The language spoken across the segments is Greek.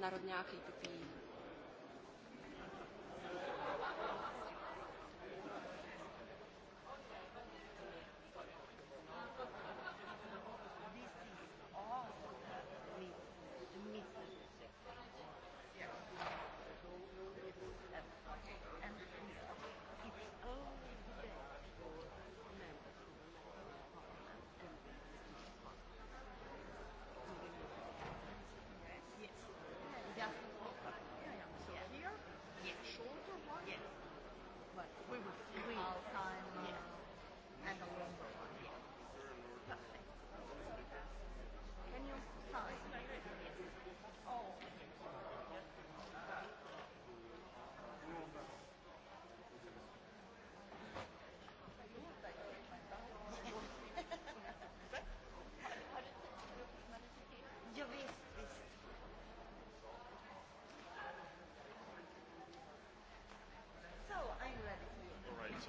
narodňáky typí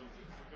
Υπότιτλοι AUTHORWAVE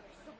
Υπότιτλοι AUTHORWAVE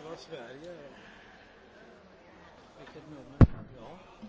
Sverige. Vilket nummer? Ja.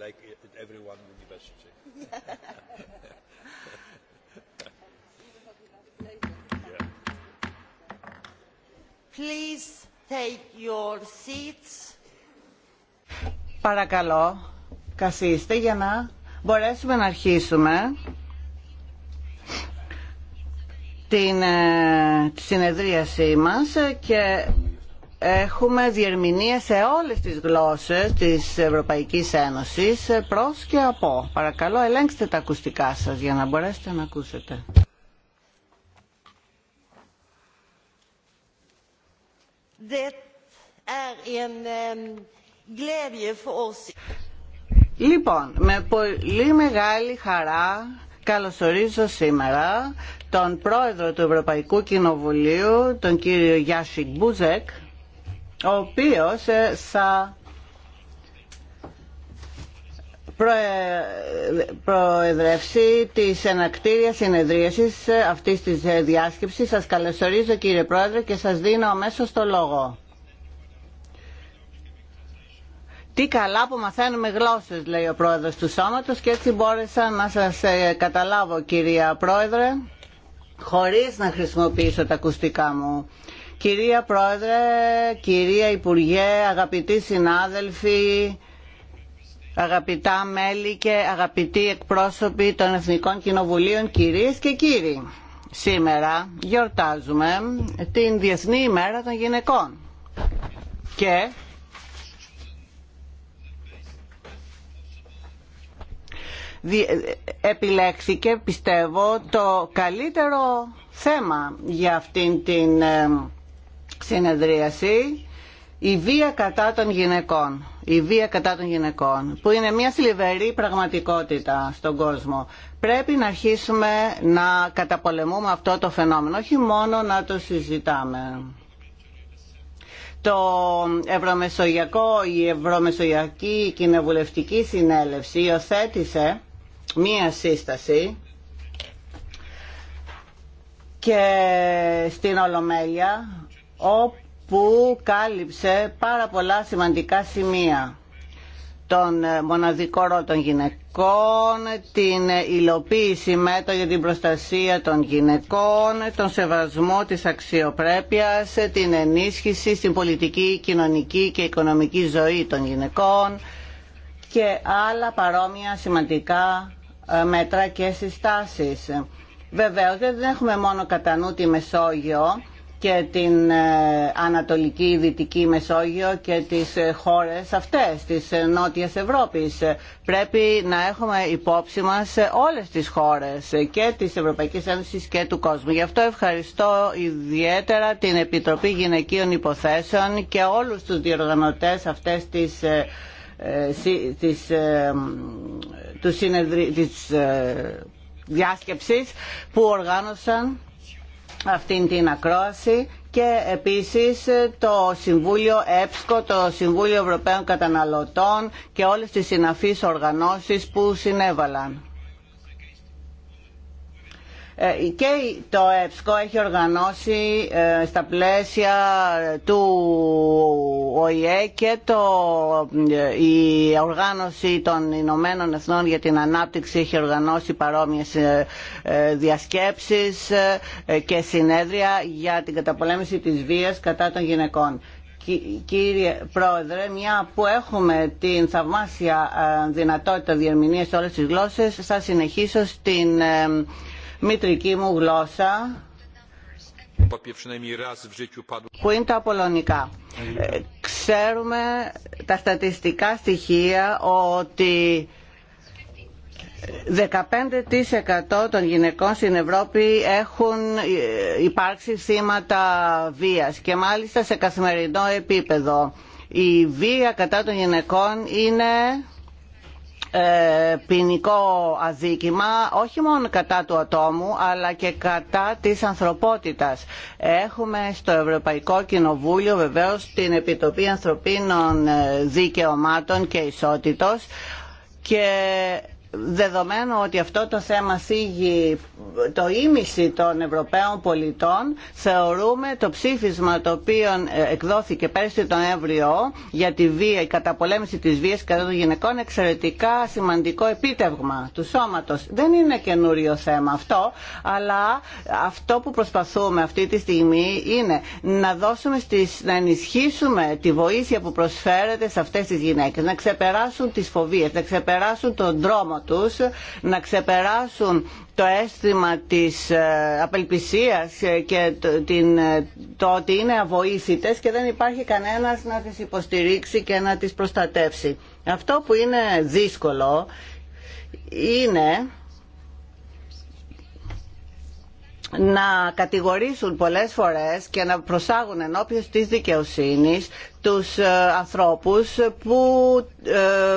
like eh, eh, at Παρακαλώ, καθίστε για να μπορέσουμε να αρχίσουμε την ε, συνεδρίασή μας και έχουμε διερμηνία σε όλες τις γλώσσες της Ευρωπαϊκής Ένωσης προς και από. Παρακαλώ ελέγξτε τα ακουστικά σας για να μπορέσετε να ακούσετε. Ehm, λοιπόν, με πολύ μεγάλη χαρά καλωσορίζω σήμερα τον πρόεδρο του Ευρωπαϊκού Κοινοβουλίου, τον κύριο Γιάσικ Μπούζεκ, ο οποίος ε, θα προεδρεύσει τις ενακτήρια συνεδρίασης ε, αυτής της ε, διάσκεψης. Σας καλωσορίζω κύριε Πρόεδρε και σας δίνω αμέσως το λόγο. Τι καλά που μαθαίνουμε γλώσσες, λέει ο πρόεδρος του σώματος και έτσι μπόρεσα να σας καταλάβω κυρία πρόεδρε, χωρίς να χρησιμοποιήσω τα ακουστικά μου. Κυρία Πρόεδρε, κυρία Υπουργέ, αγαπητοί συνάδελφοι, αγαπητά μέλη και αγαπητοί εκπρόσωποι των Εθνικών Κοινοβουλίων, κυρίες και κύριοι. Σήμερα γιορτάζουμε την Διεθνή ημέρα των γυναικών και επιλέξηκε πιστεύω το καλύτερο θέμα για αυτήν την ε, συνεδρίαση η βία κατά των γυναικών. Η βία κατά των γυναικών, που είναι μια θλιβερή πραγματικότητα στον κόσμο. Πρέπει να αρχίσουμε να καταπολεμούμε αυτό το φαινόμενο, όχι μόνο να το συζητάμε. Το Ευρωμεσογειακό, η Ευρωμεσογειακή Κοινοβουλευτική Συνέλευση υιοθέτησε μία σύσταση και στην Ολομέλεια όπου κάλυψε πάρα πολλά σημαντικά σημεία τον ε, μοναδικό ρόλο των γυναικών, την ε, υλοποίηση μέτω για την προστασία των γυναικών, τον σεβασμό της αξιοπρέπειας, ε, την ενίσχυση στην πολιτική, κοινωνική και οικονομική ζωή των γυναικών και άλλα παρόμοια σημαντικά μέτρα και συστάσεις. Βεβαίως δεν έχουμε μόνο κατά νου τη Μεσόγειο, και την ε, Ανατολική Δυτική Μεσόγειο και τις ε, χώρες αυτές της ε, Νότιας Ευρώπης. Πρέπει να έχουμε υπόψη μας όλες τις χώρες και της Ευρωπαϊκής Ένωσης και του κόσμου. Γι' αυτό ευχαριστώ ιδιαίτερα την Επιτροπή Γυναικείων Υποθέσεων και όλους τους διοργανωτές αυτές της της, της διάσκεψης που οργάνωσαν αυτήν την ακρόαση και επίσης το Συμβούλιο ΕΠΣΚΟ, το Συμβούλιο Ευρωπαίων Καταναλωτών και όλες τις συναφείς οργανώσεις που συνέβαλαν και το ΕΦΣΚΟ έχει οργανώσει ε, στα πλαίσια του ΟΗΕ και το, ε, η οργάνωση των Ηνωμένων Εθνών για την Ανάπτυξη έχει οργανώσει παρόμοιες ε, διασκέψεις και συνέδρια για την καταπολέμηση της βίας κατά των γυναικών κύριε Πρόεδρε, μια που έχουμε την θαυμάσια δυνατότητα διερμηνίας σε όλες τις γλώσσες, θα συνεχίσω στην μητρική μου γλώσσα που είναι τα πολωνικά. Ξέρουμε τα στατιστικά στοιχεία ότι 15% των γυναικών στην Ευρώπη έχουν ε, υπάρξει θύματα βίας και μάλιστα σε καθημερινό επίπεδο. Η βία κατά των γυναικών είναι ε, ποινικό αδίκημα όχι μόνο κατά του ατόμου αλλά και κατά της ανθρωπότητας. Έχουμε στο Ευρωπαϊκό Κοινοβούλιο βεβαίως την Επιτροπή Ανθρωπίνων Δικαιωμάτων και Ισότητος και δεδομένου ότι αυτό το θέμα θίγει το ίμιση των Ευρωπαίων πολιτών, θεωρούμε το ψήφισμα το οποίο ε, εκδόθηκε πέρσι τον Εύριο για τη βία, η καταπολέμηση της βίας κατά των γυναικών εξαιρετικά σημαντικό επίτευγμα του σώματος. Δεν είναι καινούριο θέμα αυτό, αλλά αυτό που προσπαθούμε αυτή τη στιγμή είναι να δώσουμε στις, να ενισχύσουμε τη βοήθεια που προσφέρεται σε αυτές τις γυναίκες, να ξεπεράσουν τις φοβίες, να ξεπεράσουν τον τρόμο να ξεπεράσουν το αίσθημα της ε, απελπισίας ε, και ε, το ότι είναι αβοήθητες και δεν υπάρχει κανένας να τις υποστηρίξει και να τις προστατεύσει. Αυτό που είναι δύσκολο είναι να κατηγορήσουν πολλές φορές και να προσάγουν ενώπιον της δικαιοσύνης τους ε, ανθρώπους που ε,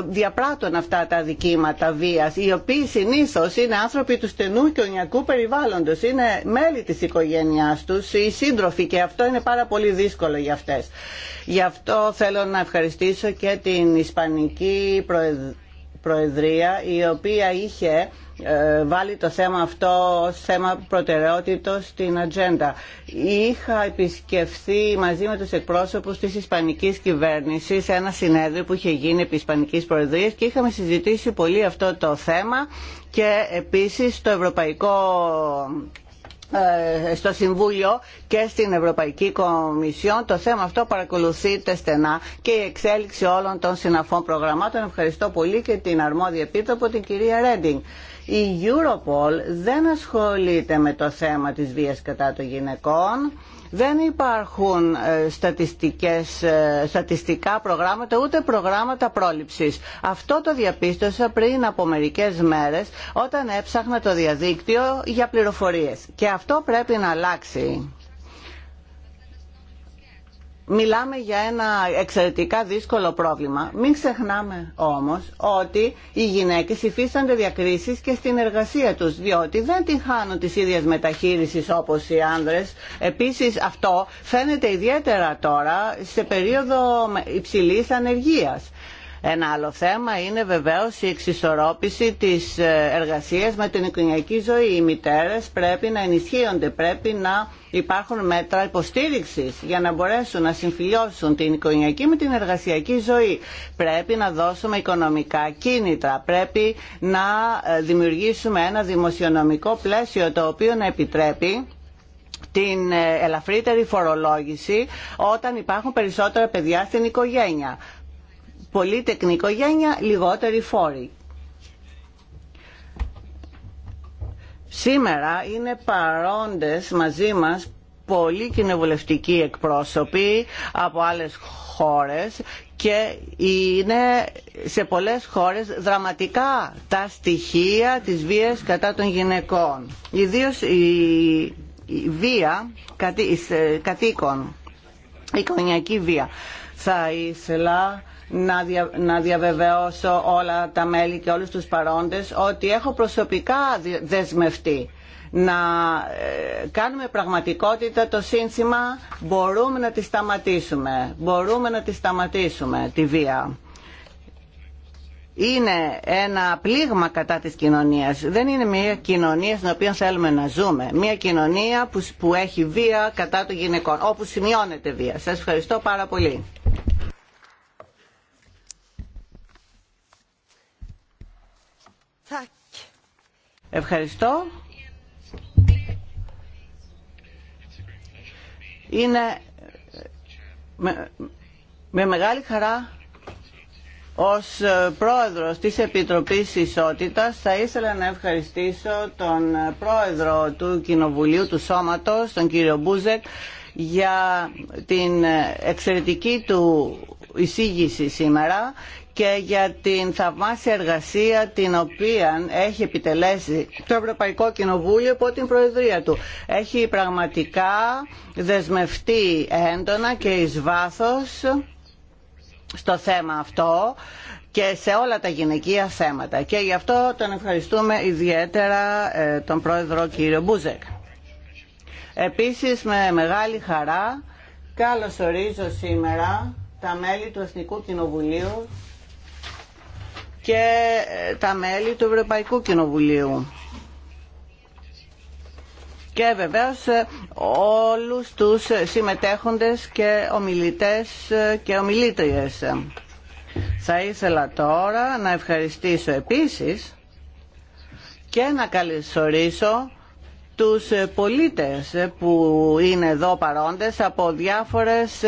διαπράττουν αυτά τα δικήματα βίας, οι οποίοι συνήθως είναι άνθρωποι του στενού και ονιακού περιβάλλοντος, είναι μέλη της οικογένειάς τους, οι σύντροφοι και αυτό είναι πάρα πολύ δύσκολο για αυτές. Γι' αυτό θέλω να ευχαριστήσω και την Ισπανική Προεδρία, η οποία είχε ε, βάλει το θέμα αυτό ως θέμα προτεραιότητος στην ατζέντα. Είχα επισκεφθεί μαζί με τους εκπρόσωπους της Ισπανικής κυβέρνησης ένα συνέδριο που είχε γίνει επί Ισπανικής Προεδρίας και είχαμε συζητήσει πολύ αυτό το θέμα και επίσης στο Ευρωπαϊκό ε, στο Συμβούλιο και στην Ευρωπαϊκή Κομισιόν. Το θέμα αυτό παρακολουθείται στενά και η εξέλιξη όλων των συναφών προγραμμάτων. Ευχαριστώ πολύ και την αρμόδια επίτροπο, την κυρία Ρέντινγκ. Η Europol δεν ασχολείται με το θέμα της βίας κατά των γυναικών. Δεν υπάρχουν ε, στατιστικές, ε, στατιστικά προγράμματα ούτε προγράμματα πρόληψης. Αυτό το διαπίστωσα πριν από μερικές μέρες όταν έψαχνα το διαδίκτυο για πληροφορίες. Και αυτό πρέπει να αλλάξει. Μιλάμε για ένα εξαιρετικά δύσκολο πρόβλημα. Μην ξεχνάμε όμως ότι οι γυναίκες υφίστανται διακρίσεις και στην εργασία τους, διότι δεν την χάνουν τις ίδιες μεταχείρισης όπως οι άνδρες. Επίσης αυτό φαίνεται ιδιαίτερα τώρα σε περίοδο υψηλής ανεργίας. Ένα άλλο θέμα είναι βεβαίως η εξισορρόπηση της ε, εργασίας με την οικογενειακή ζωή. Οι μητέρες πρέπει να ενισχύονται, πρέπει να υπάρχουν μέτρα υποστήριξης για να μπορέσουν να συμφιλιώσουν την οικογενειακή με την εργασιακή ζωή. Πρέπει να δώσουμε οικονομικά κίνητρα, πρέπει να ε, δημιουργήσουμε ένα δημοσιονομικό πλαίσιο το οποίο να επιτρέπει την ε, ελαφρύτερη φορολόγηση όταν υπάρχουν περισσότερα παιδιά στην οικογένεια πολύ τεχνικό γένεια, λιγότεροι φόροι. Σήμερα είναι παρόντες μαζί μας πολλοί κοινοβουλευτικοί εκπρόσωποι από άλλες χώρες και είναι σε πολλές χώρες δραματικά τα στοιχεία της βίας κατά των γυναικών. Ιδίως η βία ε, κατοίκων, η οικογενειακή βία. Θα ήθελα να, δια, διαβεβαιώσω όλα τα μέλη και όλους τους παρόντες ότι έχω προσωπικά δεσμευτεί να ε, κάνουμε πραγματικότητα το σύνθημα μπορούμε να τη σταματήσουμε, μπορούμε να τη σταματήσουμε τη βία. Είναι ένα πλήγμα κατά της κοινωνίας. Δεν είναι μια κοινωνία στην οποία θέλουμε να ζούμε. Μια κοινωνία που, που έχει βία κατά των γυναικών, όπου σημειώνεται βία. Σας ευχαριστώ πάρα πολύ. Ευχαριστώ. Είναι με, μεγάλη χαρά ως ε, πρόεδρος της Επιτροπής Ισότητας θα ήθελα να ευχαριστήσω τον ε, πρόεδρο του Κοινοβουλίου του Σώματος, τον κύριο Μπούζεκ, για την ε, εξαιρετική του εισήγηση σήμερα και για την θαυμάσια εργασία την οποία έχει επιτελέσει το Ευρωπαϊκό Κοινοβούλιο υπό την Προεδρία του. Έχει πραγματικά δεσμευτεί έντονα και εις βάθος στο θέμα αυτό και σε όλα τα γυναικεία θέματα. Και γι' αυτό τον ευχαριστούμε ιδιαίτερα ε, τον Πρόεδρο κύριο Μπούζεκ. Επίσης με μεγάλη χαρά καλωσορίζω σήμερα τα μέλη του Εθνικού Κοινοβουλίου και ε, τα μέλη του Ευρωπαϊκού Κοινοβουλίου και βεβαίως ε, όλους τους συμμετέχοντες και ομιλητές ε, και ομιλήτριες. Θα ήθελα τώρα να ευχαριστήσω επίσης και να καλωσορίσω τους πολίτες που είναι εδώ παρόντες από διάφορες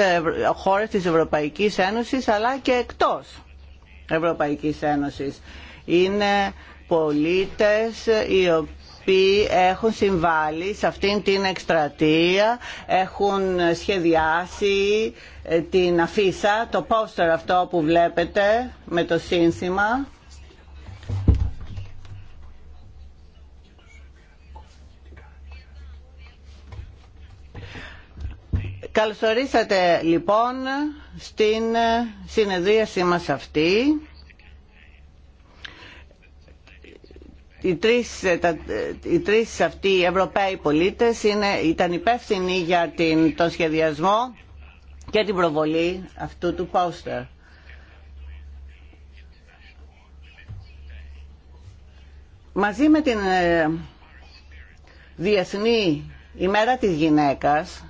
χώρες της Ευρωπαϊκής Ένωσης αλλά και εκτός. Ευρωπαϊκής Ένωσης. Είναι πολίτες οι οποίοι έχουν συμβάλει σε αυτήν την εκστρατεία, έχουν σχεδιάσει ε, την αφίσα, το πόστερ αυτό που βλέπετε με το σύνθημα Καλωσορίσατε λοιπόν στην συνεδρίασή μας αυτή. Οι τρεις, αυτοί οι Ευρωπαίοι πολίτες είναι, ήταν υπεύθυνοι για την, τον σχεδιασμό και την προβολή αυτού του πόστερ. Μαζί με την ε, Διεθνή ημέρα της γυναίκας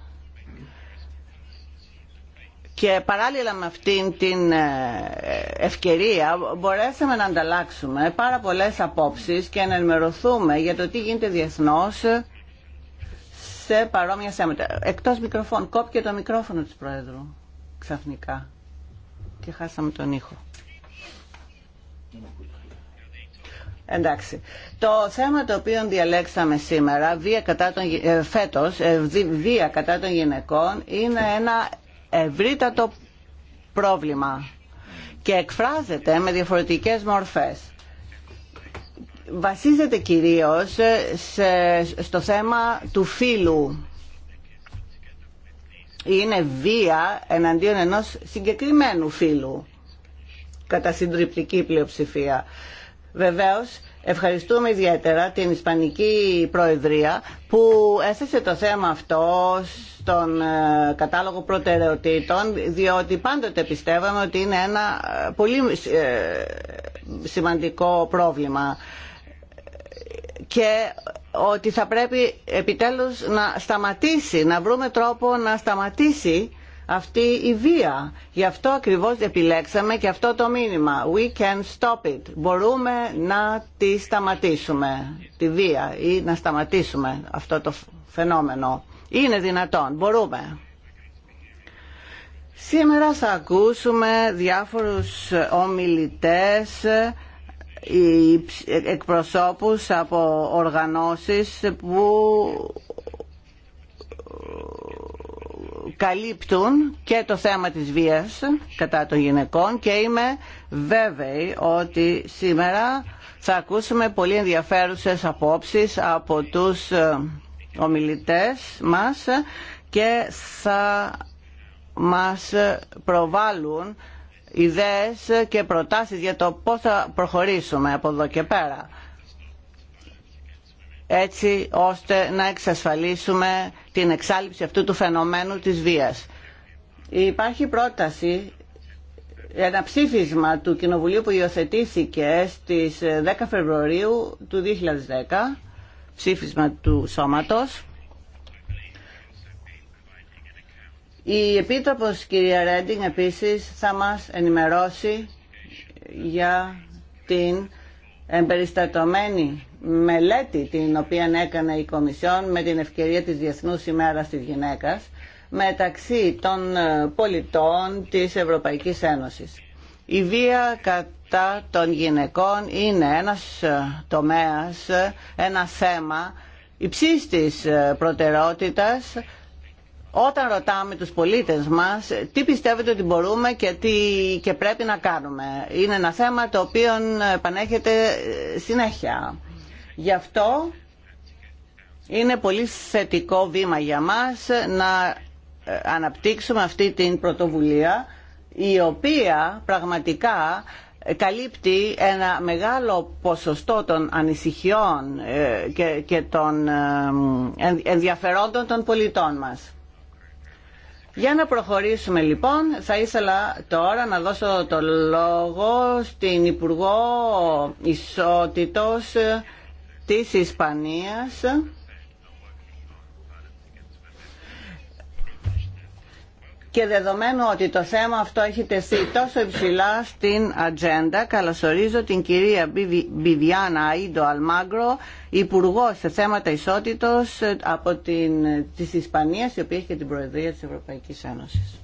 και παράλληλα με αυτήν την ε, ευκαιρία μπορέσαμε να ανταλλάξουμε πάρα πολλές απόψεις και να ενημερωθούμε για το τι γίνεται διεθνώς σε παρόμοια θέματα. Εκτός μικροφώνου, κόπηκε το μικρόφωνο της Πρόεδρου ξαφνικά και χάσαμε τον ήχο. Εντάξει. Το θέμα το οποίο διαλέξαμε σήμερα, βία κατά των, ε, φέτος, ε, βία κατά των γυναικών, είναι ένα ευρύτατο πρόβλημα και εκφράζεται με διαφορετικές μορφές. Βασίζεται κυρίως σε, στο θέμα του φίλου Είναι βία εναντίον ενός συγκεκριμένου φίλου κατά συντριπτική πλειοψηφία. Βεβαίως, Ευχαριστούμε ιδιαίτερα την Ισπανική Προεδρία που έθεσε το θέμα αυτό στον ε, κατάλογο προτεραιοτήτων διότι πάντοτε πιστεύαμε ότι είναι ένα ε, πολύ ε, σημαντικό πρόβλημα και ότι θα πρέπει επιτέλους να σταματήσει, να βρούμε τρόπο να σταματήσει αυτή η βία. Γι' αυτό ακριβώς επιλέξαμε και αυτό το μήνυμα. We can stop it. Μπορούμε να τη σταματήσουμε, τη βία ή να σταματήσουμε αυτό το φαινόμενο. Είναι δυνατόν, μπορούμε. Σήμερα θα ακούσουμε διάφορους ομιλητές, εκπροσώπους από οργανώσεις που καλύπτουν και το θέμα της βίας κατά των γυναικών και είμαι βέβαιη ότι σήμερα θα ακούσουμε πολύ ενδιαφέρουσες απόψεις από τους ομιλητές μας και θα μας προβάλλουν ιδέες και προτάσεις για το πώς θα προχωρήσουμε από εδώ και πέρα έτσι ώστε να εξασφαλίσουμε την εξάλληψη αυτού του φαινομένου της βίας. Υπάρχει πρόταση, ένα ψήφισμα του Κοινοβουλίου που υιοθετήθηκε στις 10 Φεβρουαρίου του 2010 ψήφισμα του σώματος. Η Επίτροπος κυρία Ρέντινγκ επίσης θα μας ενημερώσει για την εμπεριστατωμένη μελέτη την οποία έκανε η Κομισιόν με την ευκαιρία της Διεθνούς ημέρας της γυναίκας μεταξύ των ε, πολιτών της Ευρωπαϊκής Ένωσης. Η βία κατά των γυναικών είναι ένας ε, τομέας, ε, ένα θέμα υψίστης ε, προτεραιότητας όταν ρωτάμε τους πολίτες μας τι πιστεύετε ότι μπορούμε και τι και πρέπει να κάνουμε. Είναι ένα θέμα το οποίο επανέρχεται συνέχεια. Γι' αυτό είναι πολύ θετικό βήμα για μας να αναπτύξουμε αυτή την πρωτοβουλία η οποία πραγματικά καλύπτει ένα μεγάλο ποσοστό των ανησυχιών ε, και των ε, ενδιαφερόντων των πολιτών μας. Για να προχωρήσουμε λοιπόν, θα ήθελα τώρα να δώσω το λόγο στην Υπουργό Ισότητος ε, της Ισπανίας, και δεδομένου ότι το θέμα αυτό έχει τεθεί τόσο υψηλά στην ατζέντα, καλωσορίζω την κυρία Μπιβιάνα Αΐντο Αλμάγκρο, Υπουργό σε θέματα ισότητος ε, από την, της Ισπανίας, η οποία έχει και την Προεδρία της Ευρωπαϊκής Ένωσης.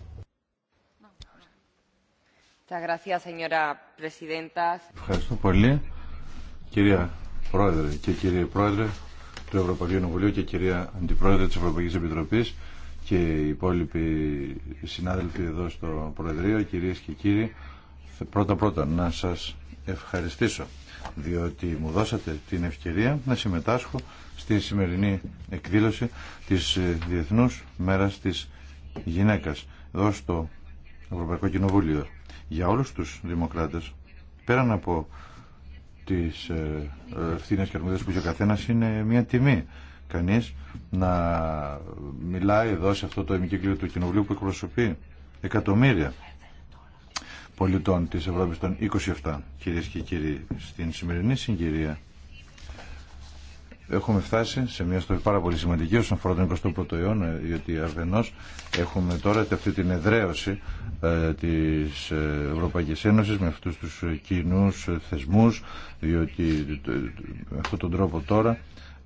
Ευχαριστώ πολύ, κυρία Πρόεδρε και κύριε Πρόεδρε του Ευρωπαϊκού Κοινοβουλίου και κυρία Αντιπρόεδρε της Ευρωπαϊκής Επιτροπής και οι υπόλοιποι συνάδελφοι εδώ στο Προεδρείο, κυρίες και κύριοι, πρώτα πρώτα να σας ευχαριστήσω διότι μου δώσατε την ευκαιρία να συμμετάσχω στη σημερινή εκδήλωση της ε, Διεθνούς Μέρας της Γυναίκας εδώ στο Ευρωπαϊκό Κοινοβούλιο για όλους τους δημοκράτες πέραν από τις ευθύνε ε, και αρμοδίες που έχει ο καθένας είναι μια τιμή κανεί να μιλάει εδώ σε αυτό το εμικύκλιο του Κοινοβουλίου που εκπροσωπεί εκατομμύρια πολιτών της Ευρώπης των 27 κυρίες και κύριοι στην σημερινή συγκυρία έχουμε φτάσει σε μια στόχη πάρα πολύ σημαντική όσον αφορά τον 21ο αιώνα διότι αρδενώς έχουμε τώρα αυτή την εδραίωση ε, της Ευρωπαϊκής Ένωσης με αυτούς τους κοινούς θεσμούς διότι με αυτόν τον τρόπο τώρα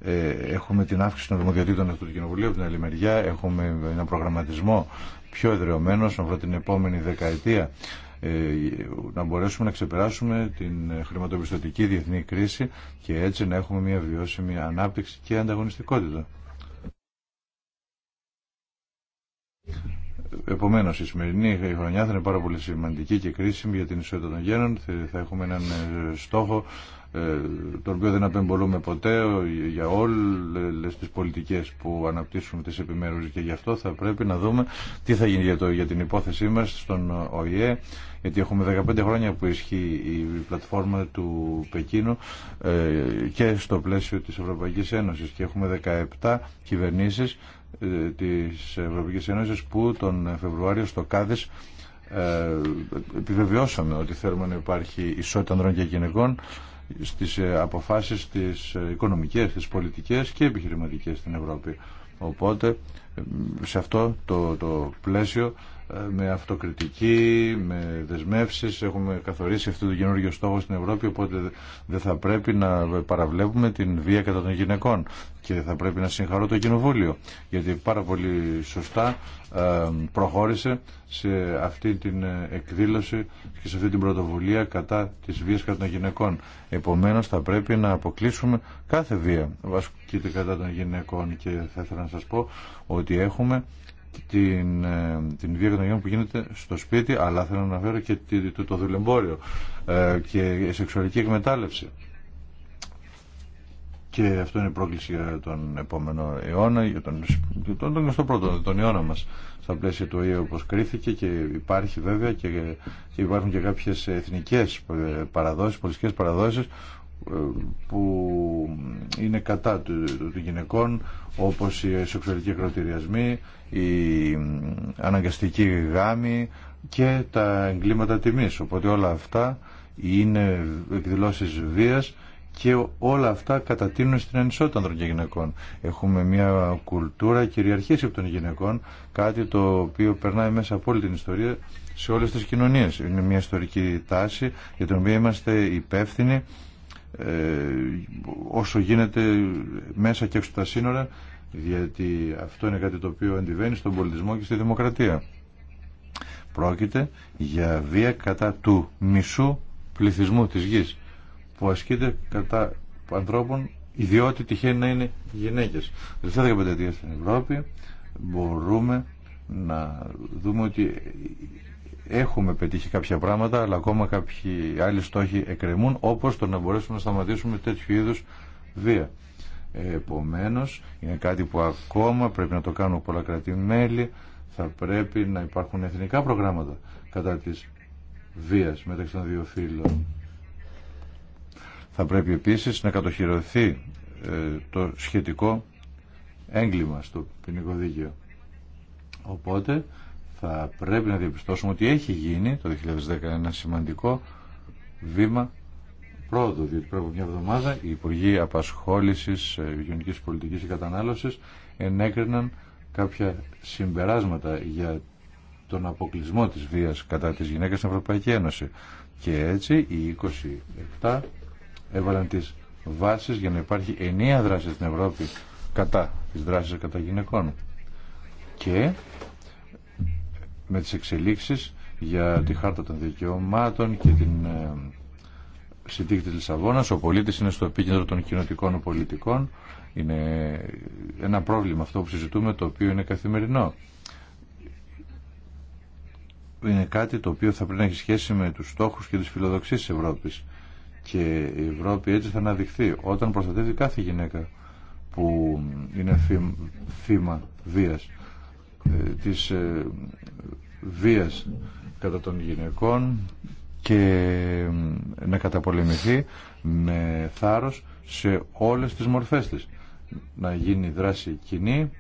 ε, έχουμε την αύξηση των δημοκρατήτων αυτού του κοινοβουλίου από την άλλη μεριά, έχουμε ένα προγραμματισμό πιο εδρεωμένο από την επόμενη δεκαετία ε, να μπορέσουμε να ξεπεράσουμε την χρηματοπιστωτική διεθνή κρίση και έτσι να έχουμε μια βιώσιμη ανάπτυξη και ανταγωνιστικότητα. Επομένως η σημερινή χρονιά θα είναι πάρα πολύ σημαντική και κρίσιμη για την ισότητα των γένων. Θα έχουμε έναν ε, στόχο ε, το οποίο δεν απεμπολούμε ποτέ για όλες τις πολιτικές που αναπτύσσουν τις επιμέρους και γι' αυτό θα πρέπει να δούμε τι θα γίνει για, το, για την υπόθεσή μας στον ΟΗΕ γιατί έχουμε 15 χρόνια που ισχύει η πλατφόρμα του Πεκίνου ε, και στο πλαίσιο της Ευρωπαϊκής Ένωσης και έχουμε 17 κυβερνήσεις ε, της Ευρωπαϊκής Ένωσης που τον Φεβρουάριο στο Κάδες επιβεβαιώσαμε ότι θέλουμε να υπάρχει ισότητα ανδρών και γυναικών στις ε, αποφάσεις τις ε, οικονομικές, τις πολιτικές και επιχειρηματικές στην Ευρώπη. Οπότε ε, σε αυτό το, το πλαίσιο ε, με αυτοκριτική, με δεσμεύσεις. Έχουμε καθορίσει αυτό το καινούργιο στόχο στην Ευρώπη, οπότε δεν θα πρέπει να παραβλέπουμε την βία κατά των γυναικών. Και θα πρέπει να συγχαρώ το Κοινοβούλιο, γιατί πάρα πολύ σωστά ε, προχώρησε σε αυτή την ε, εκδήλωση και σε αυτή την πρωτοβουλία κατά της βίας κατά των γυναικών. Επομένως θα πρέπει να αποκλείσουμε κάθε βία βασκείται κατά των γυναικών και θα ήθελα να σας πω ότι έχουμε την, ε, την βία των που γίνεται στο σπίτι, αλλά θέλω να αναφέρω και το, το δουλεμπόριο ε, και η σεξουαλική εκμετάλλευση. Και αυτό είναι η πρόκληση για τον επόμενο αιώνα, για τον, για τον 21 πρώτο τον αιώνα μας στα πλαίσια του ΙΕ όπως κρίθηκε και υπάρχει βέβαια και, υπάρχουν και κάποιες εθνικές ε, παραδόσεις, πολιτικές παραδόσεις που είναι κατά των γυναικών όπως οι σεξουαλικοί ακροτηριασμοί η αναγκαστική γάμη και τα εγκλήματα τιμής. Οπότε όλα αυτά είναι εκδηλώσεις βίας και όλα αυτά κατατείνουν στην ανισότητα ανδρών και γυναικών. Έχουμε μια κουλτούρα κυριαρχής από των γυναικών, κάτι το οποίο περνάει μέσα από όλη την ιστορία σε όλες τις κοινωνίες. Είναι μια ιστορική τάση για την οποία είμαστε υπεύθυνοι ε, όσο γίνεται μέσα και έξω τα σύνορα γιατί αυτό είναι κάτι το οποίο αντιβαίνει στον πολιτισμό και στη δημοκρατία. Πρόκειται για βία κατά του μισού πληθυσμού της γης που ασκείται κατά ανθρώπων ιδιότι τυχαίνει να είναι γυναίκες. Τελευταία 15 ετία στην Ευρώπη μπορούμε να δούμε ότι έχουμε πετύχει κάποια πράγματα αλλά ακόμα κάποιοι άλλοι στόχοι εκκρεμούν όπως το να μπορέσουμε να σταματήσουμε τέτοιου είδους βία. Επομένως, είναι κάτι που ακόμα πρέπει να το κάνουν πολλά κρατή-μέλη, θα πρέπει να υπάρχουν εθνικά προγράμματα κατά της βίας μεταξύ των δύο φύλων. Θα πρέπει επίσης να κατοχυρωθεί ε, το σχετικό έγκλημα στο ποινικό δίκαιο. Οπότε θα πρέπει να διαπιστώσουμε ότι έχει γίνει το 2010 ένα σημαντικό βήμα πρόοδο, διότι πριν από μια εβδομάδα οι Υπουργοί Απασχόληση Γενικής πολιτική και Κατανάλωσης ενέκριναν κάποια συμπεράσματα για τον αποκλεισμό της βίας κατά της γυναίκας στην Ευρωπαϊκή Ένωση. Και έτσι οι 27 έβαλαν τι βάσεις για να υπάρχει ενιαία δράση στην Ευρώπη κατά τις δράσεις κατά γυναικών. Και με τις εξελίξεις για τη χάρτα των δικαιωμάτων και την ε, συνθήκη της Λισαβόνας, ο πολίτης είναι στο επίκεντρο των κοινοτικών πολιτικών. Είναι ένα πρόβλημα αυτό που συζητούμε, το οποίο είναι καθημερινό. Είναι κάτι το οποίο θα πρέπει να έχει σχέση με τους στόχους και τις φιλοδοξίες της Ευρώπης. Και η Ευρώπη έτσι θα αναδειχθεί όταν προστατεύει κάθε γυναίκα που είναι θύμα βίας ε, της ε, βίας κατά των γυναικών και να καταπολεμηθεί με θάρρος σε όλες τις μορφές της. Να γίνει δράση κοινή,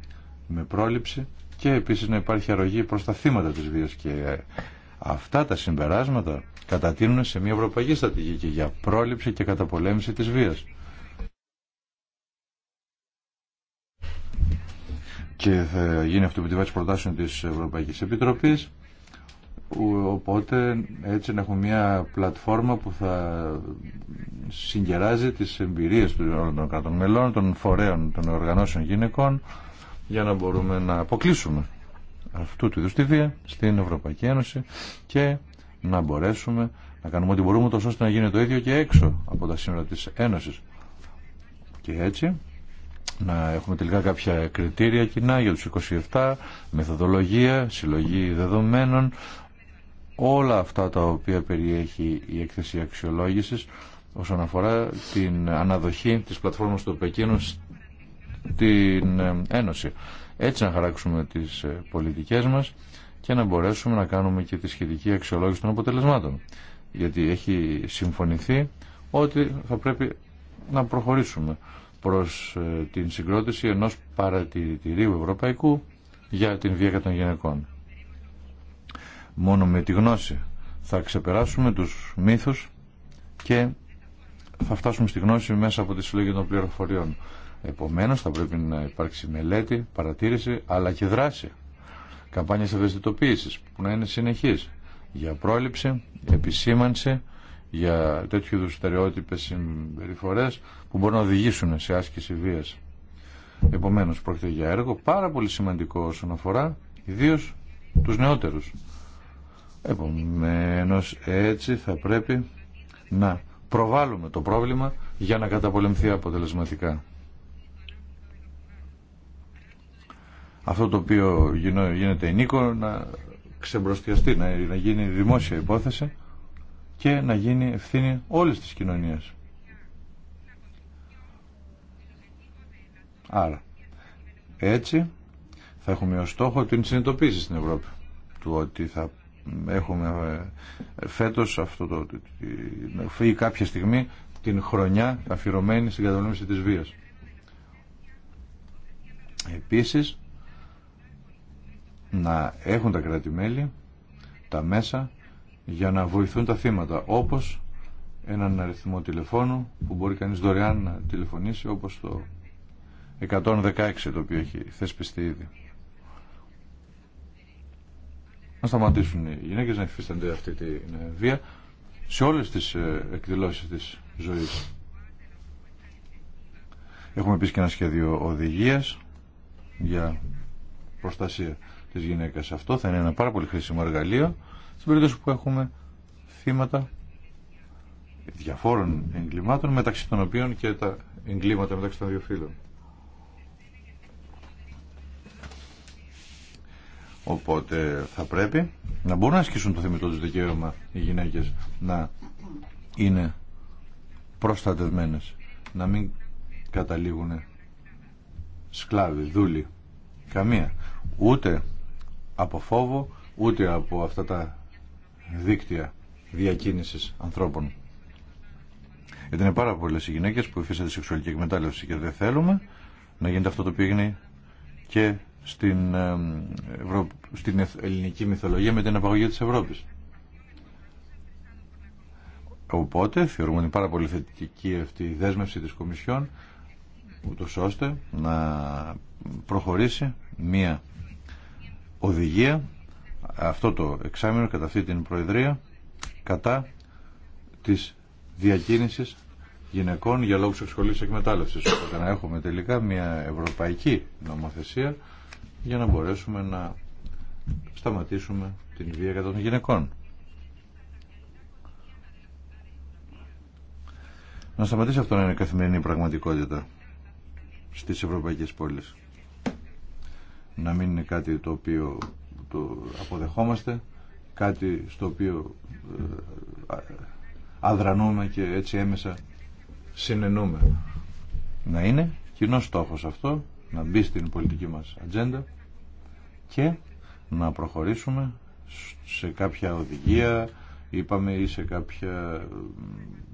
με πρόληψη και επίσης να υπάρχει αρρωγή προς τα θύματα της βίας και ε, αυτά τα συμπεράσματα κατατείνουν σε μια ευρωπαϊκή στρατηγική για πρόληψη και καταπολέμηση της βίας. Και θα γίνει αυτό τη βάση προτάσεων της Ευρωπαϊκής Επιτροπής οπότε έτσι να έχουμε μια πλατφόρμα που θα συγκεράζει τις εμπειρίες των κρατών μελών, των φορέων, των οργανώσεων γυναικών για να μπορούμε να αποκλείσουμε αυτού του είδους τη βία στην Ευρωπαϊκή Ένωση και να μπορέσουμε να κάνουμε ό,τι μπορούμε τόσο ώστε να γίνει το ίδιο και έξω από τα σύνορα της Ένωσης και έτσι να έχουμε τελικά κάποια κριτήρια κοινά για τους 27, μεθοδολογία, συλλογή δεδομένων, όλα αυτά τα οποία περιέχει η έκθεση αξιολόγησης όσον αφορά την αναδοχή της πλατφόρμας του Πεκίνου στην ε, Ένωση. Έτσι να χαράξουμε τις ε, πολιτικές μας και να μπορέσουμε να κάνουμε και τη σχετική αξιολόγηση των αποτελεσμάτων. Γιατί έχει συμφωνηθεί ότι θα πρέπει να προχωρήσουμε προς ε, την συγκρότηση ενός παρατηρητηρίου ευρωπαϊκού για την βία των γυναικών. Μόνο με τη γνώση θα ξεπεράσουμε τους μύθους και θα φτάσουμε στη γνώση μέσα από τη συλλογή των πληροφοριών. Επομένως θα πρέπει να υπάρξει μελέτη, παρατήρηση αλλά και δράση. Καμπάνιες ευαισθητοποίησης που να είναι συνεχής για πρόληψη, επισήμανση, για τέτοιου είδους στερεότυπες συμπεριφορές που μπορούν να οδηγήσουν σε άσκηση βίας. Επομένως πρόκειται για έργο πάρα πολύ σημαντικό όσον αφορά ιδίως τους νεότερους. Επομένως έτσι θα πρέπει να προβάλλουμε το πρόβλημα για να καταπολεμηθεί αποτελεσματικά. Αυτό το οποίο γίνεται ενίκο να ξεμπροστιαστεί, να γίνει δημόσια υπόθεση και να γίνει ευθύνη όλης της κοινωνίας. Άρα, έτσι θα έχουμε ως στόχο την συνειδητοποίηση στην Ευρώπη του ότι θα έχουμε ε, φέτος αυτό το, ή κάποια στιγμή την χρονιά αφιερωμένη στην κατανόηση της βίας. Επίσης, να έχουν τα κρατη τα μέσα για να βοηθούν τα θύματα, όπως έναν αριθμό τηλεφώνου που μπορεί κανείς δωρεάν να τηλεφωνήσει, όπως το 116 το οποίο έχει θεσπιστεί ήδη να σταματήσουν οι γυναίκες να υφίστανται αυτή τη ε, βία σε όλες τις ε, εκδηλώσεις της ζωής. Έχουμε επίσης και ένα σχέδιο οδηγίας για προστασία της γυναίκας. Αυτό θα είναι ένα πάρα πολύ χρήσιμο εργαλείο στην περίπτωση που έχουμε θύματα διαφόρων εγκλημάτων μεταξύ των οποίων και τα εγκλήματα μεταξύ των δύο φύλων. Οπότε θα πρέπει να μπορούν να ασκήσουν το θεμητό του δικαίωμα οι γυναίκες να είναι προστατευμένες, να μην καταλήγουν σκλάβοι, δούλοι, καμία. Ούτε από φόβο, ούτε από αυτά τα δίκτυα διακίνησης ανθρώπων. Γιατί είναι πάρα πολλές οι γυναίκες που υφίστανται σεξουαλική εκμετάλλευση και δεν θέλουμε να γίνεται αυτό το πίγνι και στην, στην ελληνική μυθολογία με την απαγωγή της Ευρώπης. Οπότε θεωρούμε ότι είναι πάρα πολύ θετική αυτή η δέσμευση της Κομισιόν ούτω ώστε να προχωρήσει μία οδηγία αυτό το εξάμεινο κατά αυτή την Προεδρία κατά της διακίνησης γυναικών για λόγους εξχολής εκμετάλλευσης. Οπότε να έχουμε τελικά μια ευρωπαϊκή νομοθεσία για να μπορέσουμε να σταματήσουμε την βία κατά των γυναικών. Να σταματήσει αυτό να είναι καθημερινή πραγματικότητα στις ευρωπαϊκές πόλεις. Να μην είναι κάτι το οποίο το αποδεχόμαστε, κάτι στο οποίο ε, αδρανούμε και έτσι έμεσα συνενούμε. Να είναι κοινό στόχος αυτό να μπει στην πολιτική μας ατζέντα και να προχωρήσουμε σε κάποια οδηγία είπαμε ή σε κάποια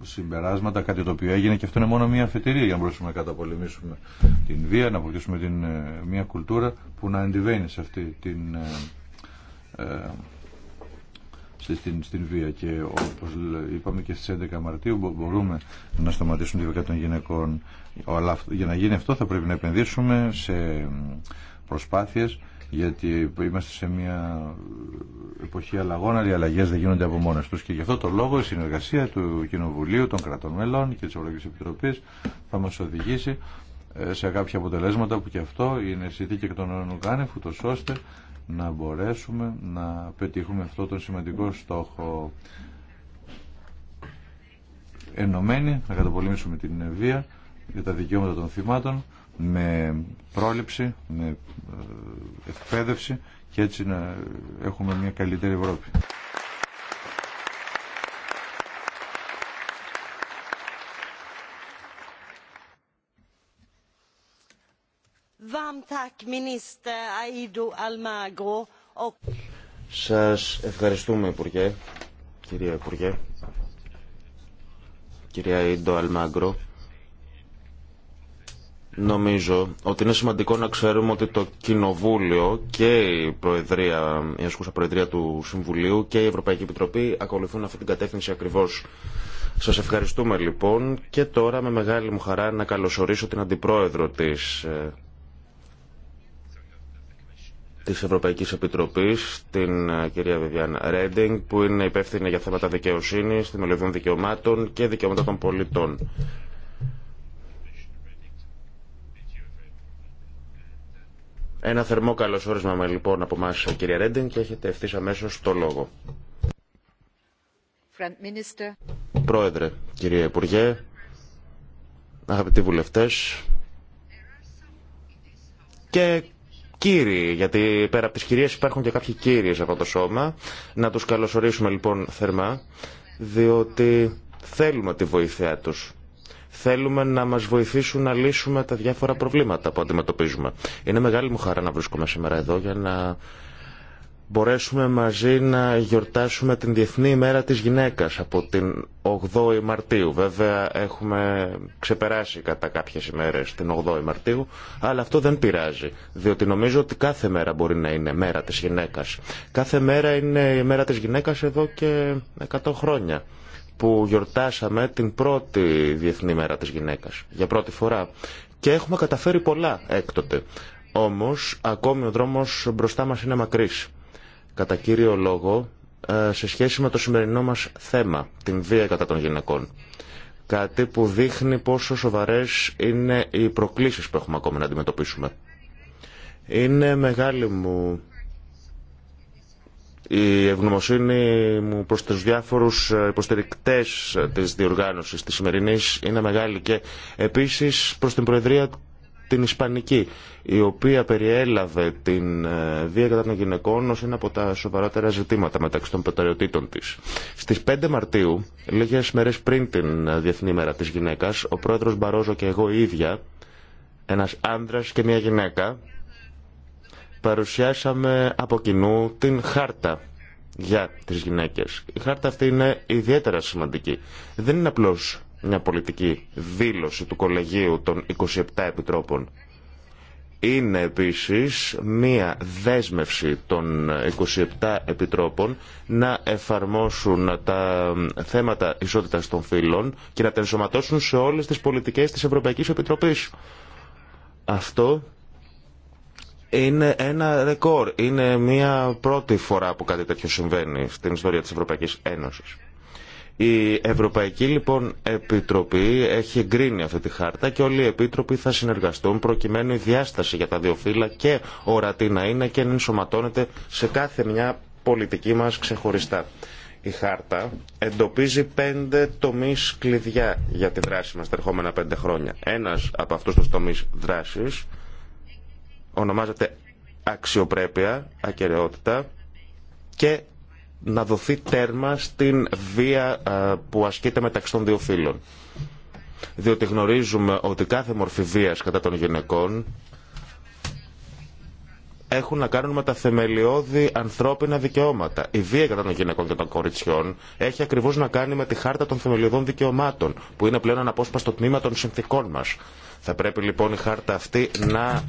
συμπεράσματα, κάτι το οποίο έγινε και αυτό είναι μόνο μια αφετηρία για να μπορέσουμε να καταπολεμήσουμε την βία, να αποκτήσουμε την, ε, μια κουλτούρα που να αντιβαίνει σε αυτή την ε, ε στην, στην βία και όπως είπαμε και στις 11 Μαρτίου μπορούμε να σταματήσουμε τη βία των γυναικών αλλά για να γίνει αυτό θα πρέπει να επενδύσουμε σε προσπάθειες γιατί είμαστε σε μια εποχή αλλαγών, αλλά οι αλλαγέ δεν γίνονται από μόνε του. Και γι' αυτό το λόγο η συνεργασία του Κοινοβουλίου, των κρατών μελών και τη Ευρωπαϊκή Επιτροπή θα μα οδηγήσει ε, σε κάποια αποτελέσματα που και αυτό είναι συνθήκη εκ των ούτω ώστε να μπορέσουμε να πετύχουμε αυτό τον σημαντικό στόχο. Ενωμένοι να καταπολεμήσουμε την βία για τα δικαιώματα των θυμάτων με πρόληψη, με ε, εκπαίδευση και έτσι να έχουμε μια καλύτερη Ευρώπη. Σας ευχαριστούμε, Υπουργέ, κυρία Υπουργέ, κυρία Ιντο Αλμάγκρο. Νομίζω ότι είναι σημαντικό να ξέρουμε ότι το Κοινοβούλιο και η, προεδρία, η ασκούσα Προεδρία του Συμβουλίου και η Ευρωπαϊκή Επιτροπή ακολουθούν αυτή την κατεύθυνση ακριβώς. Σας ευχαριστούμε λοιπόν και τώρα με μεγάλη μου χαρά να καλωσορίσω την Αντιπρόεδρο της ε, της Ευρωπαϊκής Επιτροπής, την ε, κυρία Βιβιάν Ρέντινγκ, που είναι υπεύθυνη για θέματα δικαιοσύνης, θεμελιωδών δικαιωμάτων και δικαιωμάτων των πολιτών. Ένα θερμό καλώς όρισμα λοιπόν από εμάς, ε, κυρία Ρέντινγκ, και έχετε ευθύς αμέσως το λόγο. Πρόεδρε, κύριε Υπουργέ, αγαπητοί βουλευτές, και κύριοι, γιατί πέρα από τις κυρίες υπάρχουν και κάποιοι κύριοι από το σώμα. Να τους καλωσορίσουμε λοιπόν θερμά, διότι θέλουμε τη βοήθειά τους. Θέλουμε να μας βοηθήσουν να λύσουμε τα διάφορα προβλήματα που αντιμετωπίζουμε. Είναι μεγάλη μου χαρά να βρίσκομαι σήμερα εδώ για να μπορέσουμε μαζί να γιορτάσουμε την Διεθνή Μέρα της γυναίκας από την 8η Μαρτίου. Βέβαια έχουμε ξεπεράσει κατά κάποιες ημέρες την 8η Μαρτίου, αλλά αυτό δεν πειράζει, διότι νομίζω ότι κάθε μέρα μπορεί να είναι μέρα της γυναίκας. Κάθε μέρα είναι η μέρα της γυναίκας εδώ και 100 χρόνια που γιορτάσαμε την πρώτη Διεθνή Μέρα της Γυναίκας για πρώτη φορά και έχουμε καταφέρει πολλά έκτοτε. Όμως ακόμη ο δρόμος μπροστά μας είναι μακρύς κατά κύριο λόγο ε, σε σχέση με το σημερινό μας θέμα, την βία κατά των γυναικών. Κάτι που δείχνει πόσο σοβαρές είναι οι προκλήσεις που έχουμε ακόμα να αντιμετωπίσουμε. Είναι μεγάλη μου η ευγνωμοσύνη μου προς τους διάφορους ε, υποστηρικτές της διοργάνωσης της σημερινής είναι μεγάλη και επίσης προς την Προεδρία την Ισπανική, η οποία περιέλαβε την ε, βία κατά των γυναικών ως ένα από τα σοβαρότερα ζητήματα μεταξύ των προτεραιοτήτων της. Στις 5 Μαρτίου, λίγες μέρες πριν την ε, Διεθνή Μέρα της Γυναίκας, ο πρόεδρος Μπαρόζο και εγώ ίδια, ένας άνδρας και μια γυναίκα, παρουσιάσαμε από κοινού την χάρτα για τις γυναίκες. Η χάρτα αυτή είναι ιδιαίτερα σημαντική. Δεν είναι απλώς μια πολιτική δήλωση του κολεγίου των 27 επιτρόπων είναι επίσης μία δέσμευση των 27 επιτρόπων να εφαρμόσουν τα θέματα ισότητας των φύλων και να τα ενσωματώσουν σε όλες τις πολιτικές της Ευρωπαϊκής Επιτροπής. Αυτό είναι ένα ρεκόρ. Είναι μία πρώτη φορά που κάτι τέτοιο συμβαίνει στην ιστορία της Ευρωπαϊκής Ένωσης. Η Ευρωπαϊκή λοιπόν Επιτροπή έχει εγκρίνει αυτή τη χάρτα και όλοι οι επίτροποι θα συνεργαστούν προκειμένου η διάσταση για τα δύο φύλλα και ορατή να είναι και να ενσωματώνεται σε κάθε μια πολιτική μας ξεχωριστά. Η χάρτα εντοπίζει πέντε τομείς κλειδιά για τη δράση μας τα ερχόμενα πέντε χρόνια. Ένας από αυτούς τους τομείς δράσης ονομάζεται αξιοπρέπεια, ακαιρεότητα και να δοθεί τέρμα στην βία ε, που ασκείται μεταξύ των δύο φύλων. Διότι γνωρίζουμε ότι κάθε μορφή βίας κατά των γυναικών έχουν να κάνουν με τα θεμελιώδη ανθρώπινα δικαιώματα. Η βία κατά των γυναικών και των κοριτσιών έχει ακριβώς να κάνει με τη χάρτα των θεμελιωδών δικαιωμάτων, που είναι πλέον αναπόσπαστο τμήμα των συνθήκων μας. Θα πρέπει λοιπόν η χάρτα αυτή να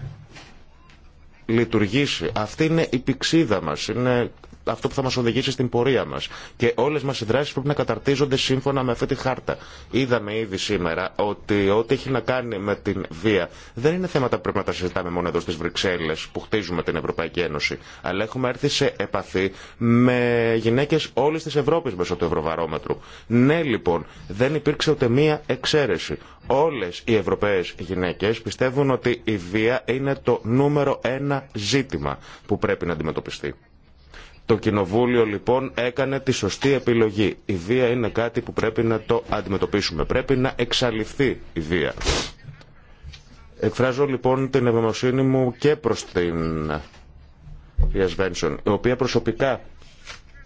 λειτουργήσει. Αυτή είναι η πηξίδα μας. είναι αυτό που θα μα οδηγήσει στην πορεία μα. Και όλε μα οι δράσει πρέπει να καταρτίζονται σύμφωνα με αυτή τη χάρτα. Είδαμε ήδη σήμερα ότι ό,τι έχει να κάνει με την βία δεν είναι θέματα που πρέπει να τα συζητάμε μόνο εδώ στι Βρυξέλλε που χτίζουμε την Ευρωπαϊκή Ένωση. Αλλά έχουμε έρθει σε επαφή με γυναίκε όλη τη Ευρώπη μέσω του Ευρωβαρόμετρου. Ναι, λοιπόν, δεν υπήρξε ούτε μία εξαίρεση. Όλε οι Ευρωπαίε γυναίκε πιστεύουν ότι η βία είναι το νούμερο ένα ζήτημα που πρέπει να αντιμετωπιστεί. Το Κοινοβούλιο λοιπόν έκανε τη σωστή επιλογή. Η βία είναι κάτι που πρέπει να το αντιμετωπίσουμε. Πρέπει να εξαλειφθεί η βία. Εκφράζω λοιπόν την ευγνωσύνη μου και προς την κυρία Σβένσον, η οποία προσωπικά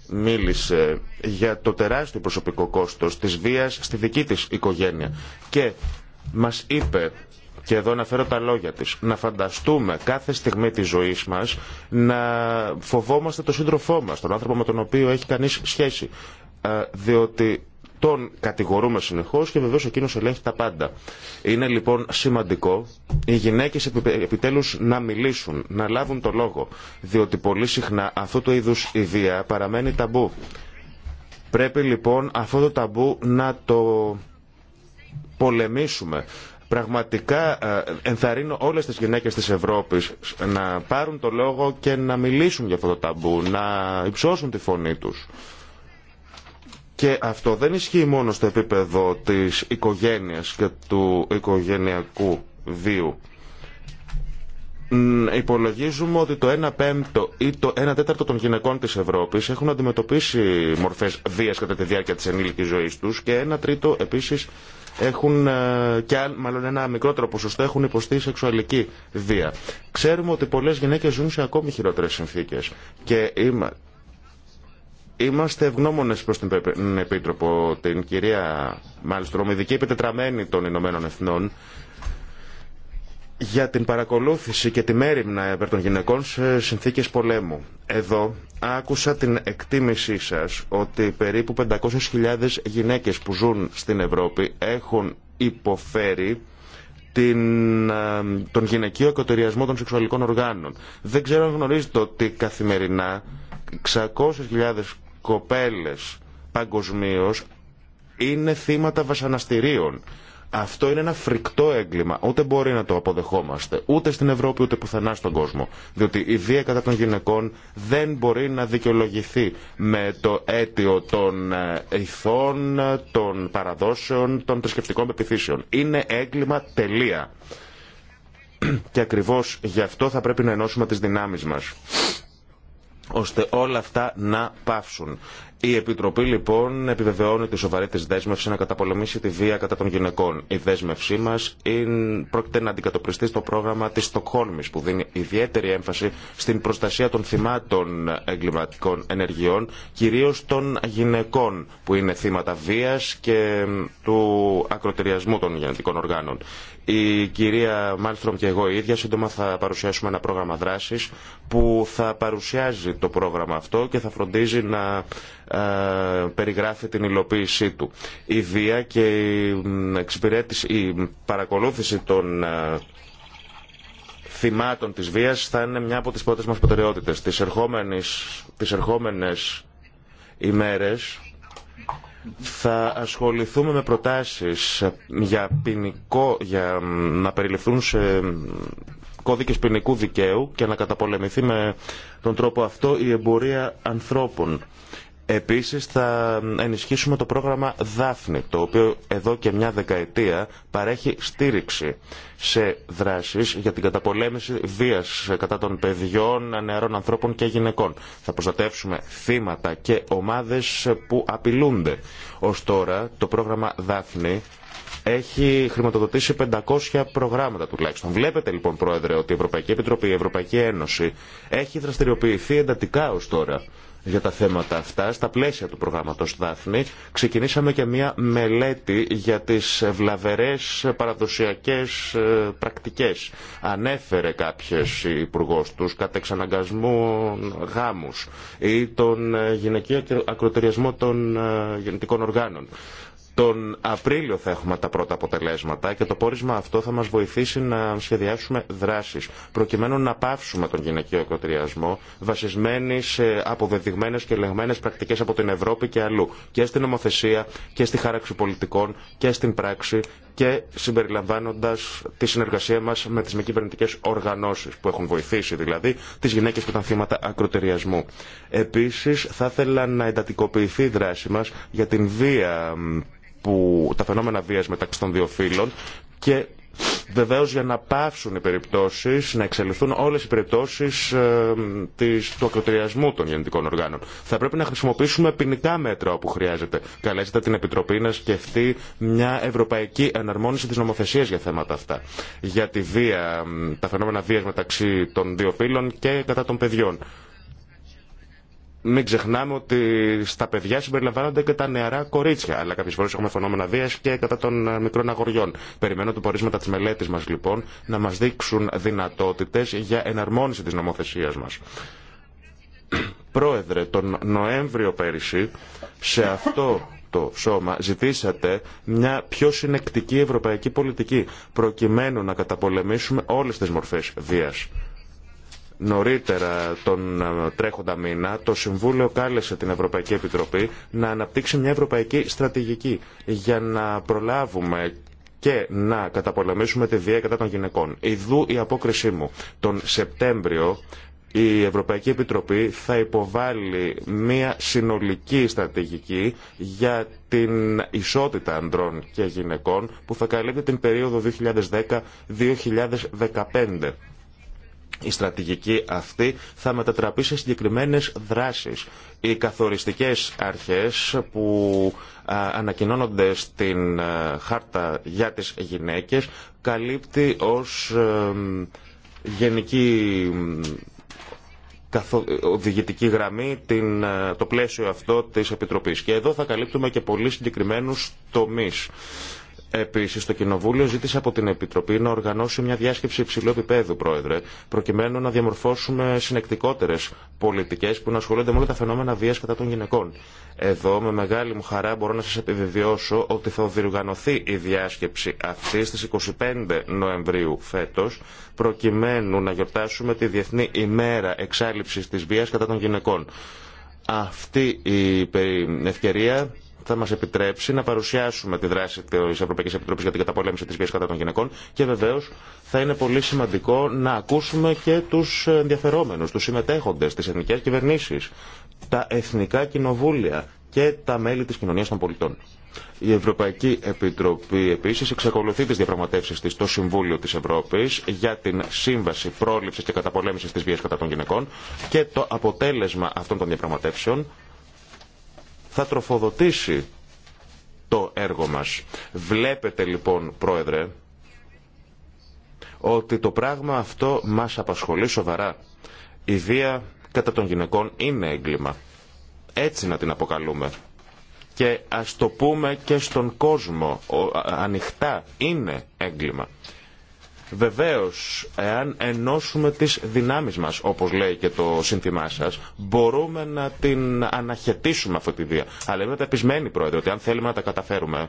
μίλησε για το τεράστιο προσωπικό κόστος της βίας στη δική της οικογένεια και μας είπε και εδώ αναφέρω τα λόγια της, να φανταστούμε κάθε στιγμή της ζωής μας να φοβόμαστε τον σύντροφό μας, τον άνθρωπο με τον οποίο έχει κανείς σχέση. Ε, διότι τον κατηγορούμε συνεχώς και βεβαίως εκείνος ελέγχει τα πάντα. Είναι λοιπόν σημαντικό οι γυναίκες επιτέλους να μιλήσουν, να λάβουν το λόγο, διότι πολύ συχνά αυτό το είδους ιδέα παραμένει ταμπού. Πρέπει λοιπόν αυτό το ταμπού να το πολεμήσουμε Πραγματικά ε, ενθαρρύνω όλες τις γυναίκες της Ευρώπης να πάρουν το λόγο και να μιλήσουν για αυτό το ταμπού, να υψώσουν τη φωνή τους. Και αυτό δεν ισχύει μόνο στο επίπεδο της οικογένειας και του οικογενειακού βίου. Υπολογίζουμε ότι το 1 πέμπτο ή το 1 τέταρτο των γυναικών της Ευρώπης έχουν αντιμετωπίσει μορφές βίας κατά τη διάρκεια της ενήλικης ζωής τους και 1 τρίτο επίσης έχουν ε, και μάλλον ένα μικρότερο ποσοστό έχουν υποστεί σεξουαλική βία. Ξέρουμε ότι πολλές γυναίκες ζουν σε ακόμη χειρότερες συνθήκες και Είμαστε ευγνώμονες προ την Επίτροπο, την κυρία Μάλστρομ, ειδική επιτετραμένη των Ηνωμένων Εθνών, για την παρακολούθηση και τη μέρημνα επί των γυναικών σε συνθήκες πολέμου. Εδώ άκουσα την εκτίμησή σας ότι περίπου 500.000 γυναίκες που ζουν στην Ευρώπη έχουν υποφέρει την, ε, τον γυναικείο εκοτεριασμό των σεξουαλικών οργάνων. Δεν ξέρω αν γνωρίζετε ότι καθημερινά 600.000 κοπέλες παγκοσμίω είναι θύματα βασαναστηρίων αυτό είναι ένα φρικτό έγκλημα. Ούτε μπορεί να το αποδεχόμαστε. Ούτε στην Ευρώπη ούτε πουθενά στον κόσμο. Διότι η βία κατά των γυναικών δεν μπορεί να δικαιολογηθεί με το αίτιο των ε, ηθών, των παραδόσεων, των θρησκευτικών πεπιθήσεων. Είναι έγκλημα τελεία. Και ακριβώς γι' αυτό θα πρέπει να ενώσουμε τις δυνάμεις μας ώστε όλα αυτά να πάυσουν. Η Επιτροπή λοιπόν επιβεβαιώνει τη σοβαρή τη δέσμευση να καταπολεμήσει τη βία κατά των γυναικών. Η δέσμευσή μα πρόκειται να αντικατοπριστεί στο πρόγραμμα τη Στοκχόλμη, που δίνει ιδιαίτερη έμφαση στην προστασία των θυμάτων εγκληματικών ενεργειών, κυρίω των γυναικών που είναι θύματα βία και του ακροτηριασμού των γενετικών οργάνων. Η κυρία Μάλστρομ και εγώ ίδια σύντομα θα παρουσιάσουμε ένα πρόγραμμα δράση που θα παρουσιάζει το πρόγραμμα αυτό και θα φροντίζει να ε, περιγράφει την υλοποίησή του. Η βία και η, η παρακολούθηση των ε, θυμάτων της βίας θα είναι μια από τις πρώτες μας προτεραιότητες. Τις ερχόμενες, τις ερχόμενες ημέρες θα ασχοληθούμε με προτάσεις για, ποινικό, για να περιληφθούν σε κώδικες ποινικού δικαίου και να καταπολεμηθεί με τον τρόπο αυτό η εμπορία ανθρώπων. Επίσης θα ενισχύσουμε το πρόγραμμα Δάφνη, το οποίο εδώ και μια δεκαετία παρέχει στήριξη σε δράσεις για την καταπολέμηση βίας κατά των παιδιών, νεαρών ανθρώπων και γυναικών. Θα προστατεύσουμε θύματα και ομάδες που απειλούνται. Ως τώρα το πρόγραμμα Δάφνη έχει χρηματοδοτήσει 500 προγράμματα τουλάχιστον. Βλέπετε λοιπόν, Πρόεδρε, ότι η Ευρωπαϊκή Επιτροπή, η Ευρωπαϊκή Ένωση έχει δραστηριοποιηθεί εντατικά ω τώρα για τα θέματα αυτά. Στα πλαίσια του προγράμματος Δάφνη ξεκινήσαμε και μία μελέτη για τις βλαβερές παραδοσιακές ε, πρακτικές. Ανέφερε κάποιες υπουργό τους κατά εξαναγκασμού γάμους ή τον ε, γυναικείο ακροτεριασμό των ε, γεννητικών οργάνων. Τον Απρίλιο θα έχουμε τα πρώτα αποτελέσματα και το πόρισμα αυτό θα μας βοηθήσει να σχεδιάσουμε δράσεις προκειμένου να πάυσουμε τον γυναικείο εκοτριασμό βασισμένοι σε αποδεδειγμένες και ελεγμένες πρακτικές από την Ευρώπη και αλλού και στην νομοθεσία και στη χάραξη πολιτικών και στην πράξη και συμπεριλαμβάνοντας τη συνεργασία μας με τις μη κυβερνητικέ οργανώσεις που έχουν βοηθήσει δηλαδή τις γυναίκες που ήταν θύματα ακροτεριασμού. Επίσης θα ήθελα να εντατικοποιηθεί η δράση μας για την βία που, τα φαινόμενα βίας μεταξύ των δύο φύλων και Βεβαίω για να πάυσουν οι περιπτώσεις, να εξελιχθούν όλες οι περιπτώσεις ε, του ακροτηριασμού των γεννητικών οργάνων. Θα πρέπει να χρησιμοποιήσουμε ποινικά μέτρα όπου χρειάζεται. Καλέστε την Επιτροπή να σκεφτεί μια ευρωπαϊκή εναρμόνιση της νομοθεσίας για θέματα αυτά. Για τη βία, τα φαινόμενα βίας μεταξύ των δύο φύλων και κατά των παιδιών μην ξεχνάμε ότι στα παιδιά συμπεριλαμβάνονται και τα νεαρά κορίτσια. Αλλά κάποιε φορέ έχουμε φαινόμενα βία και κατά των ε, μικρών αγοριών. Περιμένω τα πορίσματα τη μελέτη μα λοιπόν να μα δείξουν δυνατότητε για εναρμόνιση τη νομοθεσία μα. Πρόεδρε, τον Νοέμβριο πέρυσι σε αυτό το σώμα ζητήσατε μια πιο συνεκτική ευρωπαϊκή πολιτική προκειμένου να καταπολεμήσουμε όλες τις μορφές βίας Νωρίτερα τον ε, τρέχοντα μήνα, το Συμβούλιο κάλεσε την Ευρωπαϊκή Επιτροπή να αναπτύξει μια ευρωπαϊκή στρατηγική για να προλάβουμε και να καταπολεμήσουμε τη βία κατά των γυναικών. Ιδού η απόκρισή μου. Τον Σεπτέμβριο η Ευρωπαϊκή Επιτροπή θα υποβάλει μια συνολική στρατηγική για την ισότητα ανδρών και γυναικών που θα καλύπτει την περίοδο 2010-2015. Η στρατηγική αυτή θα μετατραπεί σε συγκεκριμένες δράσεις. Οι καθοριστικές αρχές που ανακοινώνονται στην χάρτα για τις γυναίκες καλύπτει ως γενική οδηγητική γραμμή την, το πλαίσιο αυτό της Επιτροπής. Και εδώ θα καλύπτουμε και πολύ συγκεκριμένους τομείς. Επίση, το Κοινοβούλιο ζήτησε από την Επιτροπή να οργανώσει μια διάσκεψη υψηλού επίπεδου, Πρόεδρε, προκειμένου να διαμορφώσουμε συνεκτικότερε πολιτικέ που να ασχολούνται με όλα τα φαινόμενα βία κατά των γυναικών. Εδώ, με μεγάλη μου χαρά, μπορώ να σα επιβεβαιώσω ότι θα διοργανωθεί η διάσκεψη αυτή στι 25 Νοεμβρίου φέτο, προκειμένου να γιορτάσουμε τη Διεθνή ημέρα εξάλληψη τη βία κατά των γυναικών. Αυτή η ευκαιρία θα μα επιτρέψει να παρουσιάσουμε τη δράση τη Ευρωπαϊκή Επιτροπή για την καταπολέμηση τη βία κατά των γυναικών και βεβαίω θα είναι πολύ σημαντικό να ακούσουμε και του ενδιαφερόμενου, του συμμετέχοντε, τι εθνικέ κυβερνήσει, τα εθνικά κοινοβούλια και τα μέλη τη κοινωνία των πολιτών. Η Ευρωπαϊκή Επιτροπή επίση εξακολουθεί τι διαπραγματεύσει τη στο Συμβούλιο τη Ευρώπη για την Σύμβαση πρόληψη και Καταπολέμησης τη βία κατά των Γυναικών και το αποτέλεσμα αυτών των διαπραγματεύσεων θα τροφοδοτήσει το έργο μας. Βλέπετε λοιπόν, Πρόεδρε, ότι το πράγμα αυτό μας απασχολεί σοβαρά. Η βία κατά των γυναικών είναι έγκλημα. Έτσι να την αποκαλούμε. Και ας το πούμε και στον κόσμο, ανοιχτά είναι έγκλημα. Βεβαίω, εάν ενώσουμε τις δυνάμεις μας, όπως λέει και το σύνθημά σα, μπορούμε να την αναχαιτήσουμε αυτή τη βία. Αλλά είμαι πεπισμένη, Πρόεδρε, ότι αν θέλουμε να τα καταφέρουμε,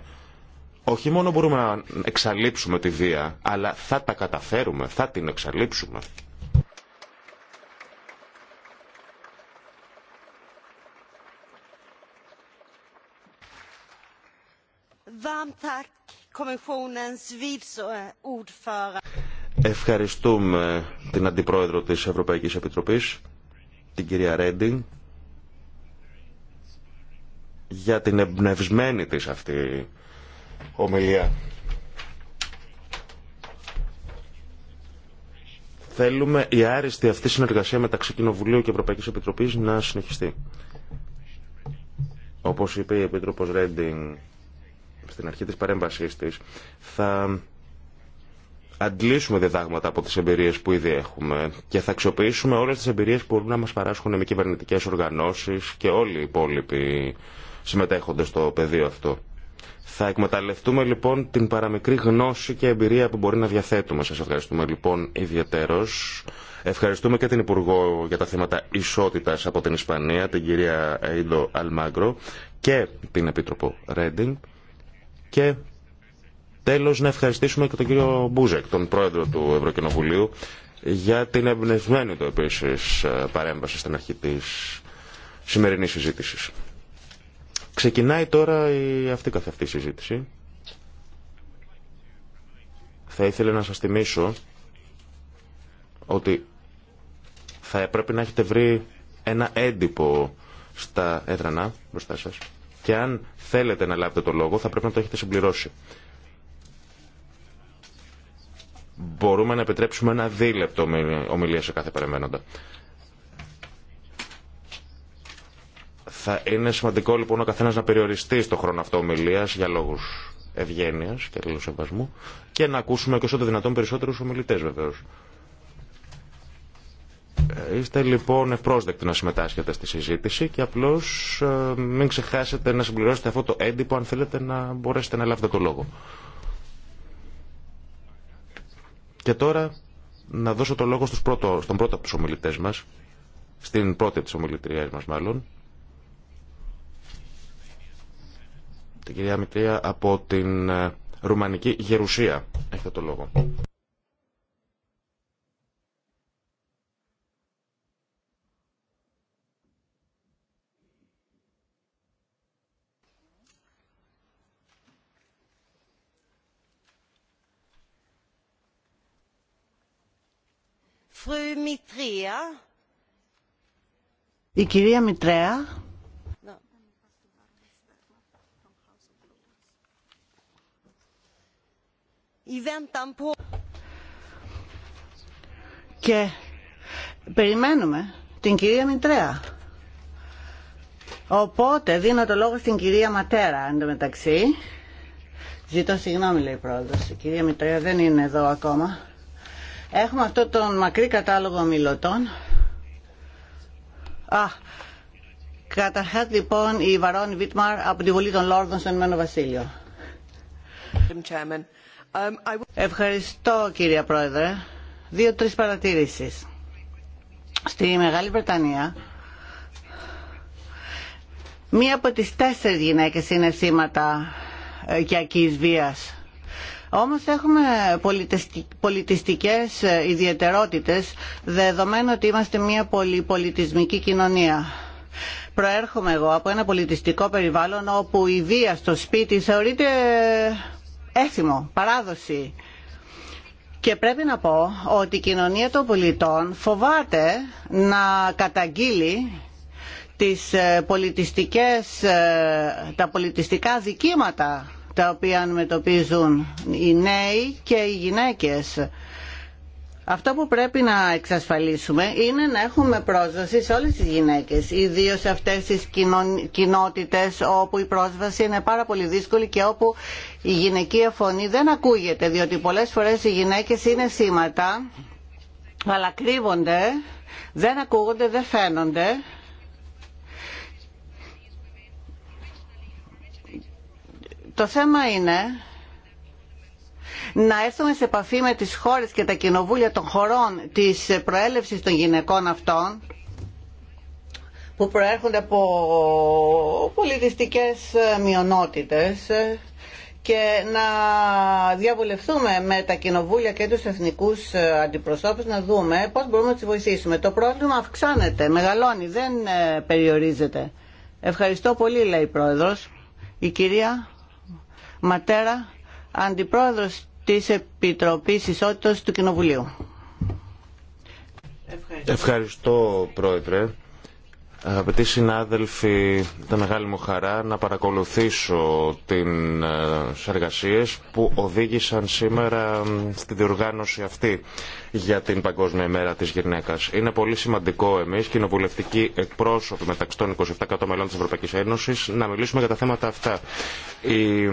όχι μόνο μπορούμε να εξαλείψουμε τη βία, αλλά θα τα καταφέρουμε, θα την εξαλείψουμε. Ευχαριστούμε την Αντιπρόεδρο της Ευρωπαϊκής Επιτροπής, την κυρία Ρέντιν για την εμπνευσμένη της αυτή ομιλία. Θέλουμε η άριστη αυτή συνεργασία μεταξύ Κοινοβουλίου και Ευρωπαϊκής Επιτροπής να συνεχιστεί. Όπως είπε η Επίτροπος Ρέντινγκ στην αρχή της παρέμβασής της, θα αντλήσουμε διδάγματα από τις εμπειρίες που ήδη έχουμε και θα αξιοποιήσουμε όλες τις εμπειρίες που μπορούν να μας παράσχουν με κυβερνητικέ οργανώσεις και όλοι οι υπόλοιποι συμμετέχοντες στο πεδίο αυτό. Θα εκμεταλλευτούμε λοιπόν την παραμικρή γνώση και εμπειρία που μπορεί να διαθέτουμε. Σας ευχαριστούμε λοιπόν ιδιαίτερος. Ευχαριστούμε και την Υπουργό για τα θέματα ισότητας από την Ισπανία, την κυρία Αίντο Αλμάγκρο και την Επίτροπο Ρέντινγκ. Και τέλος να ευχαριστήσουμε και τον κύριο Μπούζεκ, τον πρόεδρο του Ευρωκοινοβουλίου, για την εμπνευσμένη του επίσης ε, παρέμβαση στην αρχή της σημερινής συζήτησης. Ξεκινάει τώρα η αυτή καθ' αυτή συζήτηση. Θα ήθελα να σας θυμίσω ότι θα πρέπει να έχετε βρει ένα έντυπο στα έδρανα μπροστά σας. Και αν θέλετε να λάβετε το λόγο, θα πρέπει να το έχετε συμπληρώσει. Μπορούμε να επιτρέψουμε ένα δίλεπτο ομιλία σε κάθε παρεμβαίνοντα. Θα είναι σημαντικό λοιπόν ο καθένας να περιοριστεί στο χρόνο αυτό ομιλίας για λόγους ευγένειας και σεβασμού, και να ακούσουμε και όσο το δυνατόν περισσότερους ομιλητές βεβαίως. Είστε λοιπόν ευπρόσδεκτοι να συμμετάσχετε στη συζήτηση και απλώς ε, μην ξεχάσετε να συμπληρώσετε αυτό το έντυπο αν θέλετε να μπορέσετε να λάβετε το λόγο. Και τώρα να δώσω το λόγο στους πρώτο, στον πρώτο από τους ομιλητές μας, στην πρώτη από τις ομιλητριές μας μάλλον, την κυρία Μητρία από την ε, Ρουμανική Γερουσία. Έχετε το λόγο. Η κυρία Μητρέα. Ναι. Και περιμένουμε την κυρία Μητρέα. Οπότε δίνω το λόγο στην κυρία Ματέρα εντωμεταξύ. Ζητώ συγγνώμη λέει η πρόεδρος. Η κυρία Μητρέα δεν είναι εδώ ακόμα. Έχουμε αυτό τον μακρύ κατάλογο μιλωτών. Α, καταρχάς λοιπόν η Βαρόν Βίτμαρ από τη Βουλή των Λόρδων στον Ηνωμένο Βασίλειο. Um, Ευχαριστώ κύριε Πρόεδρε. Δύο-τρεις παρατηρήσεις. Στη Μεγάλη Βρετανία μία από τις τέσσερις γυναίκες είναι θύματα οικιακής βίας όμως έχουμε πολιτιστικές ε, ιδιαιτερότητες, δεδομένου ότι είμαστε μια πολυπολιτισμική κοινωνία. Προέρχομαι εγώ από ένα πολιτιστικό περιβάλλον όπου η βία στο σπίτι θεωρείται έθιμο, παράδοση. Και πρέπει να πω ότι η κοινωνία των πολιτών φοβάται να καταγγείλει τις ε, πολιτιστικές, ε, τα πολιτιστικά δικήματα τα οποία αντιμετωπίζουν οι νέοι και οι γυναίκες. Αυτό που πρέπει να εξασφαλίσουμε είναι να έχουμε πρόσβαση σε όλες τις γυναίκες, ιδίως σε αυτές τις κοινότητες όπου η πρόσβαση είναι πάρα πολύ δύσκολη και όπου η γυναικεία φωνή δεν ακούγεται, διότι πολλές φορές οι γυναίκες είναι σήματα, αλλά κρύβονται, δεν ακούγονται, δεν φαίνονται Το θέμα είναι να έρθουμε σε επαφή με τις χώρες και τα κοινοβούλια των χωρών της προέλευσης των γυναικών αυτών που προέρχονται από πολιτιστικές μειονότητες και να διαβουλευτούμε με τα κοινοβούλια και τους εθνικούς αντιπροσώπους να δούμε πώς μπορούμε να τις βοηθήσουμε. Το πρόβλημα αυξάνεται, μεγαλώνει, δεν ε, περιορίζεται. Ευχαριστώ πολύ, λέει η Πρόεδρος. Η κυρία Ματέρα, Αντιπρόεδρος της Επιτροπής Ισότητας του Κοινοβουλίου. Ευχαριστώ, Πρόεδρε. Αγαπητοί συνάδελφοι, ήταν μεγάλη μου χαρά να παρακολουθήσω τις εργασίες που οδήγησαν σήμερα στην διοργάνωση αυτή για την Παγκόσμια ημέρα της γυναίκας. Είναι πολύ σημαντικό εμείς, κοινοβουλευτικοί εκπρόσωποι μεταξύ των 27 κατώμελών της Ευρωπαϊκής Ένωσης, να μιλήσουμε για τα θέματα αυτά. Η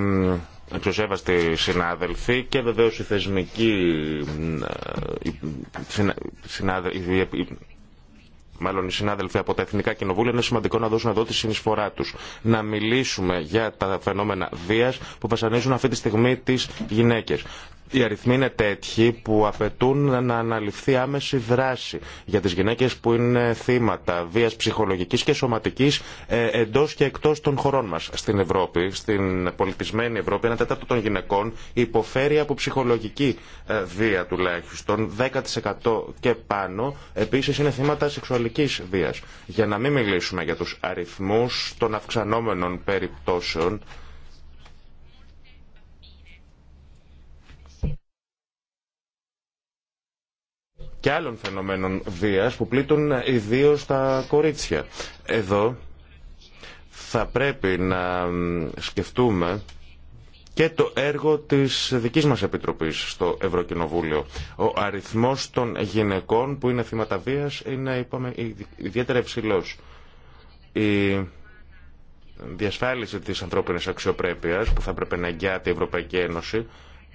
αξιοσέβαστοι συνάδελφοι και βεβαίως οι θεσμικοί συνάδελφοι, μάλλον οι συνάδελφοι από τα Εθνικά Κοινοβούλια, είναι σημαντικό να δώσουν εδώ τη συνεισφορά του. Να μιλήσουμε για τα φαινόμενα βία που βασανίζουν αυτή τη στιγμή τι γυναίκε οι αριθμοί είναι τέτοιοι που απαιτούν να αναλυφθεί άμεση δράση για τις γυναίκες που είναι θύματα βίας ψυχολογικής και σωματικής ε, εντός και εκτός των χωρών μας. Στην Ευρώπη, στην πολιτισμένη Ευρώπη, ένα τέταρτο των γυναικών υποφέρει από ψυχολογική ε, βία τουλάχιστον, 10% και πάνω, επίσης είναι θύματα σεξουαλικής βίας. Για να μην μιλήσουμε για τους αριθμούς των αυξανόμενων περιπτώσεων, και άλλων φαινομένων βίας που πλήττουν ιδίω τα κορίτσια. Εδώ θα πρέπει να σκεφτούμε και το έργο της δικής μας Επιτροπής στο Ευρωκοινοβούλιο. Ο αριθμός των γυναικών που είναι θύματα βίας είναι ιδιαίτερα υψηλό. Η διασφάλιση της ανθρώπινης αξιοπρέπειας που θα πρέπει να εγγυάται η Ευρωπαϊκή Ένωση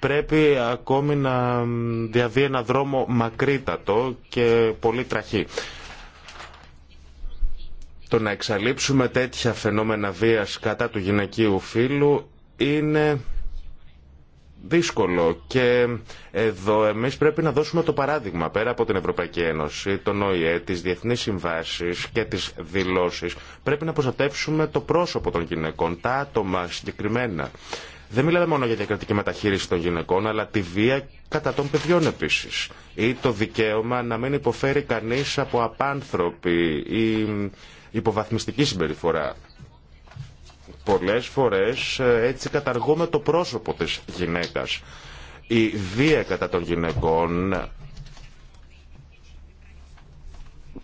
πρέπει ακόμη να διαβεί ένα δρόμο μακρύτατο και πολύ τραχή. Το να εξαλείψουμε τέτοια φαινόμενα βίας κατά του γυναικείου φίλου είναι δύσκολο και εδώ εμείς πρέπει να δώσουμε το παράδειγμα πέρα από την Ευρωπαϊκή Ένωση, τον ΟΗΕ, τις διεθνείς συμβάσεις και τις δηλώσεις πρέπει να προστατεύσουμε το πρόσωπο των γυναικών, τα άτομα συγκεκριμένα δεν μιλάμε μόνο για διακριτική μεταχείριση των γυναικών, αλλά τη βία κατά των παιδιών επίση. Ή το δικαίωμα να μην υποφέρει κανεί από απάνθρωπη ή υποβαθμιστική συμπεριφορά. Πολλέ φορέ ε, έτσι καταργούμε το πρόσωπο τη γυναίκα. Η βία κατά των γυναικών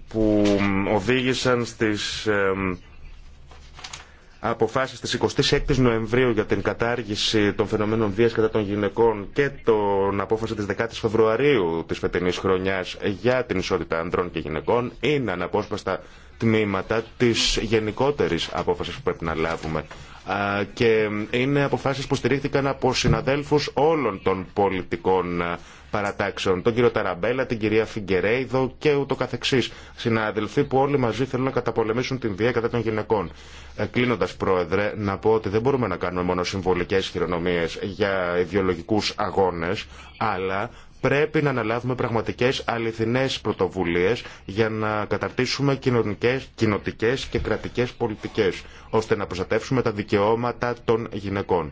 που οδήγησαν στις ε, Αποφάσει της 26ης Νοεμβρίου για την κατάργηση των φαινομένων βίας κατά των γυναικών και την απόφαση της 10ης Φεβρουαρίου της φετινής χρονιάς για την ισότητα ανδρών και γυναικών είναι αναπόσπαστα τμήματα της γενικότερης απόφασης που πρέπει να λάβουμε και είναι αποφάσεις που στηρίχθηκαν από συναδέλφους όλων των πολιτικών παρατάξεων. Τον κύριο Ταραμπέλα, την κυρία Φιγκερέιδο και ούτω καθεξή. Συναδελφοί που όλοι μαζί θέλουν να καταπολεμήσουν την βία κατά των γυναικών. Ε, Κλείνοντα, Πρόεδρε, να πω ότι δεν μπορούμε να κάνουμε μόνο συμβολικέ χειρονομίε για ιδεολογικού αγώνε, αλλά πρέπει να αναλάβουμε πραγματικέ αληθινές πρωτοβουλίε για να καταρτήσουμε κοινωνικές, και κρατικέ πολιτικέ, ώστε να προστατεύσουμε τα δικαιώματα των γυναικών.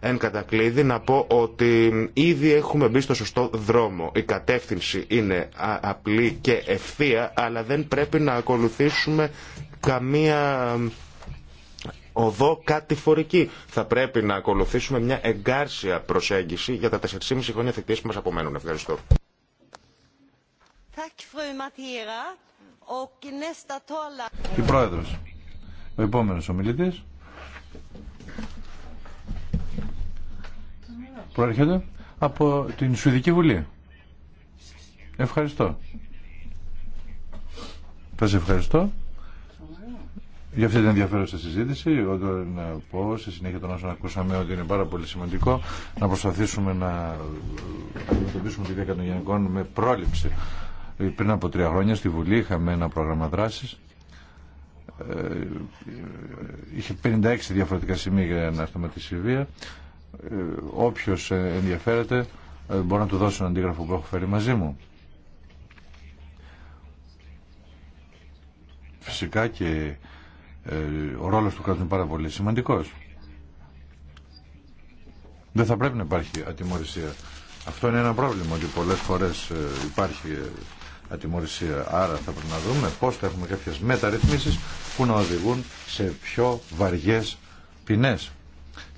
Εν κατακλείδη να πω ότι ήδη έχουμε μπει στο σωστό δρόμο. Η κατεύθυνση είναι απλή και ευθεία, αλλά δεν πρέπει να ακολουθήσουμε καμία οδό κατηφορική. Θα πρέπει να ακολουθήσουμε μια εγκάρσια προσέγγιση για τα 4,5 χρόνια θεκτής που μας απομένουν. Ευχαριστώ. Η πρόεδρος. Ο επόμενος ομιλητής. προέρχεται από την Σουηδική Βουλή. Ευχαριστώ. Θα σε ευχαριστώ για αυτή την ενδιαφέρουσα συζήτηση. Όταν να πω στη συνέχεια των όσων ακούσαμε ότι είναι πάρα πολύ σημαντικό να προσπαθήσουμε να αντιμετωπίσουμε τη βία των γενικών με πρόληψη. Πριν από τρία χρόνια στη Βουλή είχαμε ένα πρόγραμμα δράση. Ε, είχε 56 διαφορετικά σημεία για να σταματήσει η βία ε, όποιος ε, ενδιαφέρεται ε, μπορώ να του δώσω ένα αντίγραφο που έχω φέρει μαζί μου. Φυσικά και ο ρόλος του κράτου είναι πάρα πολύ σημαντικός. Δεν θα πρέπει να υπάρχει ατιμορρησία. Αυτό είναι ένα πρόβλημα ότι πολλές φορές υπάρχει ατιμορρησία. Άρα θα πρέπει να δούμε πώς θα έχουμε κάποιες μεταρρυθμίσεις που να οδηγούν σε πιο βαριές ποινές.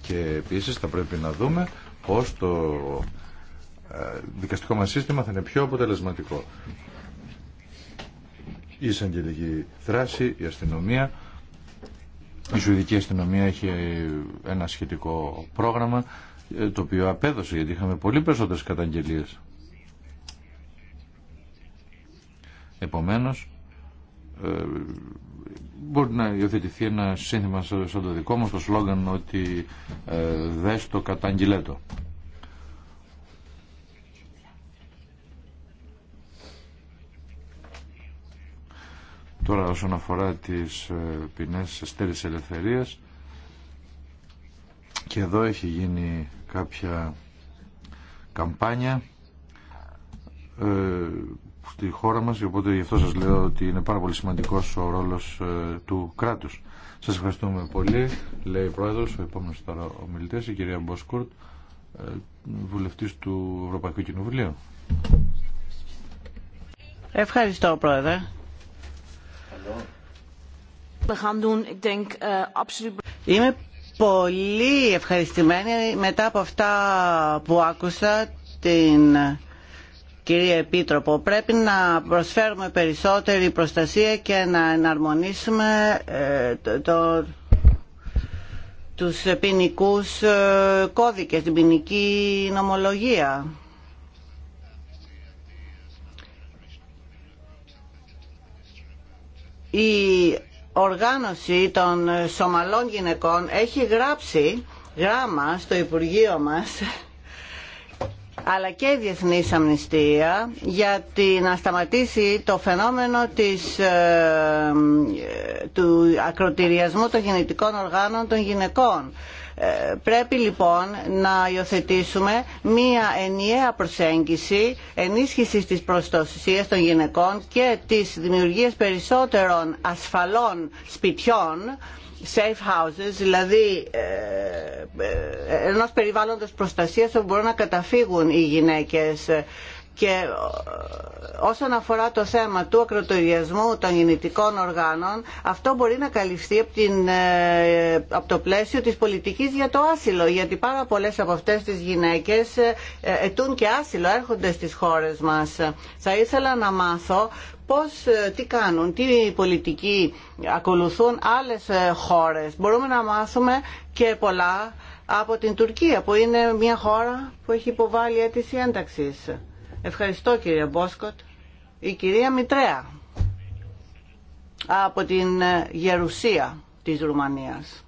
Και επίσης θα πρέπει να δούμε πώς το ε, δικαστικό μας σύστημα θα είναι πιο αποτελεσματικό. Η εισαγγελική δράση, η αστυνομία, η Σουηδική αστυνομία έχει ένα σχετικό πρόγραμμα ε, το οποίο απέδωσε γιατί είχαμε πολύ περισσότερες καταγγελίες. Επομένως, ε, μπορεί να υιοθετηθεί ένα σύνθημα σαν το δικό μας, το σλόγγαν ότι ε, δες το κατάγγειλέ Τώρα όσον αφορά τις ε, ποινές στέρης ελευθερίας και εδώ έχει γίνει κάποια καμπάνια ε, στη χώρα μας, οπότε γι' αυτό σας λέω ότι είναι πάρα πολύ σημαντικός ο ρόλος ε, του κράτους. Σας ευχαριστούμε πολύ, λέει η Πρόεδρος, ο επόμενος τώρα η κυρία Μποσκουρτ, ε, βουλευτής του Ευρωπαϊκού Κοινοβουλίου. Ευχαριστώ, Πρόεδρε. Είμαι πολύ ευχαριστημένη μετά από αυτά που άκουσα την Κύριε Επίτροπο, πρέπει να προσφέρουμε περισσότερη προστασία και να εναρμονίσουμε ε, το, τους ποινικού ε, κώδικες, την ποινική νομολογία. Η οργάνωση των σωμαλών γυναικών έχει γράψει γράμμα στο Υπουργείο μας αλλά και η Διεθνής Αμνηστία για να σταματήσει το φαινόμενο της, ε, του ακροτηριασμού των γεννητικών οργάνων των γυναικών. Ε, πρέπει λοιπόν να υιοθετήσουμε μία ενιαία προσέγγιση ενίσχυσης της προστασίας των γυναικών και της δημιουργίας περισσότερων ασφαλών σπιτιών safe houses, δηλαδή ε, ε, ενός περιβάλλοντος προστασίας όπου μπορούν να καταφύγουν οι γυναίκες και ε, όσον αφορά το θέμα του ακροτοριασμού των γεννητικών οργάνων αυτό μπορεί να καλυφθεί από, την, από το πλαίσιο της πολιτικής για το άσυλο γιατί πάρα πολλές από αυτές τις γυναίκες ετούν και άσυλο έρχονται στις χώρες μας. Θα ήθελα να μάθω πώς, ε, τι κάνουν, τι πολιτική ακολουθούν άλλες ε, χώρες. Μπορούμε να μάθουμε και πολλά από την Τουρκία που είναι μια χώρα που έχει υποβάλει αίτηση ένταξης. Ευχαριστώ κύριε Μπόσκοτ. Η κυρία Μητρέα από την ε, Γερουσία της Ρουμανίας.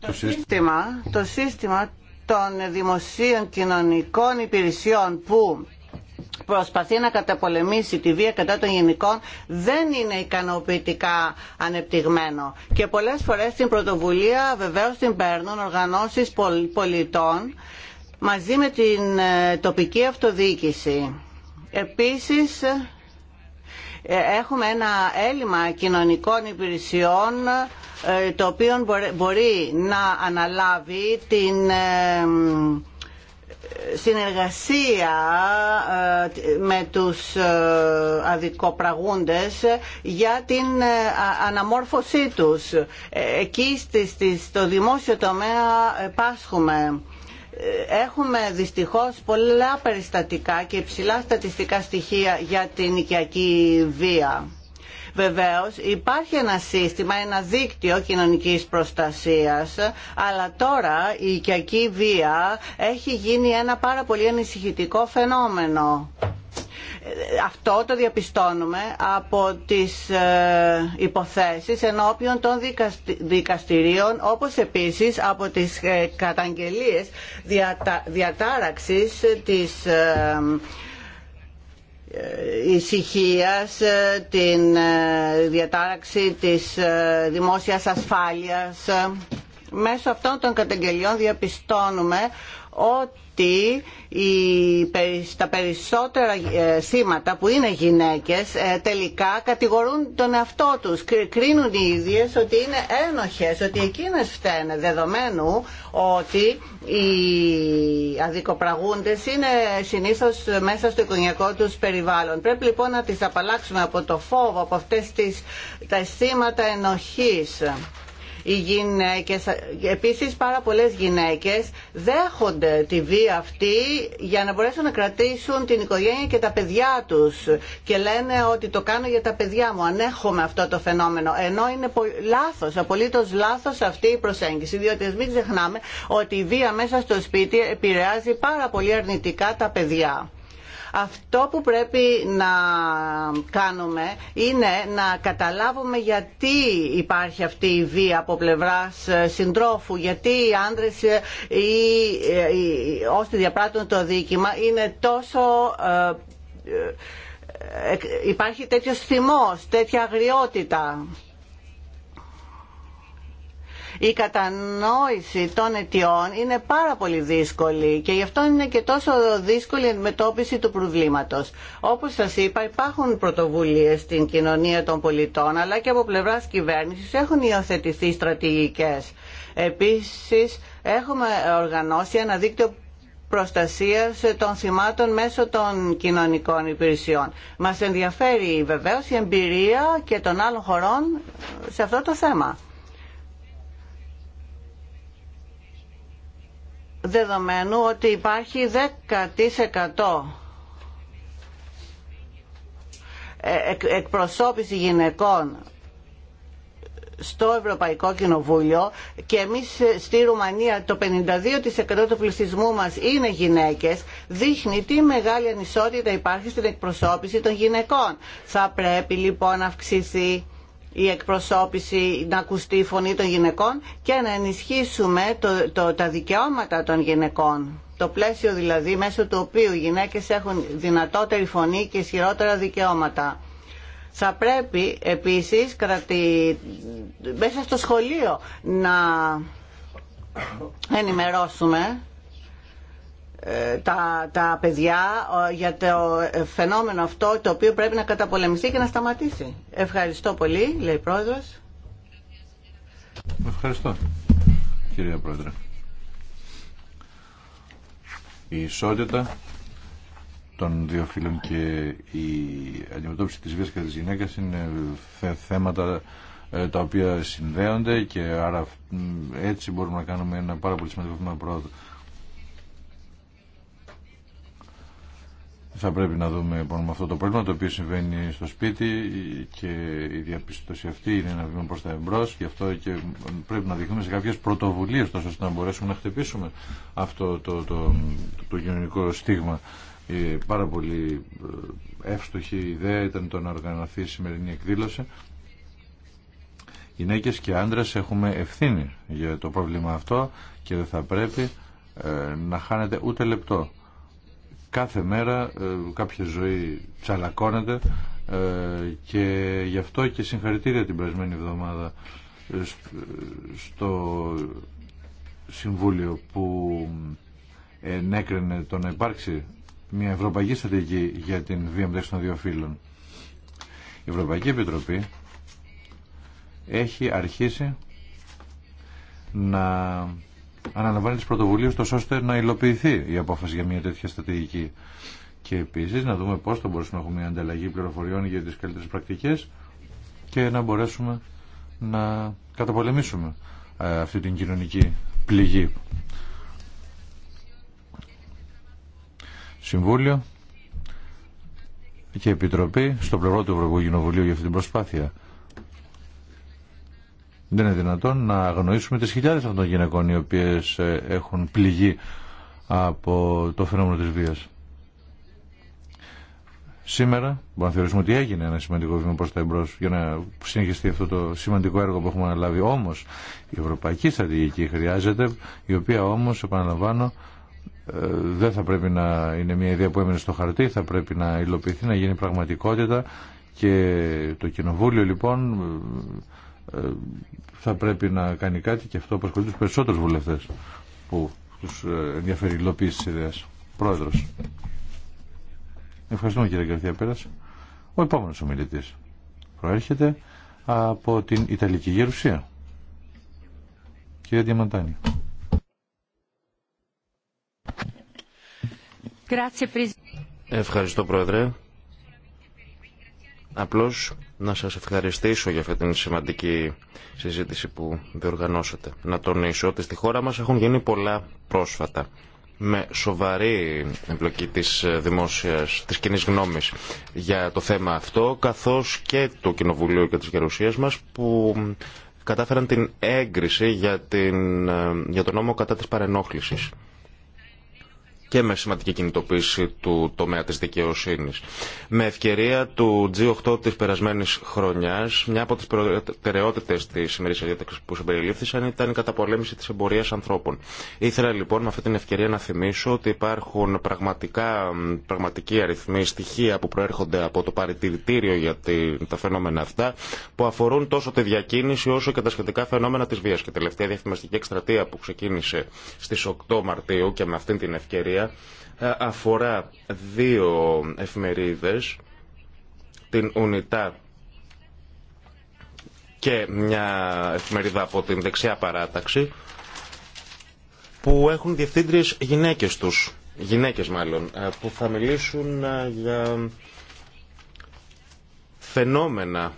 Το σύστημα, το σύστημα των δημοσίων κοινωνικών υπηρεσιών που προσπαθεί να καταπολεμήσει τη βία κατά των γενικών δεν είναι ικανοποιητικά ανεπτυγμένο. Και πολλές φορές την πρωτοβουλία βεβαίως την παίρνουν οργανώσεις πολιτών μαζί με την ε, τοπική αυτοδιοίκηση. Επίσης ε, έχουμε ένα έλλειμμα κοινωνικών υπηρεσιών ε, το οποίο μπορεί να αναλάβει την ε, συνεργασία ε, με τους αδικοπραγούντες για την αναμόρφωσή τους. Εκεί στο δημόσιο τομέα πάσχουμε. Έχουμε δυστυχώς πολλά περιστατικά και υψηλά στατιστικά στοιχεία για την οικιακή βία. Βεβαίως υπάρχει ένα σύστημα, ένα δίκτυο κοινωνικής προστασίας, αλλά τώρα η οικιακή βία έχει γίνει ένα πάρα πολύ ανησυχητικό φαινόμενο. Αυτό το διαπιστώνουμε από τις ε, υποθέσεις ενώπιον των δικαστηρίων όπως επίσης από τις ε, καταγγελίες διατάραξης της ε, Ησυχία, ε, την ε, διατάραξη της ε, δημόσιας ασφάλειας. Μέσω αυτών των καταγγελιών διαπιστώνουμε ότι τα περισσότερα ε, σήματα που είναι γυναίκες ε, τελικά κατηγορούν τον εαυτό τους κρίνουν οι ίδιες ότι είναι ένοχες, ότι εκείνες φταίνε δεδομένου ότι οι αδικοπραγούντες είναι συνήθως μέσα στο οικογενειακό τους περιβάλλον πρέπει λοιπόν να τις απαλλάξουμε από το φόβο από αυτές τις, τα αισθήματα ενοχής οι γυναίκες, επίσης πάρα πολλές γυναίκες δέχονται τη βία αυτή για να μπορέσουν να κρατήσουν την οικογένεια και τα παιδιά τους και λένε ότι το κάνω για τα παιδιά μου, ανέχομαι αυτό το φαινόμενο. Ενώ είναι λάθος, απολύτως λάθος αυτή η προσέγγιση, διότι μην ξεχνάμε ότι η βία μέσα στο σπίτι επηρεάζει πάρα πολύ αρνητικά τα παιδιά. Αυτό που πρέπει να κάνουμε είναι να καταλάβουμε γιατί υπάρχει αυτή η βία από πλευράς ε, συντρόφου, γιατί οι άντρες ή ε, ε, όσοι διαπράττουν το δίκημα είναι τόσο υπάρχει τέτοιος θυμός, τέτοια αγριότητα η κατανόηση των αιτιών είναι πάρα πολύ δύσκολη και γι' αυτό είναι και τόσο δύσκολη η αντιμετώπιση του προβλήματος. Όπως σας είπα υπάρχουν πρωτοβουλίες στην κοινωνία των πολιτών αλλά και από πλευράς κυβέρνησης έχουν υιοθετηθεί στρατηγικές. Επίσης έχουμε οργανώσει ένα δίκτυο προστασίας των θυμάτων μέσω των κοινωνικών υπηρεσιών. Μα ενδιαφέρει βεβαίως η εμπειρία και των άλλων χωρών σε αυτό το θέμα. δεδομένου ότι υπάρχει 10% ε, εκπροσώπηση γυναικών στο Ευρωπαϊκό Κοινοβούλιο και εμείς στη Ρουμανία το 52% του πληθυσμού μας είναι γυναίκες δείχνει τι μεγάλη ανισότητα υπάρχει στην εκπροσώπηση των γυναικών. Θα πρέπει λοιπόν να αυξηθεί η εκπροσώπηση, να ακουστεί η φωνή των γυναικών και να ενισχύσουμε τα δικαιώματα των γυναικών. Το πλαίσιο δηλαδή μέσω του οποίου οι γυναίκες έχουν δυνατότερη φωνή και ισχυρότερα δικαιώματα. Θα πρέπει επίσης κρατη... μέσα στο σχολείο να ενημερώσουμε ε, τα, τα παιδιά για το φαινόμενο αυτό το οποίο πρέπει να καταπολεμηθεί και να σταματήσει. Ευχαριστώ πολύ, λέει η Ευχαριστώ, κυρία Πρόεδρε. Η ισότητα των δύο φίλων και η αντιμετώπιση της βίας κατά της γυναίκας είναι θέματα ε, τα οποία συνδέονται και άρα έτσι μπορούμε να κάνουμε ένα πάρα πολύ σημαντικό πρόοδο. θα πρέπει να δούμε λοιπόν, αυτό το πρόβλημα το οποίο συμβαίνει στο σπίτι και η διαπίστωση αυτή είναι ένα βήμα προς τα εμπρός και αυτό και πρέπει να δείχνουμε σε κάποιες πρωτοβουλίες τόσο ώστε να μπορέσουμε να χτυπήσουμε αυτό το, το, το, το κοινωνικό στίγμα. πάρα πολύ ε, εύστοχη ιδέα ήταν το να οργανωθεί η σημερινή εκδήλωση. Γυναίκες και άντρες έχουμε ευθύνη για το πρόβλημα αυτό και δεν θα πρέπει ε, να χάνεται ούτε λεπτό κάθε μέρα ε, κάποια ζωή τσαλακώνεται ε, και γι' αυτό και συγχαρητήρια την περασμένη εβδομάδα ε, στο Συμβούλιο που ενέκρινε το να υπάρξει μια ευρωπαϊκή στρατηγική για την βία μεταξύ των δύο φύλων. Η Ευρωπαϊκή Επιτροπή έχει αρχίσει να αναλαμβάνει τις πρωτοβουλίες τόσο ώστε να υλοποιηθεί η απόφαση για μια τέτοια στρατηγική. Και επίσης να δούμε πώς θα μπορέσουμε να έχουμε μια ανταλλαγή πληροφοριών για τις καλύτερε πρακτικές και να μπορέσουμε να καταπολεμήσουμε ε, αυτή την κοινωνική πληγή. Συμβούλιο και Επιτροπή στο πλευρό του Ευρωπαϊκού για αυτή την προσπάθεια. Δεν είναι δυνατόν να αγνοήσουμε τις χιλιάδες αυτών των γυναικών οι οποίες ε, έχουν πληγεί από το φαινόμενο της βίας. Σήμερα μπορούμε να θεωρήσουμε ότι έγινε ένα σημαντικό βήμα προς τα εμπρός για να συνεχιστεί αυτό το σημαντικό έργο που έχουμε αναλάβει. Όμως η ευρωπαϊκή στρατηγική χρειάζεται, η οποία όμως, επαναλαμβάνω, ε, δεν θα πρέπει να είναι μια ιδέα που έμεινε στο χαρτί, θα πρέπει να υλοποιηθεί, να γίνει πραγματικότητα και το Κοινοβούλιο λοιπόν ε, θα πρέπει να κάνει κάτι και αυτό απασχολεί του περισσότερου βουλευτέ που του ε, ενδιαφέρει η υλοποίηση τη ιδέα. Πρόεδρος. Ευχαριστούμε κύριε Καρδιά πέρα. Ο επόμενο ομιλητή. προέρχεται από την Ιταλική Γερουσία. Κύριε Διαμαντάνη. Ευχαριστώ Πρόεδρε. Απλώς να σας ευχαριστήσω για αυτή την σημαντική συζήτηση που διοργανώσατε. Να τονίσω ότι στη χώρα μας έχουν γίνει πολλά πρόσφατα με σοβαρή εμπλοκή της δημόσιας, της κοινή γνώμης για το θέμα αυτό, καθώς και το Κοινοβουλίο και της Γερουσίας μας που κατάφεραν την έγκριση για, την, ε, για τον νόμο κατά της παρενόχλησης και με σημαντική κινητοποίηση του τομέα της δικαιοσύνης. Με ευκαιρία του G8 της περασμένης χρονιάς, μια από τις προτεραιότητες της σημερινής διάταξης που συμπεριλήφθησαν ήταν η καταπολέμηση της εμπορίας ανθρώπων. Ήθελα λοιπόν με αυτή την ευκαιρία να θυμίσω ότι υπάρχουν πραγματικά, πραγματικοί αριθμοί στοιχεία που προέρχονται από το παρατηρητήριο για τα φαινόμενα αυτά που αφορούν τόσο τη διακίνηση όσο και τα σχετικά φαινόμενα της βίας. Και τελευταία διαφημιστική εκστρατεία που ξεκίνησε στις 8 Μαρτίου και με αυτήν την ευκαιρία ε, αφορά δύο εφημερίδες, την Ουνιτά και μια εφημερίδα από την δεξιά παράταξη, που έχουν διευθύντριες γυναίκες τους, γυναίκες μάλλον, ε, που θα μιλήσουν ε, για φαινόμενα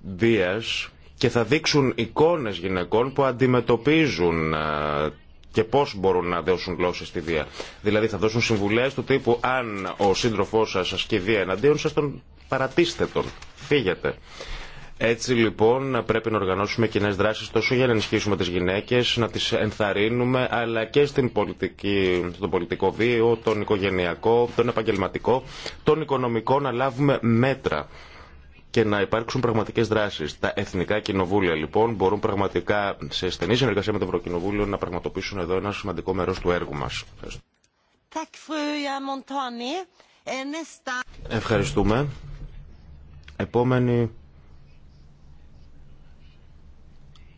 δίας και θα δείξουν εικόνες γυναικών που αντιμετωπίζουν και πώ μπορούν να δώσουν γλώσσε στη βία. Δηλαδή θα δώσουν συμβουλέ του τύπου αν ο σύντροφό σα ασκεί βία εναντίον σα, τον παρατήστε τον. Φύγετε. Έτσι λοιπόν πρέπει να οργανώσουμε κοινέ δράσει τόσο για να ενισχύσουμε τι γυναίκε, να τι ενθαρρύνουμε, αλλά και στην πολιτική, στον πολιτικό βίο, τον οικογενειακό, τον επαγγελματικό, τον οικονομικό, να λάβουμε μέτρα και να υπάρξουν πραγματικέ δράσει. Τα εθνικά κοινοβούλια λοιπόν μπορούν πραγματικά σε στενή συνεργασία με το Ευρωκοινοβούλιο να πραγματοποιήσουν εδώ ένα σημαντικό μέρο του έργου μα. Ευχαριστούμε. Επόμενη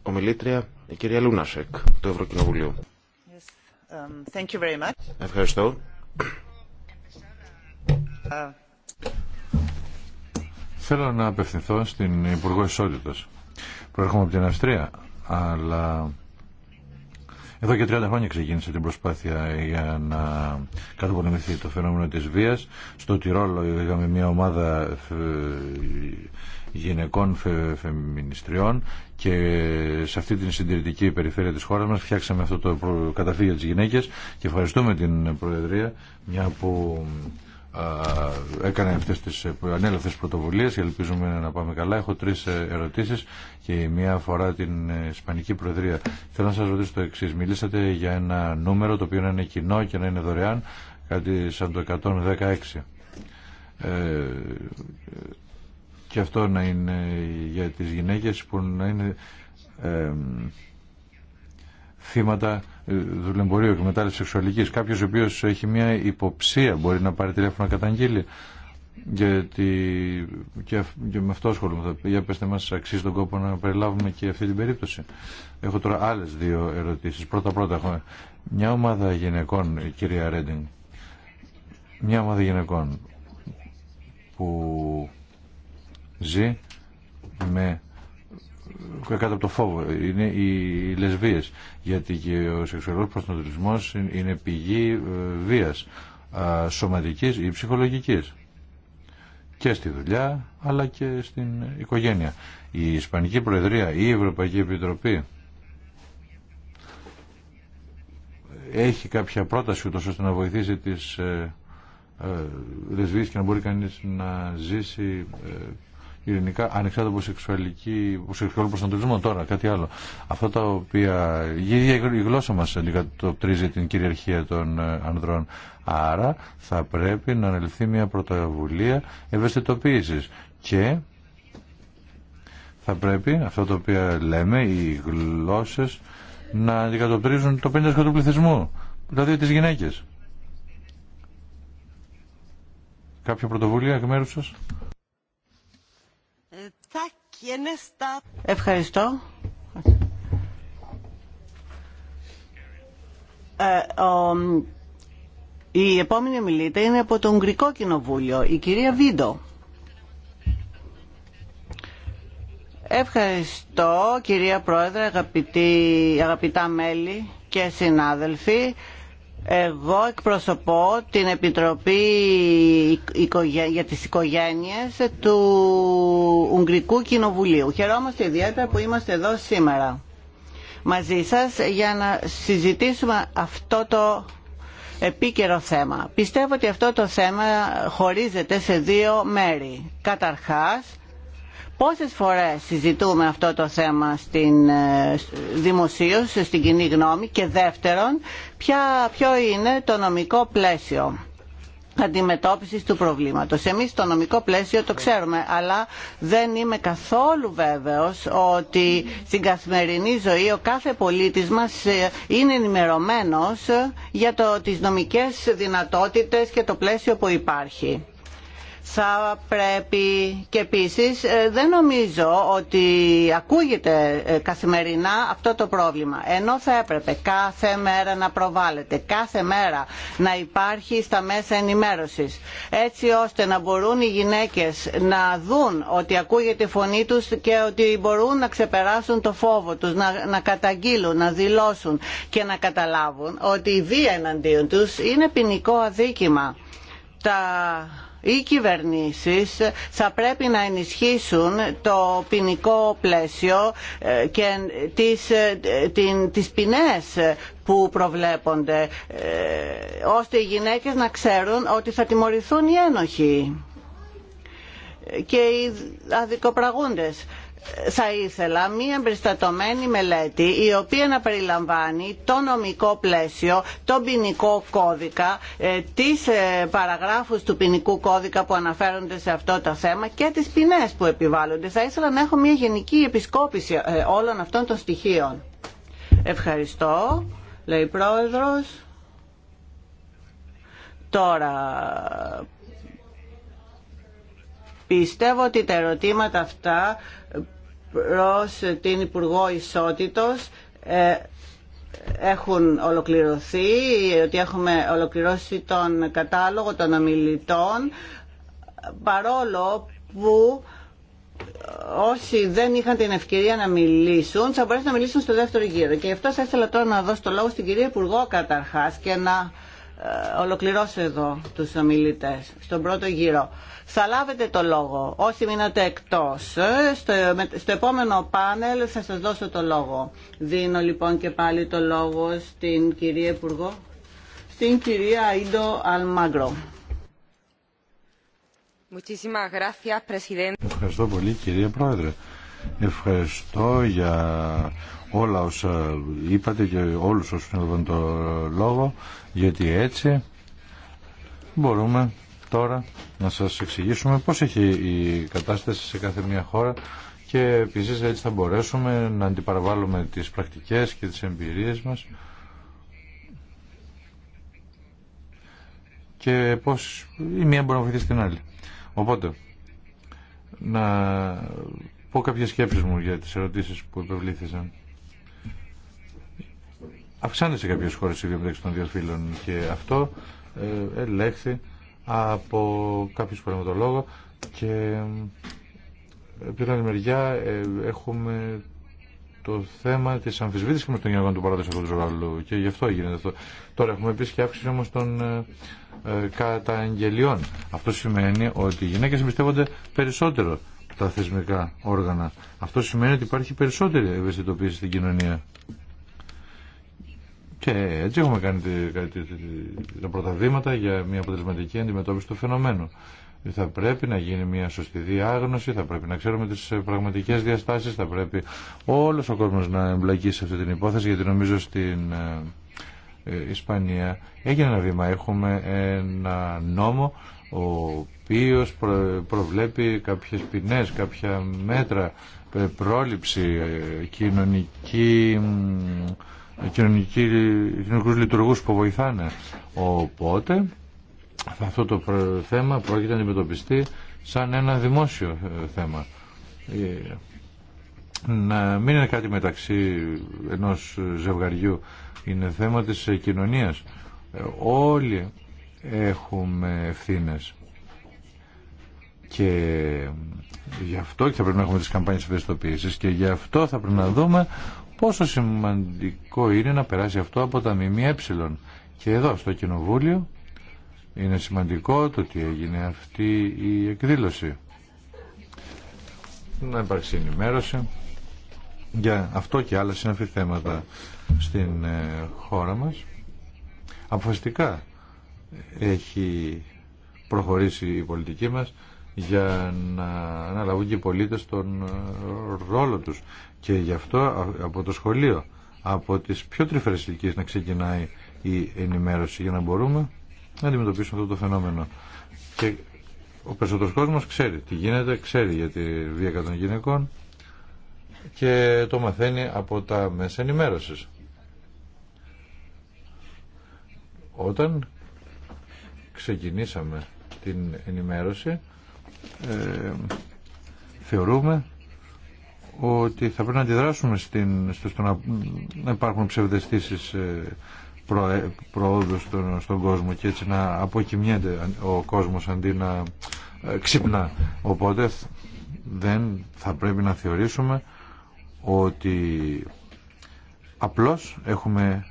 ομιλήτρια, η κυρία Λούνασεκ του Ευρωκοινοβουλίου. Um, Ευχαριστώ. Uh, Θέλω να απευθυνθώ στην Υπουργό Ισότητα. Προέρχομαι από την Αυστρία, αλλά εδώ και 30 χρόνια ξεκίνησε την προσπάθεια για να καταπολεμηθεί το φαινόμενο της βίας. Στο Τυρόλο είχαμε μια ομάδα γυναικών φεμινιστριών και σε αυτή την συντηρητική περιφέρεια της χώρας μας φτιάξαμε αυτό το καταφύγιο της γυναίκες και ευχαριστούμε την Προεδρία μια που έκανε αυτές τις, ε, ανέλαφε πρωτοβουλίε και ελπίζουμε να πάμε καλά. Έχω τρεις ε, ερωτήσεις και μία αφορά την ε, Ισπανική Προεδρία. Θέλω να σας ρωτήσω το εξής. Μιλήσατε για ένα νούμερο το οποίο να είναι κοινό και να είναι δωρεάν, κάτι σαν το 116. και αυτό να είναι για τις γυναίκες που να είναι θύματα δουλεμπορίου, εκμετάλλευση σεξουαλική. Κάποιο ο οποίο έχει μια υποψία μπορεί να πάρει τηλέφωνο να καταγγείλει. Γιατί και, με αυτό ασχολούμαι. Για πετε μα, αξίζει τον κόπο να περιλάβουμε και αυτή την περίπτωση. Έχω τώρα άλλε δύο ερωτήσει. Πρώτα-πρώτα έχουμε μια ομάδα γυναικών, κυρία Ρέντινγκ. Μια ομάδα γυναικών που ζει με κάτω από το φόβο είναι οι λεσβείες γιατί και ο σεξουαλικός προσανατολισμός είναι πηγή ε, βίας σωματικής ή ψυχολογικής και στη δουλειά αλλά και στην οικογένεια. Η Ισπανική Προεδρία ή η Ευρωπαϊκή Επιτροπή έχει κάποια πρόταση ούτως ώστε να βοηθήσει τις ε, ε και να μπορεί κανείς να ζήσει ε, ειρηνικά ανεξάρτητα από σεξουαλική, σεξουαλικό προσανατολισμό. Τώρα κάτι άλλο. Αυτά τα οποία η γλώσσα μας αντικατοπτρίζει την κυριαρχία των ε, ανδρών. Άρα θα πρέπει να αναλυθεί μια πρωτοβουλία ευαισθητοποίησης και θα πρέπει αυτά τα οποία λέμε, οι γλώσσες, να αντικατοπτρίζουν το 50% του πληθυσμού, δηλαδή τις γυναίκες. Κάποια πρωτοβουλία εκ μέρους σας. Ευχαριστώ. Ε, η επόμενη μιλήτα είναι από το Ουγγρικό Κοινοβούλιο, η κυρία Βίντο. Ευχαριστώ κυρία Πρόεδρε, Αγαπητή αγαπητά μέλη και συνάδελφοι. Εγώ εκπροσωπώ την Επιτροπή για τις Οικογένειες του Ουγγρικού Κοινοβουλίου. Χαιρόμαστε ιδιαίτερα που είμαστε εδώ σήμερα μαζί σας για να συζητήσουμε αυτό το επίκαιρο θέμα. Πιστεύω ότι αυτό το θέμα χωρίζεται σε δύο μέρη. Καταρχάς, Πόσες φορές συζητούμε αυτό το θέμα στην, ε, δημοσίως, στην κοινή γνώμη και δεύτερον, ποιο είναι το νομικό πλαίσιο αντιμετώπισης του προβλήματος. Εμείς το νομικό πλαίσιο το ξέρουμε, αλλά δεν είμαι καθόλου βέβαιος ότι στην καθημερινή ζωή ο κάθε πολίτης μας ε, είναι ενημερωμένος για το, τις νομικές δυνατότητες και το πλαίσιο που υπάρχει θα πρέπει και επίσης ε, δεν νομίζω ότι ακούγεται ε, καθημερινά αυτό το πρόβλημα ενώ θα έπρεπε κάθε μέρα να προβάλλεται κάθε μέρα να υπάρχει στα μέσα ενημέρωσης έτσι ώστε να μπορούν οι γυναίκες να δουν ότι ακούγεται η φωνή τους και ότι μπορούν να ξεπεράσουν το φόβο τους να, να καταγγείλουν, να δηλώσουν και να καταλάβουν ότι η βία εναντίον τους είναι ποινικό αδίκημα. Τα οι κυβερνήσεις θα πρέπει να ενισχύσουν το ποινικό πλαίσιο ε, και τις, ε, την, τις ποινές που προβλέπονται ε, ώστε οι γυναίκες να ξέρουν ότι θα τιμωρηθούν οι ένοχοι και οι αδικοπραγούντες θα ήθελα μία εμπεριστατωμένη μελέτη η οποία να περιλαμβάνει το νομικό πλαίσιο, τον ποινικό κώδικα, ε, τις ε, παραγράφους του ποινικού κώδικα που αναφέρονται σε αυτό το θέμα και τις ποινές που επιβάλλονται. Θα ήθελα να έχω μία γενική επισκόπηση ε, όλων αυτών των στοιχείων. Ευχαριστώ, λέει η Πρόεδρος. Τώρα, πιστεύω ότι τα ερωτήματα αυτά προς την Υπουργό Ισότητος ε, έχουν ολοκληρωθεί, ότι έχουμε ολοκληρώσει τον κατάλογο των ομιλητών παρόλο που όσοι δεν είχαν την ευκαιρία να μιλήσουν θα μπορέσουν να μιλήσουν στο δεύτερο γύρο. Και γι' αυτό θα ήθελα τώρα να δώσω το λόγο στην κυρία Υπουργό καταρχάς και να ε, ολοκληρώσω εδώ τους ομιλητές στον πρώτο γύρο θα λάβετε το λόγο. Όσοι μείνατε εκτός, ε, στο, επόμενο πάνελ θα σας δώσω το λόγο. Δίνω λοιπόν και πάλι το λόγο στην κυρία Υπουργό, στην κυρία Ίντο Αλμάγκρο. Ευχαριστώ πολύ κυρία Πρόεδρε. Ευχαριστώ για όλα όσα είπατε και όλους όσους έλαβαν το λόγο γιατί έτσι μπορούμε τώρα να σας εξηγήσουμε πώς έχει η κατάσταση σε κάθε μια χώρα και επίση έτσι θα μπορέσουμε να αντιπαραβάλλουμε τις πρακτικές και τις εμπειρίες μας και πώς η μία μπορεί να βοηθήσει την άλλη. Οπότε, να πω κάποιες σκέψεις μου για τις ερωτήσεις που υπευλήθησαν. Αυξάνεται σε κάποιες χώρες η βία των δύο φύλων και αυτό ε, ελέγχθη από κάποιους πραγματολόγο και από την άλλη μεριά ε, έχουμε το θέμα τη αμφισβήτησης με τον Γιώργο του Παράδοση του Ζωγαλού και γι' αυτό γίνεται αυτό. Τώρα έχουμε επίσης και αύξηση όμως των ε, ε καταγγελιών. Αυτό σημαίνει ότι οι γυναίκε εμπιστεύονται περισσότερο τα θεσμικά όργανα. Αυτό σημαίνει ότι υπάρχει περισσότερη ευαισθητοποίηση στην κοινωνία. Και έτσι έχουμε κάνει τα πρώτα βήματα για μια αποτελεσματική αντιμετώπιση του φαινομένου. Θα πρέπει να γίνει μια σωστή διάγνωση, θα πρέπει να ξέρουμε τις ε, πραγματικές διαστάσεις, θα πρέπει όλος ο κόσμος να εμπλακεί σε αυτή την υπόθεση, γιατί νομίζω στην ε, ε, Ισπανία έγινε ένα βήμα. Έχουμε ένα νόμο ο οποίος προβλέπει κάποιες ποινές, κάποια μέτρα, πρόληψη, κοινωνική κοινωνικού λειτουργού που βοηθάνε. Οπότε αυτό το θέμα πρόκειται να αντιμετωπιστεί σαν ένα δημόσιο ε, θέμα. Ε, να μην είναι κάτι μεταξύ ενός ζευγαριού. Είναι θέμα της κοινωνίας. Ε, όλοι έχουμε ευθύνε. Και γι' αυτό και θα πρέπει να έχουμε τις καμπάνιες ευαισθητοποίησης και γι' αυτό θα πρέπει να δούμε πόσο σημαντικό είναι να περάσει αυτό από τα ΜΜΕ. Και εδώ στο Κοινοβούλιο είναι σημαντικό το ότι έγινε αυτή η εκδήλωση. Να υπάρξει ενημέρωση για αυτό και άλλα συναφή θέματα στην ε, χώρα μας. Αποφασιστικά έχει προχωρήσει η πολιτική μας για να αναλαβούν και οι πολίτες τον ε, ρόλο τους και γι' αυτό από το σχολείο, από τις πιο τρυφερές να ξεκινάει η ενημέρωση για να μπορούμε να αντιμετωπίσουμε αυτό το φαινόμενο. Και ο περισσότερος κόσμος ξέρει τι γίνεται, ξέρει για τη βία των γυναικών και το μαθαίνει από τα μέσα ενημέρωσης. Όταν ξεκινήσαμε την ενημέρωση ε, θεωρούμε ότι θα πρέπει να αντιδράσουμε στην, στο, να, να υπάρχουν ψευδεστήσεις ε, ε, προόδου στον, στον κόσμο και έτσι να αποκοιμιέται ο κόσμος αντί να ε, ξυπνά. Οπότε δεν θα πρέπει να θεωρήσουμε ότι απλώς έχουμε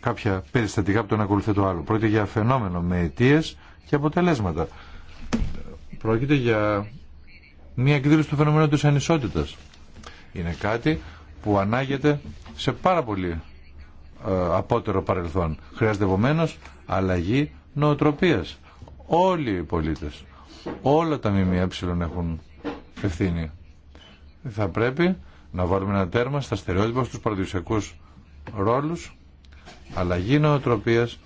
κάποια περιστατικά από το να ακολουθεί το άλλο. Πρόκειται για φαινόμενο με αιτίε και αποτελέσματα. Πρόκειται για μια εκδήλωση του φαινομένου της ανισότητας. Είναι κάτι που ανάγεται σε πάρα πολύ ε, απότερο παρελθόν. Χρειάζεται επομένω αλλαγή νοοτροπίας. Όλοι οι πολίτες, όλα τα ΜΜΕ έχουν ευθύνη. Θα πρέπει να βάλουμε ένα τέρμα στα στερεότυπα στους παραδοσιακού ρόλους, αλλαγή νοοτροπίας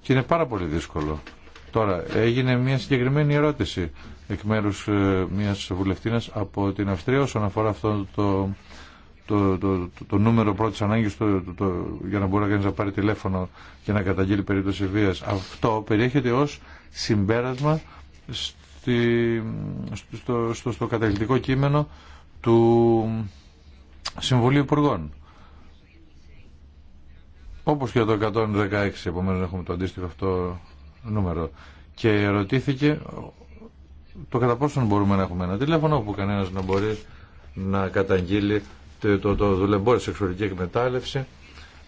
και είναι πάρα πολύ δύσκολο. Τώρα έγινε μια συγκεκριμένη ερώτηση εκ μέρου ε, μια βουλευτήνα από την Αυστρία όσον αφορά αυτό το, το, το, το, το νούμερο πρώτη ανάγκη για να μπορεί κανεί να πάρει τηλέφωνο και να καταγγείλει περίπτωση βία. Αυτό περιέχεται ω συμπέρασμα στη, στο, στο, στο καταληκτικό κείμενο του Συμβουλίου Υπουργών. Όπως και το 116, επομένω έχουμε το αντίστοιχο αυτό νούμερο. Και ρωτήθηκε το κατά πόσο μπορούμε να έχουμε ένα τηλέφωνο που κανένας να μπορεί να καταγγείλει το, το, το δουλεμπόριο σεξουαλική εκμετάλλευση.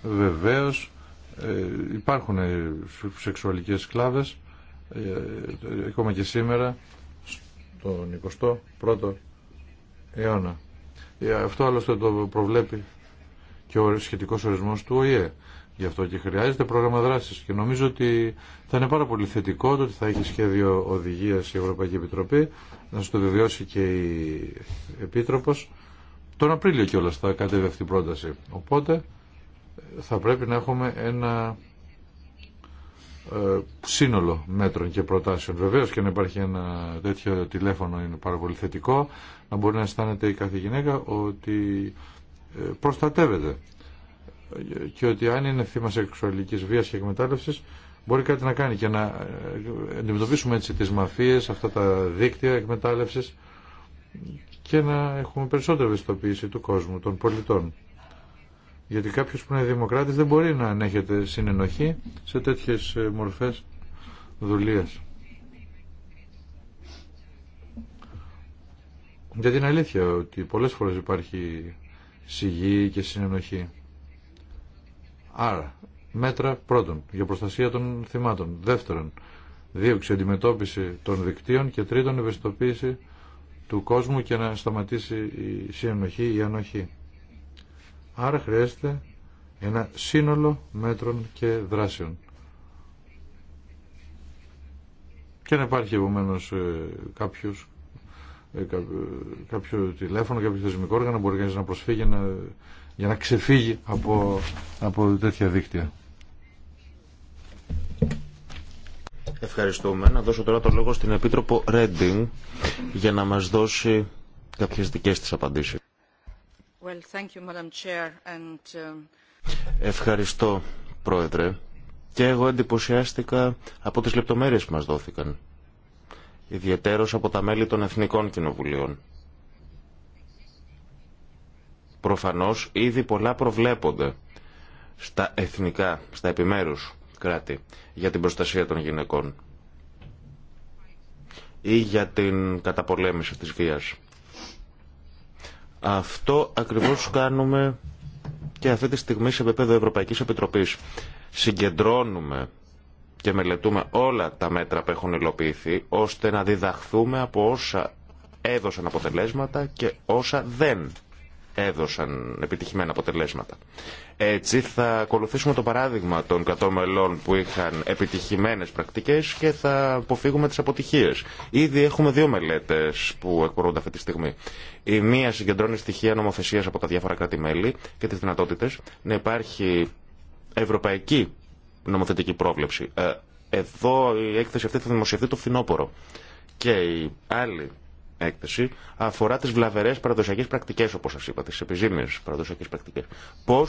Βεβαίως ε, υπάρχουν ε, σεξουαλικές σκλάβες ε, ακόμα και σήμερα στον 21ο αιώνα. Ε, αυτό άλλωστε το προβλέπει και ο σχετικός ορισμός του ΟΗΕ. Γι' αυτό και χρειάζεται πρόγραμμα δράση. Και νομίζω ότι θα είναι πάρα πολύ θετικό το ότι θα έχει σχέδιο οδηγία η Ευρωπαϊκή Επιτροπή, να σου το βεβαιώσει και η Επίτροπο. Τον Απρίλιο κιόλα θα κατέβει αυτή η πρόταση. Οπότε θα πρέπει να έχουμε ένα ε, σύνολο μέτρων και προτάσεων. Βεβαίω και να υπάρχει ένα τέτοιο τηλέφωνο είναι πάρα πολύ θετικό, να μπορεί να αισθάνεται η κάθε γυναίκα ότι ε, προστατεύεται και ότι αν είναι θύμα σεξουαλική βία και εκμετάλλευσης μπορεί κάτι να κάνει και να ε, αντιμετωπίσουμε έτσι τις μαφίες, αυτά τα δίκτυα εκμετάλλευσης και να έχουμε περισσότερη ευαισθητοποίηση του κόσμου, των πολιτών. Γιατί κάποιο που είναι δημοκράτης δεν μπορεί να ανέχεται συνενοχή σε τέτοιες ε, μορφές δουλειά. Γιατί είναι αλήθεια ότι πολλές φορές υπάρχει σιγή και συνενοχή. Άρα, μέτρα πρώτον, για προστασία των θυμάτων. Δεύτερον, δίωξη αντιμετώπιση των δικτύων και τρίτον, ευαισθητοποίηση του κόσμου και να σταματήσει η συνενοχή ή ανοχή. Άρα χρειάζεται ένα σύνολο μέτρων και δράσεων. Και να υπάρχει επομένω ε, κάποιο ε, ε, κάποιο τηλέφωνο, κάποιο θεσμικό όργανο μπορεί να προσφύγει για να ξεφύγει από, από τέτοια δίκτυα. Ευχαριστούμε. Να δώσω τώρα το λόγο στην Επίτροπο Ρέντινγκ για να μας δώσει κάποιες δικές της απαντήσεις. Well, thank you, Madam Chair, and... Uh, Ευχαριστώ, Πρόεδρε. Και εγώ εντυπωσιάστηκα από τις λεπτομέρειες που μας δόθηκαν. Ιδιαιτέρως από τα μέλη των Εθνικών Κοινοβουλίων. Προφανώς ήδη πολλά προβλέπονται στα εθνικά, στα επιμέρους κράτη για την προστασία των γυναικών ή για την καταπολέμηση της βίας. Αυτό ακριβώς κάνουμε και αυτή τη στιγμή σε επίπεδο Ευρωπαϊκής Επιτροπής. Συγκεντρώνουμε και μελετούμε όλα τα μέτρα που έχουν υλοποιηθεί ώστε να διδαχθούμε από όσα έδωσαν αποτελέσματα και όσα δεν έδωσαν επιτυχημένα αποτελέσματα. Έτσι θα ακολουθήσουμε το παράδειγμα των κατώμελών που είχαν επιτυχημένες πρακτικές και θα αποφύγουμε τις αποτυχίες. Ήδη έχουμε δύο μελέτες που εκπορούνται αυτή τη στιγμή. Η μία συγκεντρώνει στοιχεία νομοθεσίας από τα διάφορα κράτη-μέλη και τις δυνατότητες να υπάρχει ευρωπαϊκή νομοθετική πρόβλεψη. Ε, εδώ η έκθεση αυτή θα δημοσιευτεί το φθινόπωρο. Και η άλλη έκθεση αφορά τι βλαβερές παραδοσιακέ πρακτικέ, όπω σα είπα, τι επιζήμιε παραδοσιακέ πρακτικέ. Πώ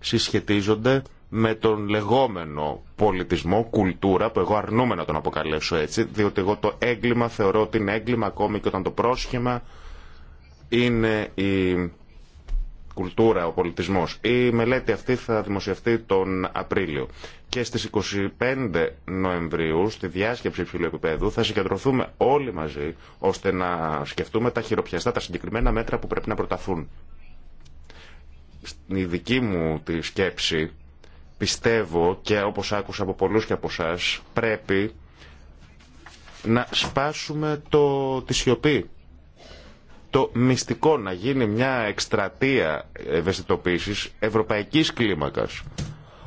συσχετίζονται με τον λεγόμενο πολιτισμό, κουλτούρα, που εγώ αρνούμαι να τον αποκαλέσω έτσι, διότι εγώ το έγκλημα θεωρώ ότι είναι έγκλημα ακόμη και όταν το πρόσχημα είναι η κουλτούρα, ο πολιτισμός. Η μελέτη αυτή θα δημοσιευτεί τον Απρίλιο και στις 25 Νοεμβρίου στη διάσκεψη υψηλού επίπεδου θα συγκεντρωθούμε όλοι μαζί ώστε να σκεφτούμε τα χειροπιαστά, τα συγκεκριμένα μέτρα που πρέπει να προταθούν. Στην δική μου τη σκέψη πιστεύω και όπως άκουσα από πολλούς και από εσά, πρέπει να σπάσουμε το, τη σιωπή. Το μυστικό να γίνει μια εκστρατεία ευαισθητοποίησης ευρωπαϊκής κλίμακας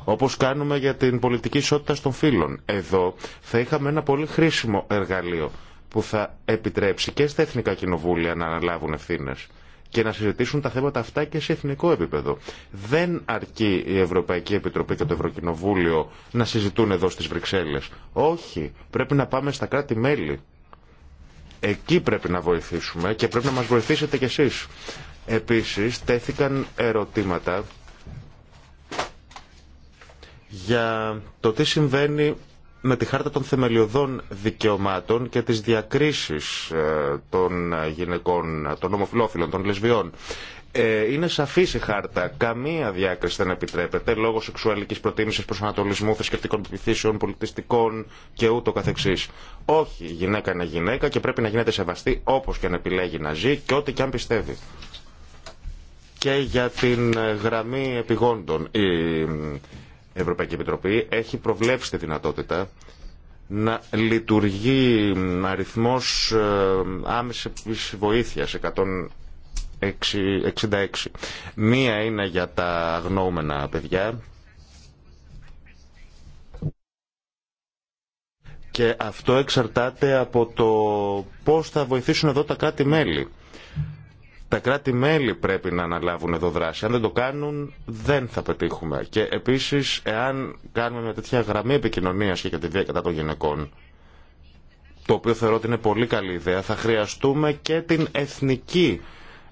Όπω κάνουμε για την πολιτική ισότητα των φύλων. Εδώ θα είχαμε ένα πολύ χρήσιμο εργαλείο που θα επιτρέψει και στα εθνικά κοινοβούλια να αναλάβουν ευθύνε και να συζητήσουν τα θέματα αυτά και σε εθνικό επίπεδο. Δεν αρκεί η Ευρωπαϊκή Επιτροπή και το Ευρωκοινοβούλιο να συζητούν εδώ στις Βρυξέλλες. Όχι, πρέπει να πάμε στα κράτη-μέλη. Εκεί πρέπει να βοηθήσουμε και πρέπει να μας βοηθήσετε κι εσείς. Επίσης, τέθηκαν ερωτήματα για το τι συμβαίνει με τη χάρτα των θεμελιωδών δικαιωμάτων και τις διακρίσεις ε, των γυναικών, των ομοφυλόφιλων, των λεσβιών. Ε, είναι σαφής η χάρτα. Καμία διάκριση δεν επιτρέπεται λόγω σεξουαλικής προτίμησης προσανατολισμού, θρησκευτικών επιθύσεων, πολιτιστικών και ούτω καθεξής. Όχι, η γυναίκα είναι γυναίκα και πρέπει να γίνεται σεβαστή όπως και αν επιλέγει να ζει και ό,τι και αν πιστεύει. Και για την ε, γραμμή επιγόντων. Ευρωπαϊκή Επιτροπή έχει προβλέψει τη δυνατότητα να λειτουργεί αριθμός ε, άμεση βοήθειας 166. Μία είναι για τα αγνοούμενα παιδιά και αυτό εξαρτάται από το πώς θα βοηθήσουν εδώ τα κάτι μελη τα κράτη-μέλη πρέπει να αναλάβουν εδώ δράση. Αν δεν το κάνουν, δεν θα πετύχουμε. Και επίση, εάν κάνουμε μια τέτοια γραμμή επικοινωνία και για τη βία κατά των γυναικών, το οποίο θεωρώ ότι είναι πολύ καλή ιδέα, θα χρειαστούμε και την εθνική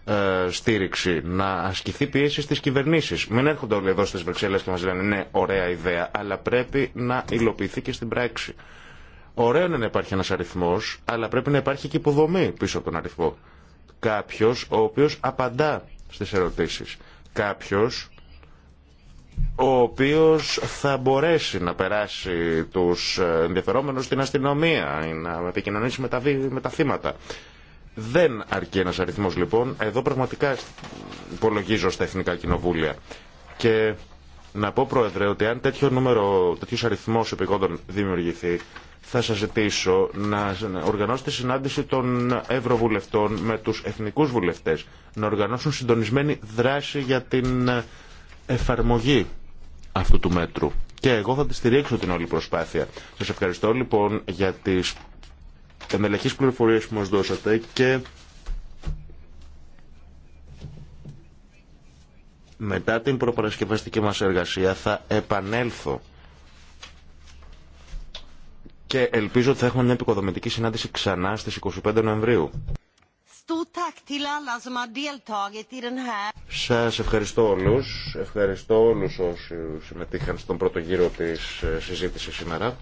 ε, στήριξη, να ασκηθεί πίεση στι κυβερνήσει. Μην έρχονται όλοι εδώ στι Βρυξέλλε και μα λένε ναι, ωραία ιδέα, αλλά πρέπει να υλοποιηθεί και στην πράξη. Ωραίο είναι να υπάρχει ένα αριθμό, αλλά πρέπει να υπάρχει και υποδομή πίσω από τον αριθμό κάποιος ο οποίος απαντά στις ερωτήσεις. Κάποιος ο οποίος θα μπορέσει να περάσει τους ενδιαφερόμενους στην αστυνομία ή να επικοινωνήσει με τα, θύματα. Δεν αρκεί ένας αριθμός λοιπόν. Εδώ πραγματικά υπολογίζω στα Εθνικά Κοινοβούλια. Και να πω, Πρόεδρε, ότι αν τέτοιο νούμερο, τέτοιος αριθμός επικόντων δημιουργηθεί, θα σας ζητήσω να οργανώσετε συνάντηση των ευρωβουλευτών με τους εθνικούς βουλευτές, να οργανώσουν συντονισμένη δράση για την εφαρμογή αυτού του μέτρου. Και εγώ θα τη στηρίξω την όλη προσπάθεια. Σας ευχαριστώ λοιπόν για τις ενελεχείς πληροφορίες που μας δώσατε και μετά την προπαρασκευαστική μας εργασία θα επανέλθω και ελπίζω ότι θα έχουμε μια επικοδομητική συνάντηση ξανά στις 25 Νοεμβρίου. Σας ευχαριστώ όλους. Ευχαριστώ όλους όσοι συμμετείχαν στον πρώτο γύρο της ε, συζήτησης σήμερα.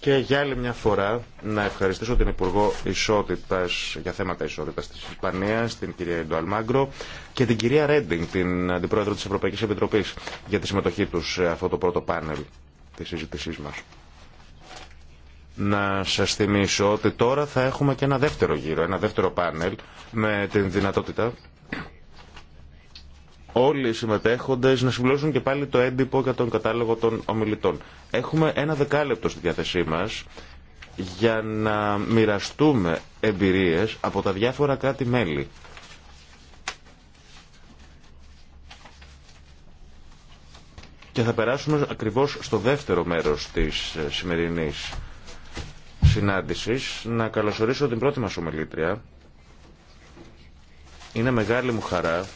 Και για άλλη μια φορά να ευχαριστήσω την Υπουργό Ισότητας για θέματα ισότητας της Ισπανίας, την κυρία Ιντο και την κυρία Ρέντινγκ, την Αντιπρόεδρο της Ευρωπαϊκής Επιτροπής, για τη συμμετοχή τους σε αυτό το πρώτο πάνελ τη συζήτησή μα να σας θυμίσω ότι τώρα θα έχουμε και ένα δεύτερο γύρο, ένα δεύτερο πάνελ με την δυνατότητα όλοι οι συμμετέχοντες να συμπληρώσουν και πάλι το έντυπο για τον κατάλογο των ομιλητών. Έχουμε ένα δεκάλεπτο στη διάθεσή μας για να μοιραστούμε εμπειρίες από τα διάφορα κράτη-μέλη. Και θα περάσουμε ακριβώς στο δεύτερο μέρος της σημερινής συνάντησης να καλωσορίσω την πρώτη μας ομιλήτρια. Είναι μεγάλη μου χαρά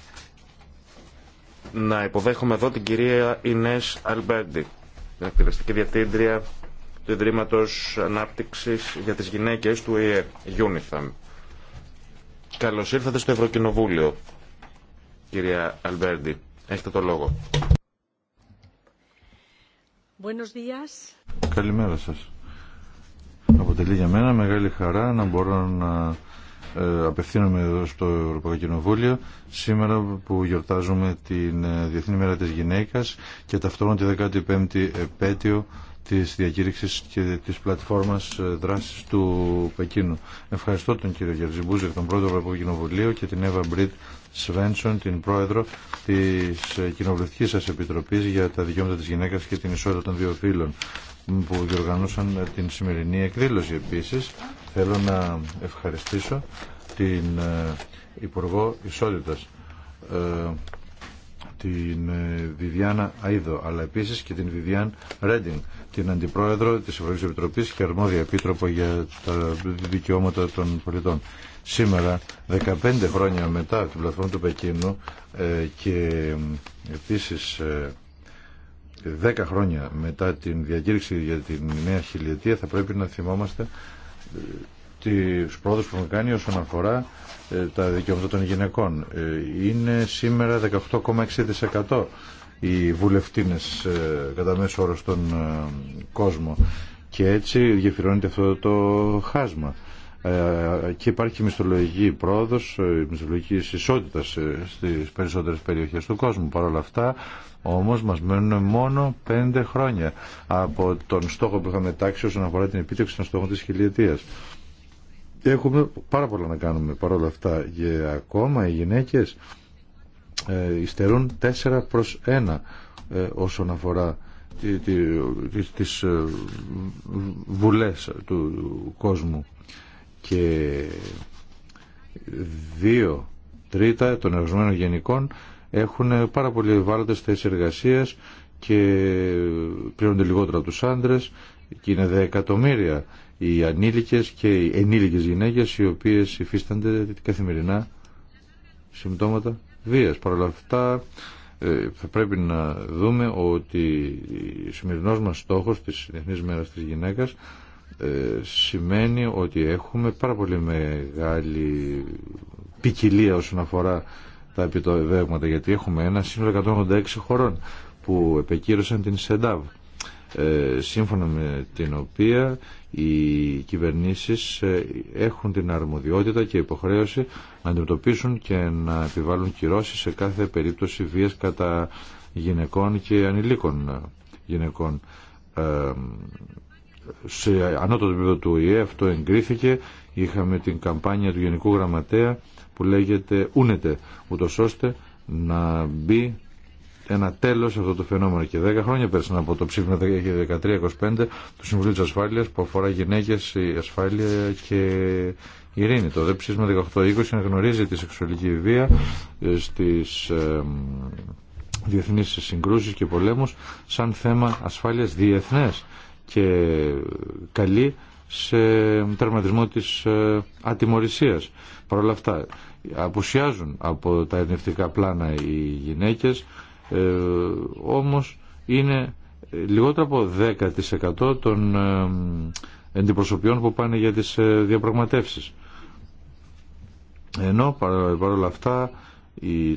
να υποδέχομαι εδώ την κυρία Ινές Αλμπέρντι, την εκτελεστική διευθύντρια του ιδρύματο Ανάπτυξης για τις Γυναίκες του ΙΕ, UNIFAM. Καλώς ήρθατε στο Ευρωκοινοβούλιο, κυρία Αλμπέρντι. Έχετε το λόγο. Καλημέρα σας. Αποτελεί για μένα μεγάλη χαρά να μπορώ να ε, απευθύνομαι εδώ στο Ευρωπαϊκό Κοινοβούλιο σήμερα που γιορτάζουμε την ε, Διεθνή Μέρα της Γυναίκας και ταυτόχρονα τη 15η επέτειο της διακήρυξης και της πλατφόρμας ε, δράσης του Πεκίνου. Ευχαριστώ τον κύριο Γερζιμπούζερ, τον πρόεδρο του Ευρωπαϊκού και την Εύα Μπρίτ Σβένσον, την πρόεδρο της Κοινοβουλευτικής σας Επιτροπής για τα δικαιώματα της γυναίκας και την ισότητα των δύο φύλων που διοργανώσαν την σημερινή εκδήλωση επίσης. Θέλω να ευχαριστήσω την ε, Υπουργό Ισότητας, ε, την ε, Βιβιάννα Αίδο, αλλά επίσης και την Βιβιάν Ρέντινγκ, την Αντιπρόεδρο της Ευρωπαϊκής Επιτροπής και αρμόδια επίτροπο για τα δικαιώματα των πολιτών. Σήμερα, 15 χρόνια μετά την πλατφόρμα του Πεκίνου και επίσης δέκα χρόνια μετά την διακήρυξη για την νέα χιλιετία θα πρέπει να θυμόμαστε ε, τι πρόοδες που έχουν κάνει όσον αφορά ε, τα δικαιώματα των γυναικών. Ε, είναι σήμερα 18,6% οι βουλευτίνες κατά μέσο όρο στον κόσμο και έτσι γεφυρώνεται αυτό το χάσμα. Και υπάρχει μισθολογική πρόοδος, μισθολογική ισότητα στις περισσότερες περιοχές του κόσμου. παρόλα αυτά όμως μας μένουν μόνο πέντε χρόνια από τον στόχο που είχαμε τάξει όσον αφορά την επίτευξη των στόχων της χιλιετίας. Έχουμε πάρα πολλά να κάνουμε παρόλα αυτά και ακόμα οι γυναίκες ε, υστερούν 4 προς 1 ε, όσον αφορά τις ε, βουλές του κόσμου και δύο τρίτα των εργαζομένων γενικών έχουν πάρα πολύ ευάλωτε θέσει εργασία και πληρώνονται λιγότερο από τους άντρες και είναι δεκατομμύρια οι ανήλικες και οι ενήλικες γυναίκες οι οποίες υφίστανται καθημερινά συμπτώματα βία. Παρ' όλα αυτά ε, θα πρέπει να δούμε ότι ο σημερινό μας στόχος της Διεθνής Μέρας της Γυναίκας ε, σημαίνει ότι έχουμε πάρα πολύ μεγάλη ποικιλία όσον αφορά τα επιτοβεύματα γιατί έχουμε ένα σύνολο 186 χωρών που επεκύρωσαν την ΣΕΝΤΑΒ ε, σύμφωνα με την οποία οι κυβερνήσεις ε, έχουν την αρμοδιότητα και υποχρέωση να αντιμετωπίσουν και να επιβάλλουν κυρώσεις σε κάθε περίπτωση βίας κατά γυναικών και ανηλίκων γυναικών. Ε, σε ανώτατο επίπεδο του ΙΕ αυτό εγκρίθηκε. Είχαμε την καμπάνια του Γενικού Γραμματέα που λέγεται ούνεται, ούτω ώστε να μπει ένα τέλο σε αυτό το φαινόμενο. Και 10 χρόνια πέρσι από το ψήφισμα 1325 του Συμβουλίου τη Ασφάλεια που αφορά γυναίκε, ασφάλεια και ειρήνη. Το δε ψήφισμα 1820 αναγνωρίζει τη σεξουαλική βία ε, στι διεθνεί συγκρούσει και πολέμου σαν θέμα ασφάλεια διεθνέ και καλεί σε τερματισμό της ε, ατιμορρησίας. Παρ' όλα αυτά, απουσιάζουν από τα ενευτικά πλάνα οι γυναίκες ε, όμως είναι λιγότερο από 10% των αντιπροσωπιών ε, που πάνε για τις ε, διαπραγματεύσεις ενώ παρόλα αυτά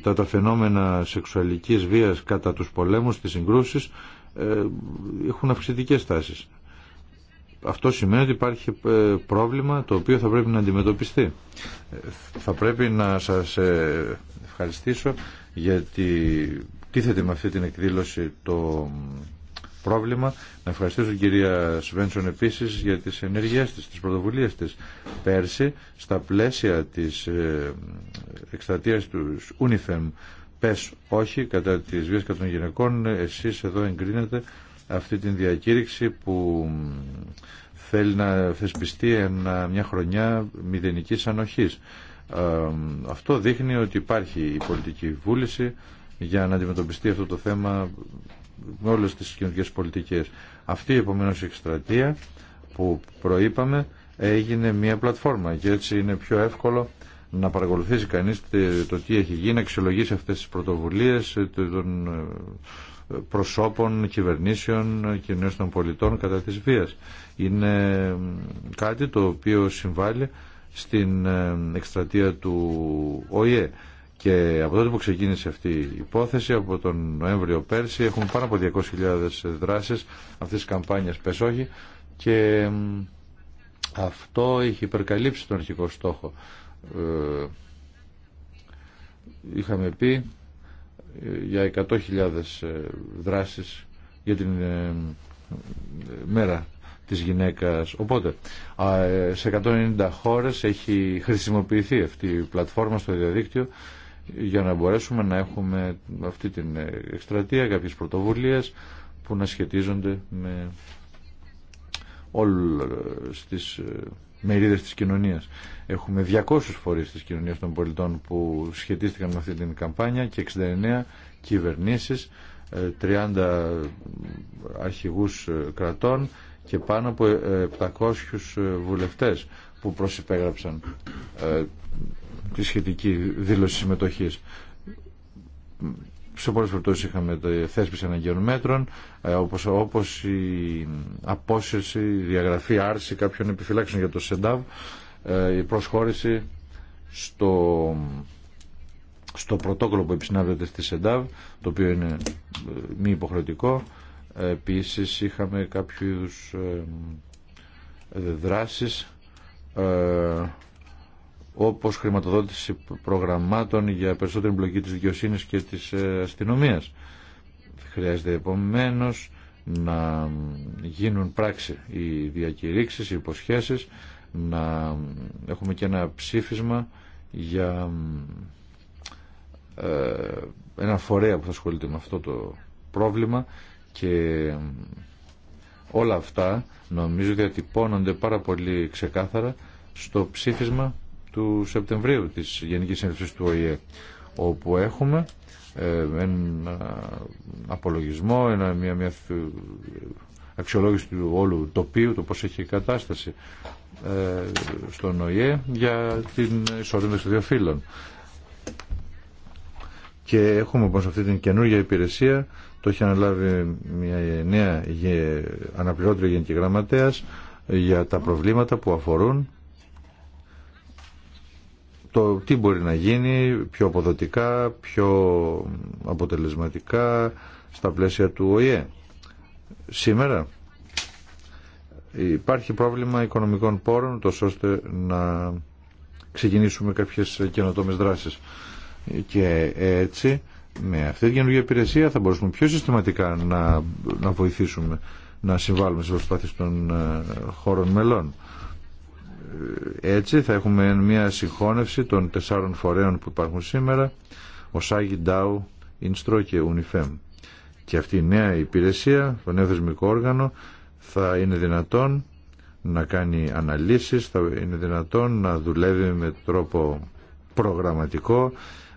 τα, τα φαινόμενα σεξουαλικής βίας κατά τους πολέμους, τις συγκρούσεις ε, έχουν αυξητικές τάσεις αυτό σημαίνει ότι υπάρχει ε, πρόβλημα το οποίο θα πρέπει να αντιμετωπιστεί. Ε, θα πρέπει να σας ε, ευχαριστήσω γιατί τίθεται με αυτή την εκδήλωση το πρόβλημα. Να ευχαριστήσω την κυρία Σβένσον επίσης για τις ενέργειές της, τις πρωτοβουλίες της. Πέρσι, στα πλαίσια της εκστρατείας του UNIFEM, πες όχι κατά της βίας κατά των γυναικών, εσείς εδώ εγκρίνετε αυτή την διακήρυξη που θέλει να θεσπιστεί μια χρονιά μηδενικής ανοχής. Ε, αυτό δείχνει ότι υπάρχει η πολιτική βούληση για να αντιμετωπιστεί αυτό το θέμα με όλες τις κοινωνικές πολιτικές. Αυτή η επομένω εκστρατεία που προείπαμε έγινε μια πλατφόρμα και έτσι είναι πιο εύκολο να παρακολουθήσει κανείς το τι έχει γίνει, να αξιολογήσει αυτές τις πρωτοβουλίες, ε, προσώπων, κυβερνήσεων, νέων των πολιτών κατά της βίας. Είναι κάτι το οποίο συμβάλλει στην ε, εκστρατεία του ΟΗΕ. Και από τότε που ξεκίνησε αυτή η υπόθεση, από τον Νοέμβριο πέρσι, έχουμε πάνω από 200.000 δράσεις αυτής της καμπάνιας Πεσόχη και αυτό έχει υπερκαλύψει τον αρχικό στόχο. Ε, είχαμε πει για 100.000 ε, δράσεις για την ε, μέρα της γυναίκας. Οπότε, ε, σε 190 χώρες έχει χρησιμοποιηθεί αυτή η πλατφόρμα στο διαδίκτυο για να μπορέσουμε να έχουμε αυτή την εκστρατεία, κάποιες πρωτοβουλίες που να σχετίζονται με όλες τις μερίδες της κοινωνίας. Έχουμε 200 φορείς της κοινωνίας των πολιτών που σχετίστηκαν με αυτή την καμπάνια και 69 κυβερνήσεις, 30 ε, αρχηγούς ε, κρατών και πάνω από 700 ε, βουλευτές που προσυπέγραψαν τη σχετική δήλωση συμμετοχής σε πολλές περιπτώσεις είχαμε θέσπιση αναγκαίων μέτρων, ε, όπως, όπως η απόσυρση, η διαγραφή, άρση κάποιων επιφυλάξεων για το ΣΕΝΤΑΒ, ε, η προσχώρηση στο, στο πρωτόκολλο που επισυνάβεται στη ΣΕΝΤΑΒ, το οποίο είναι ε, μη υποχρεωτικό. Επίσης είχαμε κάποιους δράσεις όπως χρηματοδότηση προγραμμάτων για περισσότερη εμπλοκή της δικαιοσύνης και της ε, αστυνομίας. Χρειάζεται επομένω να γίνουν πράξη οι διακηρύξεις, οι υποσχέσεις, να έχουμε και ένα ψήφισμα για ε, ένα φορέα που θα ασχολείται με αυτό το πρόβλημα και όλα αυτά νομίζω διατυπώνονται πάρα πολύ ξεκάθαρα στο ψήφισμα του Σεπτεμβρίου της Γενικής Συνέλευσης του ΟΗΕ όπου έχουμε ε, ένα απολογισμό, ένα, μια, μια αξιολόγηση του όλου τοπίου, το πώς έχει η κατάσταση ε, στον ΟΗΕ για την ισορρήνωση των δύο φύλων. Και έχουμε όπως λοιπόν αυτή την καινούργια υπηρεσία, το έχει αναλάβει μια νέα αναπληρώτρια γενική γραμματέας για τα προβλήματα που αφορούν το τι μπορεί να γίνει πιο αποδοτικά, πιο αποτελεσματικά στα πλαίσια του ΟΗΕ. Σήμερα υπάρχει πρόβλημα οικονομικών πόρων, τόσο ώστε να ξεκινήσουμε κάποιες καινοτόμες δράσεις. Και έτσι, με αυτή την καινούργια υπηρεσία θα μπορούσαμε πιο συστηματικά να, να βοηθήσουμε να συμβάλλουμε σε προσπάθειες των ε, χώρων μελών έτσι θα έχουμε μια συγχώνευση των τεσσάρων φορέων που υπάρχουν σήμερα, ο Σάγι Ντάου, Ινστρό και Ουνιφέμ. Και αυτή η νέα υπηρεσία, το νέο θεσμικό όργανο, θα είναι δυνατόν να κάνει αναλύσεις, θα είναι δυνατόν να δουλεύει με τρόπο προγραμματικό,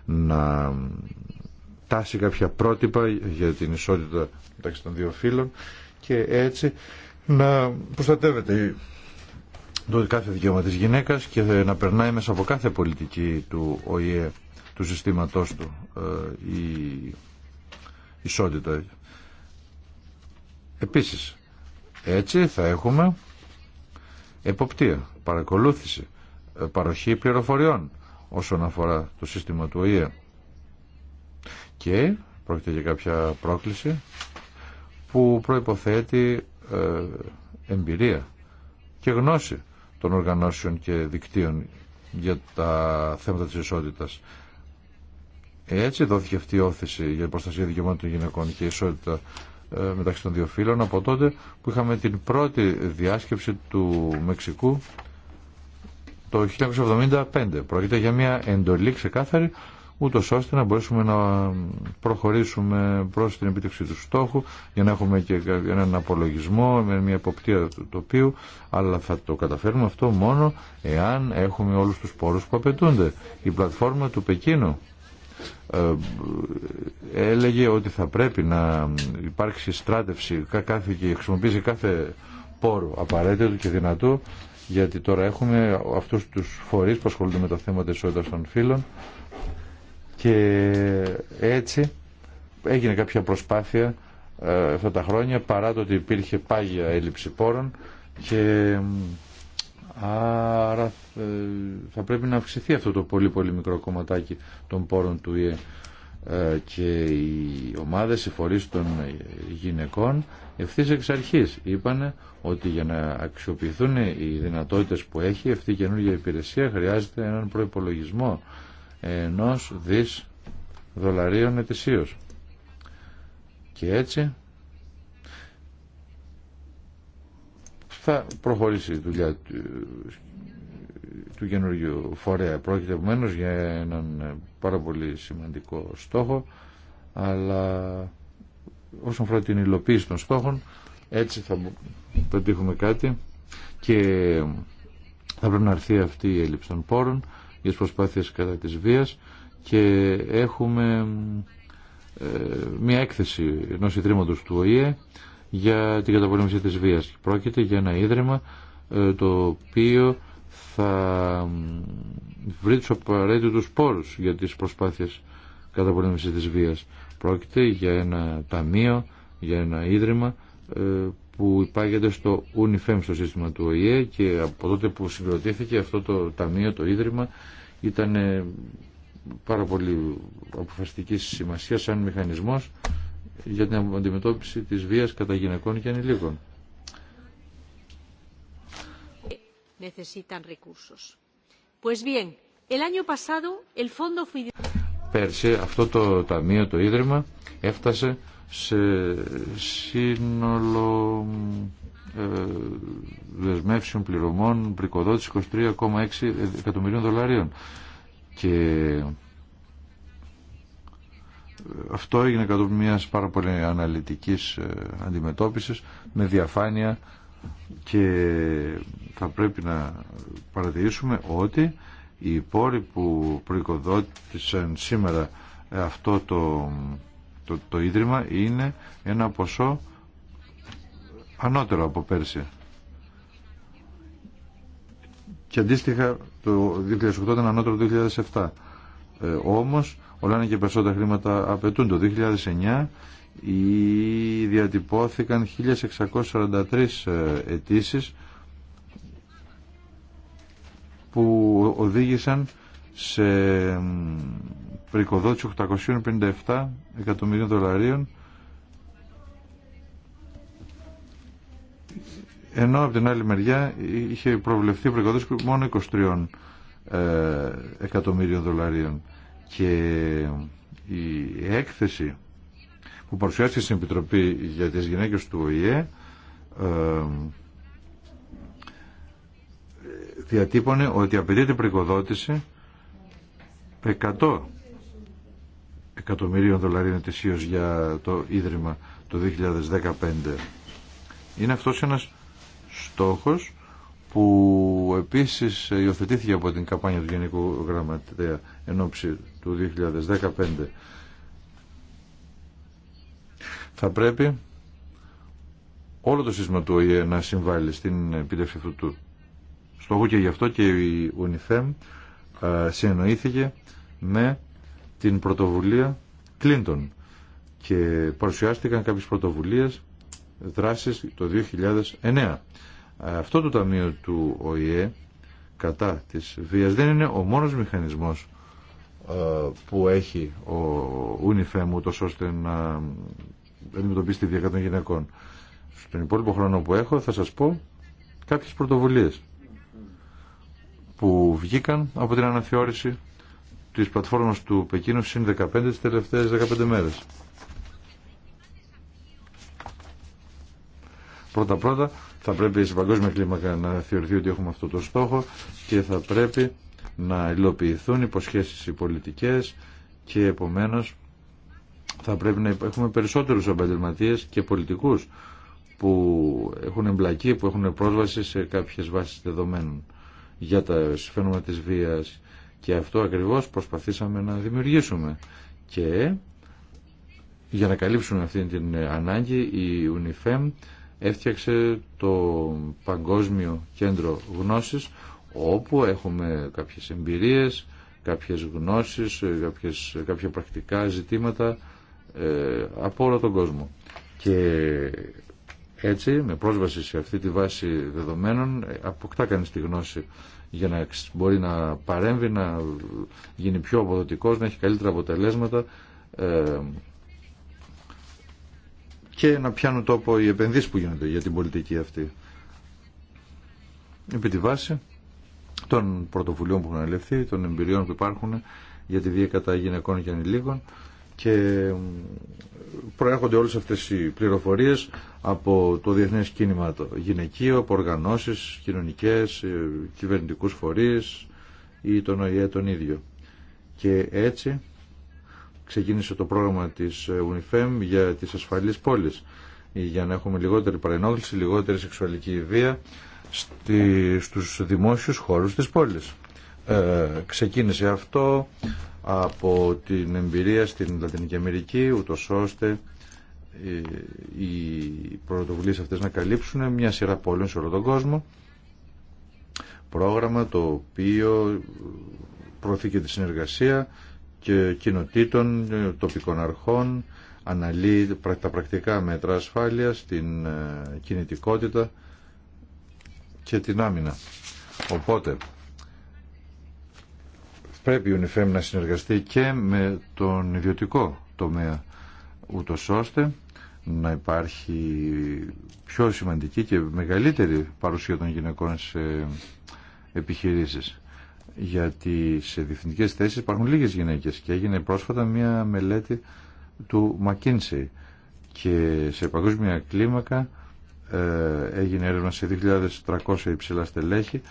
να τάσει κάποια πρότυπα για την ισότητα μεταξύ των δύο φύλων και έτσι να προστατεύεται το κάθε δικαίωμα της γυναίκας και να περνάει μέσα από κάθε πολιτική του ΟΗΕ, του συστήματός του, ε, η ισότητα. Επίσης, έτσι θα έχουμε εποπτεία, παρακολούθηση, ε, παροχή πληροφοριών όσον αφορά το σύστημα του ΟΗΕ. Και πρόκειται για κάποια πρόκληση που προϋποθέτει ε, εμπειρία και γνώση των οργανώσεων και δικτύων για τα θέματα της ισότητας. Έτσι δόθηκε αυτή η όθηση για προστασία δικαιωμάτων των γυναικών και ισότητα ε, μεταξύ των δύο φύλων από τότε που είχαμε την πρώτη διάσκεψη του Μεξικού το 1975. Πρόκειται για μια εντολή ξεκάθαρη ούτω ώστε να μπορέσουμε να προχωρήσουμε προς την επίτευξη του στόχου για να έχουμε και έναν απολογισμό με μια εποπτεία του τοπίου αλλά θα το καταφέρουμε αυτό μόνο εάν έχουμε όλους τους πόρους που απαιτούνται. Η πλατφόρμα του Πεκίνου ε, έλεγε ότι θα πρέπει να υπάρξει στράτευση κάθε και χρησιμοποιήσει κάθε πόρο απαραίτητο και δυνατό γιατί τώρα έχουμε αυτούς τους φορείς που ασχολούνται με τα θέματα ισότητας των φύλων και έτσι έγινε κάποια προσπάθεια ε, αυτά τα χρόνια παρά το ότι υπήρχε πάγια έλλειψη πόρων και άρα ε, θα πρέπει να αυξηθεί αυτό το πολύ πολύ μικρό κομματάκι των πόρων του ΙΕ ε, και οι ομάδες, οι φορείς των γυναικών ευθύς εξ αρχής είπανε ότι για να αξιοποιηθούν οι δυνατότητες που έχει αυτή η καινούργια υπηρεσία χρειάζεται έναν προϋπολογισμό ενός δις δολαρίων ετησίως. Και έτσι θα προχωρήσει η δουλειά του καινούργιου φορέα. Πρόκειται επομένως για έναν πάρα πολύ σημαντικό στόχο, αλλά όσον αφορά την υλοποίηση των στόχων, έτσι θα πετύχουμε κάτι και θα πρέπει να έρθει αυτή η έλλειψη των πόρων για τις προσπάθειες κατά της βίας και έχουμε ε, μια έκθεση ενός ιδρύματος του ΟΗΕ για την καταπολέμηση της βίας. Πρόκειται για ένα ίδρυμα ε, το οποίο θα βρει τους απαραίτητους πόρους για τις προσπάθειες καταπολέμησης της βίας. Πρόκειται για ένα ταμείο, για ένα ίδρυμα ε, που υπάγεται στο UNIFEM στο σύστημα του ΟΗΕ και από τότε που συγκροτήθηκε αυτό το ταμείο, το ίδρυμα ήταν ε, πάρα πολύ αποφασιστική σημασία σαν μηχανισμός για την αντιμετώπιση της βίας κατά γυναικών και ανηλίκων. Πέρσι αυτό το ταμείο, το ίδρυμα έφτασε σε σύνολο ε, δεσμεύσεων πληρωμών πρικοδότηση 23,6 εκατομμυρίων δολαρίων και ε, αυτό έγινε κατόπιν μιας πάρα πολύ αναλυτικής ε, αντιμετώπισης με διαφάνεια και θα πρέπει να παρατηρήσουμε ότι οι πόροι που προοικοδότησαν σήμερα αυτό το το, το Ίδρυμα είναι ένα ποσό ανώτερο από πέρσι. Και αντίστοιχα το 2008 ήταν ανώτερο το 2007. Ε, όμως όλα είναι και περισσότερα χρήματα απαιτούν. Το 2009 ή διατυπώθηκαν 1643 ε, αιτήσει που οδήγησαν σε πρικοδότηση 857 εκατομμυρίων δολαρίων ενώ από την άλλη μεριά είχε προβλεφθεί πρικοδότηση μόνο 23 ε, εκατομμύριων δολαρίων και η έκθεση που παρουσιάστηκε στην Επιτροπή για τις γυναίκες του ΟΗΕ ε, διατύπωνε ότι απαιτείται πρικοδότηση 100 εκατομμυρίων δολαρίων ετησίως για το Ίδρυμα το 2015. Είναι αυτός ένας στόχος που επίσης υιοθετήθηκε από την καμπάνια του Γενικού Γραμματέα εν του 2015. Θα πρέπει όλο το σύστημα του ΟΗΕ να συμβάλλει στην επίτευξη αυτού του στόχου και γι' αυτό και η UNIFEM ε, συνεννοήθηκε με την πρωτοβουλία Κλίντον και παρουσιάστηκαν κάποιες πρωτοβουλίες δράσεις το 2009. Ε, αυτό το Ταμείο του ΟΗΕ κατά της βίας δεν είναι ο μόνος μηχανισμός ε, που έχει ο UNIFEM ούτως ώστε να αντιμετωπίσει τη βία των γυναικών. Στον υπόλοιπο χρόνο που έχω θα σας πω κάποιες πρωτοβουλίες που βγήκαν από την αναθεώρηση της πλατφόρμας του Πεκίνου συν 15 τις τελευταίες 15 μέρες. Πρώτα-πρώτα θα πρέπει σε παγκόσμια κλίμακα να θεωρηθεί ότι έχουμε αυτό το στόχο και θα πρέπει να υλοποιηθούν υποσχέσεις οι πολιτικές και επομένως θα πρέπει να έχουμε περισσότερους επαγγελματίε και πολιτικούς που έχουν εμπλακεί, που έχουν πρόσβαση σε κάποιες βάσεις δεδομένων για τα φαινόμενα της βίας και αυτό ακριβώς προσπαθήσαμε να δημιουργήσουμε και για να καλύψουμε αυτή την ανάγκη η UNIFEM έφτιαξε το Παγκόσμιο Κέντρο Γνώσης όπου έχουμε κάποιες εμπειρίες, κάποιες γνώσεις, κάποιες, κάποια πρακτικά ζητήματα ε, από όλο τον κόσμο. Και έτσι, με πρόσβαση σε αυτή τη βάση δεδομένων, ε, αποκτά κανείς τη γνώση για να μπορεί να παρέμβει, να γίνει πιο αποδοτικός, να έχει καλύτερα αποτελέσματα ε, και να πιάνουν τόπο οι επενδύσεις που γίνονται για την πολιτική αυτή. Επί τη βάση των πρωτοβουλίων που έχουν ελευθεί, των εμπειριών που υπάρχουν για τη δίεκατα γυναικών και ανηλίκων, και προέρχονται όλες αυτές οι πληροφορίες από το Διεθνές Κίνημα το Γυναικείο, από οργανώσεις κοινωνικές, ε, κυβερνητικούς φορείς ή τον ΟΗΕ τον ίδιο. Και έτσι ξεκίνησε το πρόγραμμα της ε, UNIFEM για τις ασφαλείς πόλεις ε, για να έχουμε λιγότερη παρενόχληση, λιγότερη σεξουαλική βία στη, στους δημόσιους χώρους της πόλης. Ε, ξεκίνησε αυτό από την εμπειρία στην Λατινική Αμερική, ούτω ώστε οι πρωτοβουλίε αυτές να καλύψουν μια σειρά πόλεων σε όλο τον κόσμο. Πρόγραμμα το οποίο προωθεί και τη συνεργασία και κοινοτήτων, τοπικών αρχών, αναλύει τα πρακτικά μέτρα ασφάλειας, την ε, κινητικότητα και την άμυνα. Οπότε, πρέπει η UNIFEM να συνεργαστεί και με τον ιδιωτικό τομέα ούτω ώστε να υπάρχει πιο σημαντική και μεγαλύτερη παρουσία των γυναικών σε επιχειρήσεις γιατί σε διευθυντικές θέσεις υπάρχουν λίγες γυναίκες και έγινε πρόσφατα μια μελέτη του McKinsey και σε παγκόσμια κλίμακα ε, έγινε έρευνα σε 2.300 υψηλά στελέχη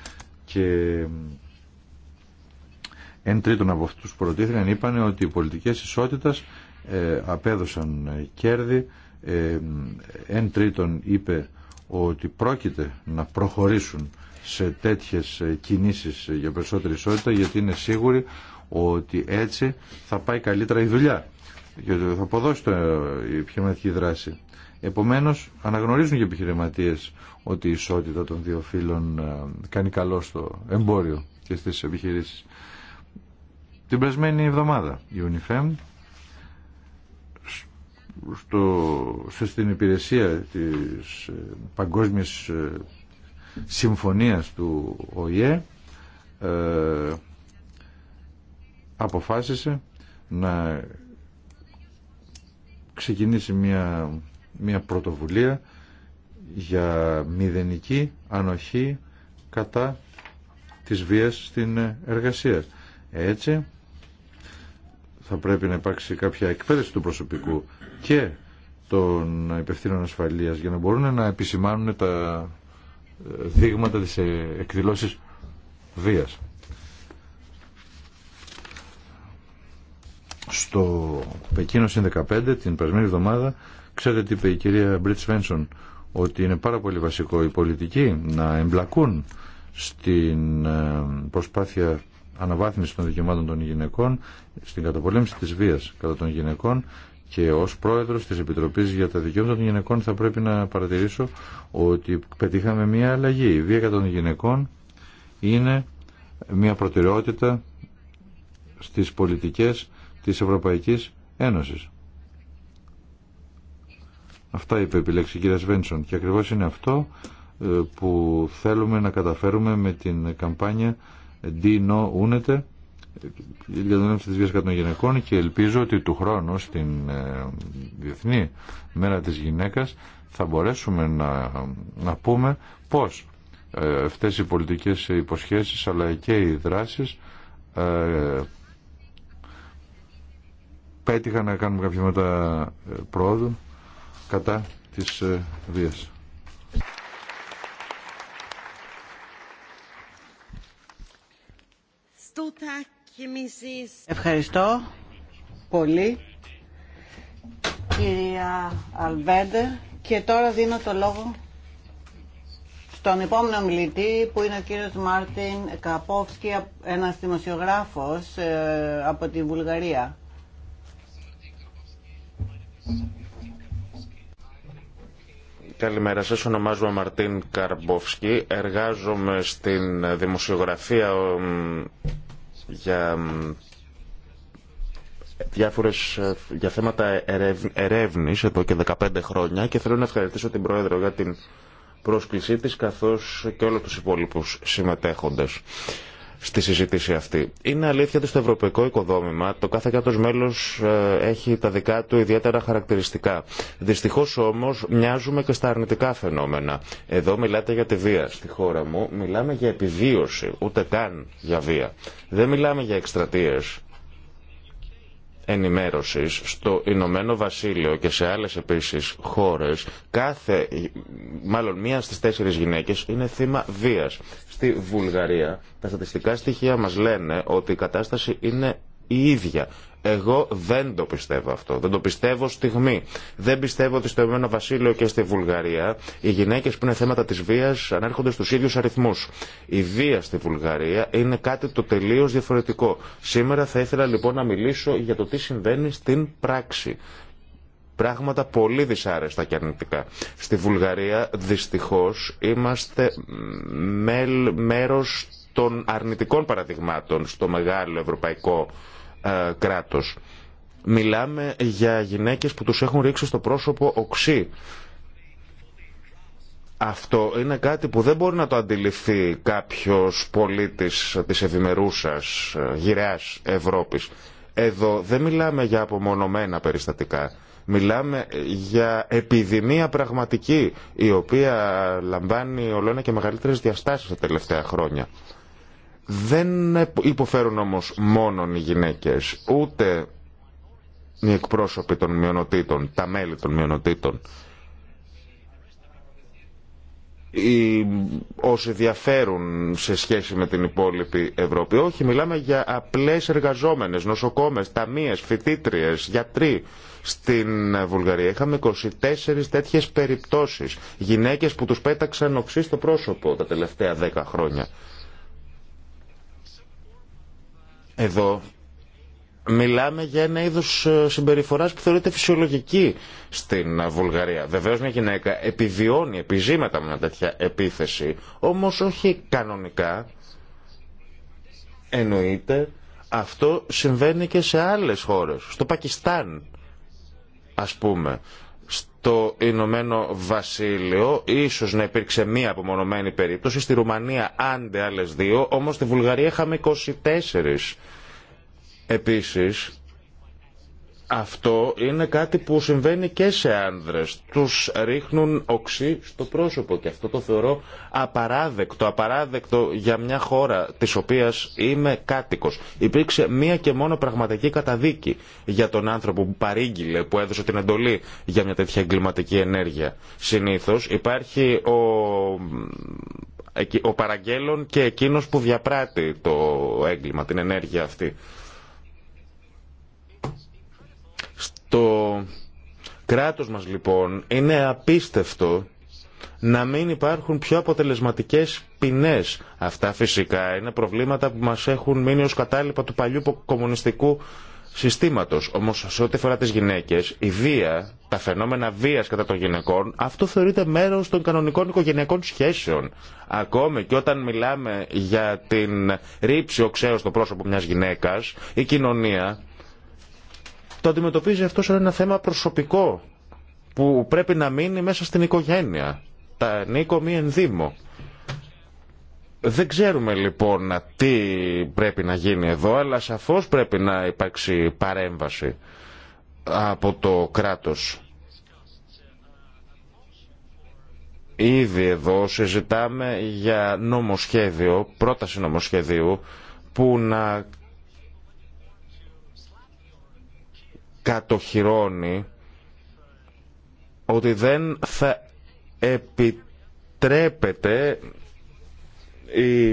και Εν τρίτον από αυτούς που προτίθηκαν είπαν ότι οι πολιτικές ισότητας ε, απέδωσαν ε, κέρδη. Ε, εν τρίτον είπε ότι πρόκειται να προχωρήσουν σε τέτοιες ε, κινήσεις για περισσότερη ισότητα γιατί είναι σίγουροι ότι έτσι θα πάει καλύτερα η δουλειά γιατί θα αποδώσει η επιχειρηματική δράση. Επομένως αναγνωρίζουν και οι ότι η ισότητα των δύο φύλων κάνει καλό στο εμπόριο και στις επιχειρήσεις την περασμένη εβδομάδα η UNIFEM στο, στην υπηρεσία της ε, Παγκόσμιας ε, Συμφωνίας του ΟΗΕ ε, αποφάσισε να ξεκινήσει μια, μια πρωτοβουλία για μηδενική ανοχή κατά της βίας στην εργασία. Έτσι θα πρέπει να υπάρξει κάποια εκπαίδευση του προσωπικού και των υπευθύνων ασφαλείας για να μπορούν να επισημάνουν τα ε, δείγματα της ε, εκδηλώσεις βίας. Στο Πεκίνο συν 15 την περσμένη εβδομάδα ξέρετε τι είπε η κυρία Μπριτ Σβένσον ότι είναι πάρα πολύ βασικό οι πολιτικοί να εμπλακούν στην ε, προσπάθεια αναβάθμιση των δικαιωμάτων των γυναικών, στην καταπολέμηση της βίας κατά των γυναικών και ως πρόεδρος της Επιτροπής για τα Δικαιώματα των Γυναικών θα πρέπει να παρατηρήσω ότι πετύχαμε μια αλλαγή. Η βία κατά των γυναικών είναι μια προτεραιότητα στις πολιτικές της Ευρωπαϊκής Ένωσης. Αυτά είπε επιλέξει η κυρία Σβένσον και ακριβώς είναι αυτό ε, που θέλουμε να καταφέρουμε με την καμπάνια δινοούνεται για τον της βίας κατά των γυναικών και ελπίζω ότι του χρόνου στην ε, Διεθνή Μέρα της Γυναίκας θα μπορέσουμε να, να πούμε πώς ε, αυτές οι πολιτικές υποσχέσεις αλλά και οι δράσεις ε, πέτυχαν να κάνουμε κάποια μετά πρόοδο κατά της ε, βίας. Ευχαριστώ πολύ κυρία Αλβέντε και τώρα δίνω το λόγο στον επόμενο μιλητή που είναι ο κύριος Μάρτιν Καπόφσκι, ένας δημοσιογράφος ε, από τη Βουλγαρία. Καλημέρα σας, ονομάζομαι Μαρτίν Καρμπόφσκι, εργάζομαι στην δημοσιογραφία για διάφορες, ε, για θέματα ερεύνης εδώ και 15 χρόνια και θέλω να ευχαριστήσω την Πρόεδρο για την πρόσκλησή της καθώς και όλους τους υπόλοιπους συμμετέχοντες στη συζήτηση αυτή. Είναι αλήθεια ότι στο ευρωπαϊκό οικοδόμημα το κάθε κράτο μέλο ε, έχει τα δικά του ιδιαίτερα χαρακτηριστικά. Δυστυχώ όμω μοιάζουμε και στα αρνητικά φαινόμενα. Εδώ μιλάτε για τη βία. Στη χώρα μου μιλάμε για επιβίωση, ούτε καν για βία. Δεν μιλάμε για εκστρατείε ενημέρωσης στο Ηνωμένο Βασίλειο και σε άλλες επίσης χώρες κάθε, μάλλον μία στις τέσσερις γυναίκες είναι θύμα βίας. Στη Βουλγαρία τα στατιστικά στοιχεία μας λένε ότι η κατάσταση είναι η ίδια. Εγώ δεν το πιστεύω αυτό. Δεν το πιστεύω στιγμή. Δεν πιστεύω ότι στο Ηνωμένο Βασίλειο και στη Βουλγαρία οι γυναίκε που είναι θέματα τη βία ανέρχονται στου ίδιου αριθμού. Η βία στη Βουλγαρία είναι κάτι το τελείω διαφορετικό. Σήμερα θα ήθελα λοιπόν να μιλήσω για το τι συμβαίνει στην πράξη πράγματα πολύ δυσάρεστα και αρνητικά. Στη Βουλγαρία δυστυχώς είμαστε μέλ, μέρος των αρνητικών παραδειγμάτων στο μεγάλο ευρωπαϊκό ε, κράτος. Μιλάμε για γυναίκες που τους έχουν ρίξει στο πρόσωπο οξύ. Αυτό είναι κάτι που δεν μπορεί να το αντιληφθεί κάποιος πολίτης της ευημερούσας ε, γυραιάς Ευρώπης. Εδώ δεν μιλάμε για απομονωμένα περιστατικά. Μιλάμε για επιδημία πραγματική, η οποία λαμβάνει ολόνα και μεγαλύτερες διαστάσεις τα τελευταία χρόνια. Δεν υποφέρουν όμως μόνον οι γυναίκες, ούτε οι εκπρόσωποι των μειονοτήτων, τα μέλη των μειονοτήτων. όσοι διαφέρουν σε σχέση με την υπόλοιπη Ευρώπη. Όχι, μιλάμε για απλές εργαζόμενες, νοσοκόμες, ταμείες, φοιτήτριε, γιατροί. Στην Βουλγαρία είχαμε 24 τέτοιες περιπτώσεις. Γυναίκες που τους πέταξαν οξύ στο πρόσωπο τα τελευταία 10 χρόνια. Εδώ μιλάμε για ένα είδο ε, συμπεριφορά που θεωρείται φυσιολογική στην ε, Βουλγαρία. Βεβαίω μια γυναίκα επιβιώνει επιζήματα με μια τέτοια επίθεση, όμω όχι κανονικά. Εννοείται αυτό συμβαίνει και σε άλλες χώρες, στο Πακιστάν ας πούμε στο Ηνωμένο Βασίλειο ίσως να υπήρξε μία απομονωμένη περίπτωση, στη Ρουμανία άντε άλλες δύο, όμως στη Βουλγαρία είχαμε 24. Επίσης, αυτό είναι κάτι που συμβαίνει και σε άνδρες. Τους ρίχνουν οξύ στο πρόσωπο και αυτό το θεωρώ απαράδεκτο, απαράδεκτο για μια χώρα της οποίας είμαι κάτοικος. Υπήρξε μία και μόνο πραγματική καταδίκη για τον άνθρωπο που παρήγγειλε, που έδωσε την εντολή για μια τέτοια εγκληματική ενέργεια. Συνήθως υπάρχει ο ο παραγγέλων και εκείνος που διαπράττει το έγκλημα, την ενέργεια αυτή. Το κράτος μας λοιπόν είναι απίστευτο να μην υπάρχουν πιο αποτελεσματικές ποινές. Αυτά φυσικά είναι προβλήματα που μας έχουν μείνει ως κατάλοιπα του παλιού κομμουνιστικού συστήματος. Όμως σε ό,τι φορά τις γυναίκες, η βία, τα φαινόμενα βίας κατά των γυναικών, αυτό θεωρείται μέρος των κανονικών οικογενειακών σχέσεων. Ακόμη και όταν μιλάμε για την ρήψη οξέως στο πρόσωπο μιας γυναίκας, η κοινωνία το αντιμετωπίζει αυτό σαν ένα θέμα προσωπικό που πρέπει να μείνει μέσα στην οικογένεια. Τα νίκο μη ενδύμω. Δεν ξέρουμε λοιπόν τι πρέπει να γίνει εδώ, αλλά σαφώς πρέπει να υπάρξει παρέμβαση από το κράτος. Ήδη εδώ συζητάμε για νομοσχέδιο, πρόταση νομοσχεδίου, που να κατοχυρώνει ότι δεν θα επιτρέπεται η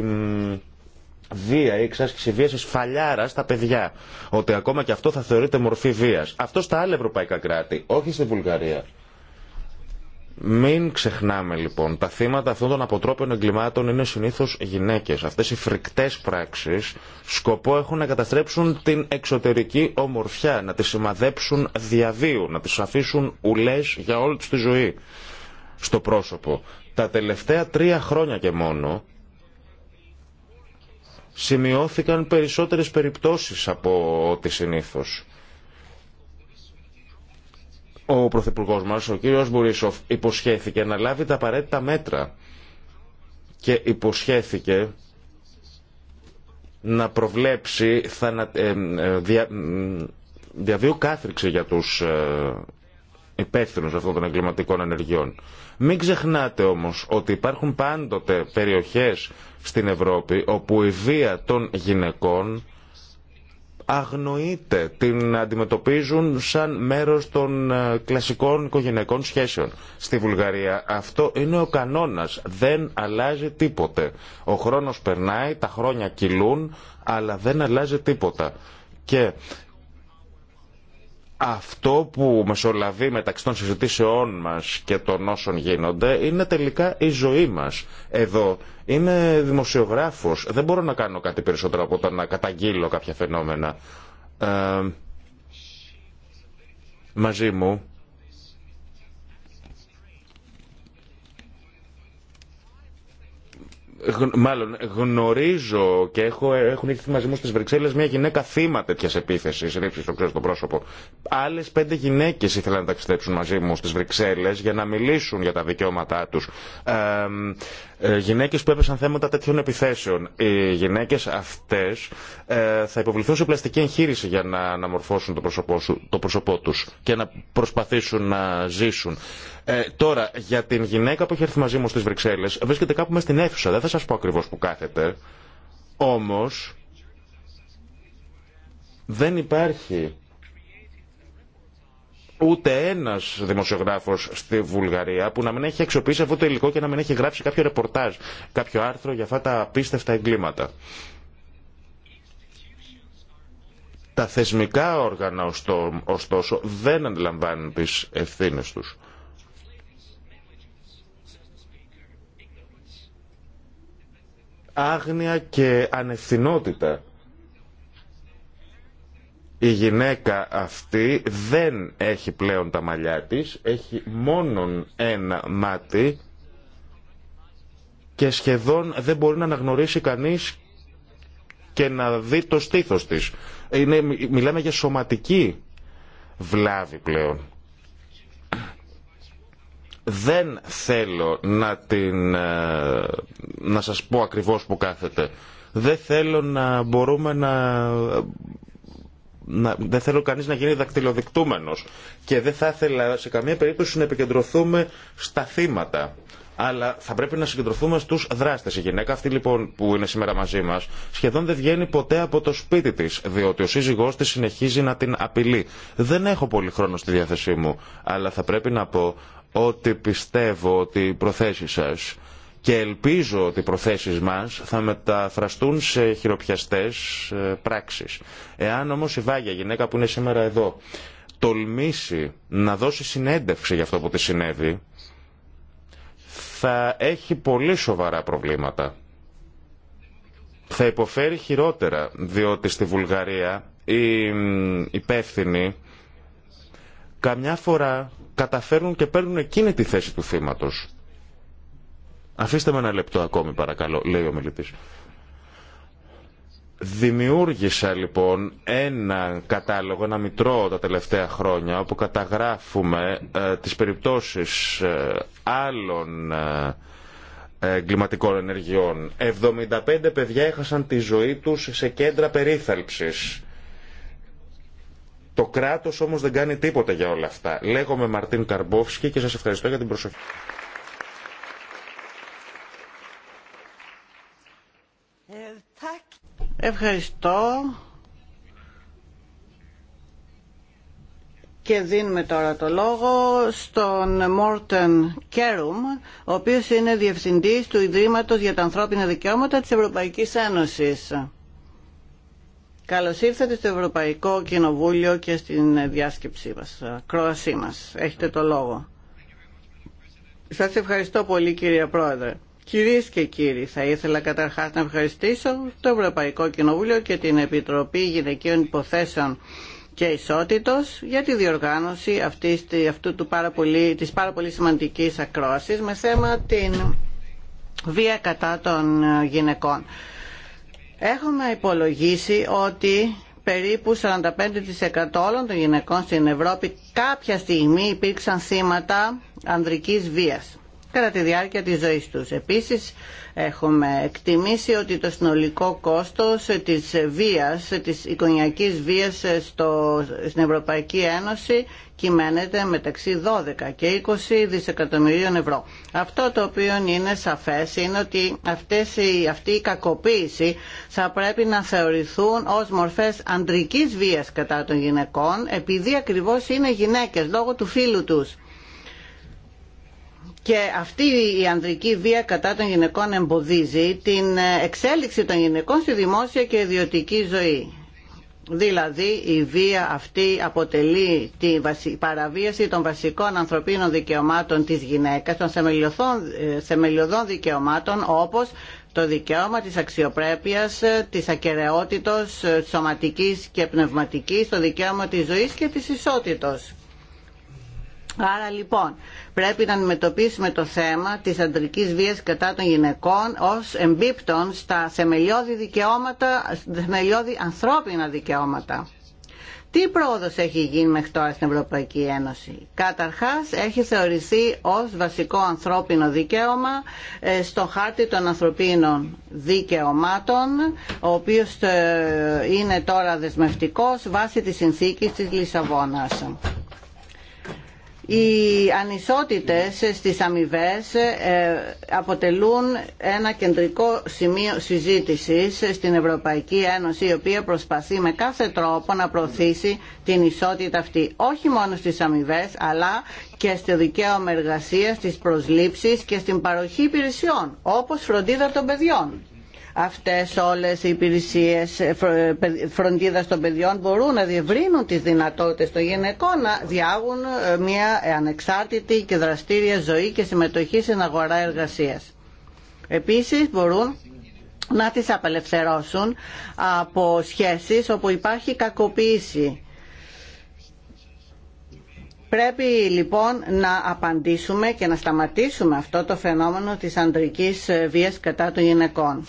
βία, η εξάσκηση βία ω φαλιάρα στα παιδιά. Ότι ακόμα και αυτό θα θεωρείται μορφή βία. Αυτό στα άλλα ευρωπαϊκά κράτη, όχι στη Βουλγαρία. Μην ξεχνάμε λοιπόν, τα θύματα αυτών των αποτρόπων εγκλημάτων είναι συνήθως γυναίκες. Αυτές οι φρικτές πράξεις σκοπό έχουν να καταστρέψουν την εξωτερική ομορφιά, να τις σημαδέψουν διαβίου, να τις αφήσουν ουλές για όλη τη ζωή στο πρόσωπο. Τα τελευταία τρία χρόνια και μόνο σημειώθηκαν περισσότερες περιπτώσεις από ό,τι συνήθως. Ο Πρωθυπουργό μα, ο κύριος Μπουρίσοφ, υποσχέθηκε να λάβει τα απαραίτητα μέτρα και υποσχέθηκε να προβλέψει θα, ε, ε, δια, ε, διαβίου κάθριξη για τους ε, υπεύθυνου αυτών των εγκληματικών ενεργειών. Μην ξεχνάτε όμως ότι υπάρχουν πάντοτε περιοχές στην Ευρώπη όπου η βία των γυναικών αγνοείται, την αντιμετωπίζουν σαν μέρος των ε, κλασικών οικογενειακών σχέσεων στη Βουλγαρία. Αυτό είναι ο κανόνας, δεν αλλάζει τίποτε. Ο χρόνος περνάει, τα χρόνια κυλούν, αλλά δεν αλλάζει τίποτα. Και αυτό που μεσολαβεί μεταξύ των συζητήσεών μας και των όσων γίνονται είναι τελικά η ζωή μας. Εδώ είναι δημοσιογράφος, δεν μπορώ να κάνω κάτι περισσότερο από το να καταγγείλω κάποια φαινόμενα. Ε, μαζί μου μάλλον γνωρίζω και έχω, έχουν ήρθει μαζί μου στι Βρυξέλλε μια γυναίκα θύμα τέτοια επίθεση, ρίψη στο ξέρω στο πρόσωπο. Άλλε πέντε γυναίκε ήθελαν να ταξιδέψουν μαζί μου στι Βρυξέλλε για να μιλήσουν για τα δικαιώματά του. Ε, γυναίκε που έπεσαν θέματα τέτοιων επιθέσεων. Οι γυναίκε αυτέ ε, θα υποβληθούν σε πλαστική εγχείρηση για να αναμορφώσουν το πρόσωπό, το του και να προσπαθήσουν να ζήσουν. Ε, τώρα, για την γυναίκα που έχει έρθει μαζί μου στι Βρυξέλλε, βρίσκεται κάπου μέσα στην αίθουσα. Δεν θα σα πω ακριβώ που κάθεται. Όμω, δεν υπάρχει ούτε ένα δημοσιογράφο στη Βουλγαρία που να μην έχει αξιοποιήσει αυτό το υλικό και να μην έχει γράψει κάποιο ρεπορτάζ, κάποιο άρθρο για αυτά τα απίστευτα εγκλήματα. Τα θεσμικά όργανα, ωστόσο, δεν αντιλαμβάνουν τι ευθύνε τους. Άγνοια και ανευθυνότητα η γυναίκα αυτή δεν έχει πλέον τα μαλλιά της, έχει μόνον ένα μάτι και σχεδόν δεν μπορεί να αναγνωρίσει κανείς και να δει το στήθος της. Είναι, μιλάμε για σωματική βλάβη πλέον. Δεν θέλω να, την, ε, να σας πω ακριβώς που κάθεται. Δεν θέλω να μπορούμε να να, δεν θέλω κανείς να γίνει δακτυλοδεικτούμενος και δεν θα ήθελα σε καμία περίπτωση να επικεντρωθούμε στα θύματα αλλά θα πρέπει να συγκεντρωθούμε στου δράστε. Η γυναίκα αυτή λοιπόν που είναι σήμερα μαζί μα σχεδόν δεν βγαίνει ποτέ από το σπίτι τη, διότι ο σύζυγό τη συνεχίζει να την απειλεί. Δεν έχω πολύ χρόνο στη διάθεσή μου, αλλά θα πρέπει να πω ότι πιστεύω ότι οι προθέσει σα και ελπίζω ότι οι προθέσεις μας θα μεταφραστούν σε χειροπιαστές ε, πράξεις. Εάν όμως η Βάγια, γυναίκα που είναι σήμερα εδώ, τολμήσει να δώσει συνέντευξη για αυτό που τη συνέβη, θα έχει πολύ σοβαρά προβλήματα. Θα υποφέρει χειρότερα, διότι στη Βουλγαρία οι υπεύθυνοι καμιά φορά καταφέρνουν και παίρνουν εκείνη τη θέση του θύματος Αφήστε με ένα λεπτό ακόμη παρακαλώ, λέει ο μιλητής. Δημιούργησα λοιπόν ένα κατάλογο, ένα μητρό τα τελευταία χρόνια όπου καταγράφουμε ε, τις περιπτώσεις ε, άλλων ε, εγκληματικών ενεργειών. 75 παιδιά έχασαν τη ζωή τους σε κέντρα περίθαλψης. Το κράτος όμως δεν κάνει τίποτα για όλα αυτά. Λέγομαι Μαρτίν Καρμπόφσκι και σας ευχαριστώ για την προσοχή. Ευχαριστώ. Και δίνουμε τώρα το λόγο στον Μόρτεν Κέρουμ, ο οποίος είναι Διευθυντής του Ιδρύματος για τα Ανθρώπινα Δικαιώματα της Ευρωπαϊκής Ένωσης. Καλώς ήρθατε στο Ευρωπαϊκό Κοινοβούλιο και στην διάσκεψή μας, κρόασή μας. Έχετε το λόγο. Σας ευχαριστώ πολύ κύριε Πρόεδρε. Κυρίες και κύριοι, θα ήθελα καταρχάς να ευχαριστήσω το Ευρωπαϊκό Κοινοβούλιο και την Επιτροπή Γυναικείων Υποθέσεων και Ισότητος για τη διοργάνωση αυτής, αυτού του πάρα πολύ, της πάρα πολύ σημαντικής ακρόασης με θέμα την βία κατά των ε, γυναικών. Έχουμε υπολογίσει ότι περίπου 45% όλων των γυναικών στην Ευρώπη κάποια στιγμή υπήρξαν θύματα ανδρικής βίας κατά τη διάρκεια της ζωής τους. Επίσης, έχουμε εκτιμήσει ότι το συνολικό κόστος της βίας, της οικονιακής βίας στο, στην Ευρωπαϊκή Ένωση κυμαίνεται μεταξύ 12 και 20 δισεκατομμυρίων ευρώ. Αυτό το οποίο είναι σαφές είναι ότι αυτές οι, αυτή η κακοποίηση θα πρέπει να θεωρηθούν ως μορφές αντρικής βίας κατά των γυναικών επειδή ακριβώς είναι γυναίκες λόγω του φίλου τους. Και αυτή η ανδρική βία κατά των γυναικών εμποδίζει την εξέλιξη των γυναικών στη δημόσια και ιδιωτική ζωή. Δηλαδή η βία αυτή αποτελεί τη παραβίαση των βασικών ανθρωπίνων δικαιωμάτων της γυναίκας, των ε, θεμελιωδών δικαιωμάτων όπως το δικαίωμα της αξιοπρέπειας, ε, της ακαιρεότητος ε, σωματικής και πνευματικής, το δικαίωμα της ζωής και της ισότητος. Άρα λοιπόν, πρέπει να αντιμετωπίσουμε το θέμα της αντρικής βίας κατά των γυναικών ως εμπίπτων στα θεμελιώδη δικαιώματα, θεμελιώδη ανθρώπινα δικαιώματα. Τι πρόοδος έχει γίνει μέχρι τώρα στην Ευρωπαϊκή Ένωση. Καταρχάς έχει θεωρηθεί ως βασικό ανθρώπινο δικαίωμα ε, στο χάρτη των ανθρωπίνων δικαιωμάτων, ο οποίος ε, είναι τώρα δεσμευτικός βάσει της συνθήκης της Λισαβόνας. Οι ανισότητες στις αμοιβέ ε, αποτελούν ένα κεντρικό σημείο συζήτησης στην Ευρωπαϊκή Ένωση η οποία προσπαθεί με κάθε τρόπο να προωθήσει την ισότητα αυτή όχι μόνο στις αμοιβέ, αλλά και στο δικαίωμα εργασία, στις προσλήψεις και στην παροχή υπηρεσιών όπως φροντίδα των παιδιών αυτές όλες οι υπηρεσίες φροντίδας των παιδιών μπορούν να διευρύνουν τις δυνατότητες των γυναικών να διάγουν ε, μια ανεξάρτητη και δραστήρια ζωή και συμμετοχή στην αγορά εργασίας. Επίσης μπορούν να τις απελευθερώσουν από σχέσεις όπου υπάρχει κακοποίηση. Πρέπει λοιπόν να απαντήσουμε και να σταματήσουμε αυτό το φαινόμενο της ανδρικής ε, βίας κατά των γυναικών.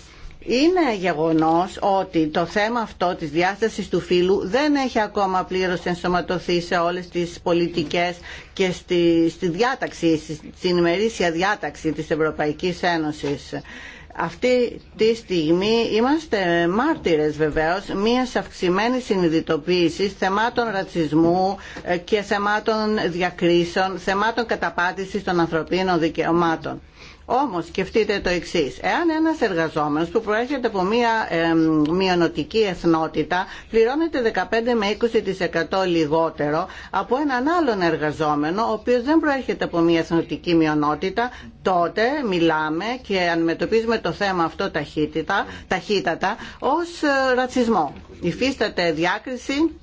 Είναι γεγονός ότι το θέμα αυτό της διάστασης του φύλου δεν έχει ακόμα πλήρως ενσωματωθεί σε όλες τις πολιτικές και στη, στη διάταξη, στην ημερήσια διάταξη της Ευρωπαϊκής Ένωσης. Αυτή τη στιγμή είμαστε μάρτυρες βεβαίως μιας αυξημένης συνειδητοποίησης θεμάτων ρατσισμού ε, και θεμάτων διακρίσεων, θεμάτων καταπάτησης των ανθρωπίνων δικαιωμάτων. Όμως σκεφτείτε το εξή. εάν ένας εργαζόμενος που προέρχεται από μια ε, εθνότητα πληρώνεται 15 με 20% λιγότερο από έναν άλλον εργαζόμενο ο οποίος δεν προέρχεται από μια εθνοτική μειονότητα, τότε μιλάμε και αντιμετωπίζουμε το θέμα αυτό ταχύτητα, ταχύτατα ως ε, ρατσισμό. Υφίσταται διάκριση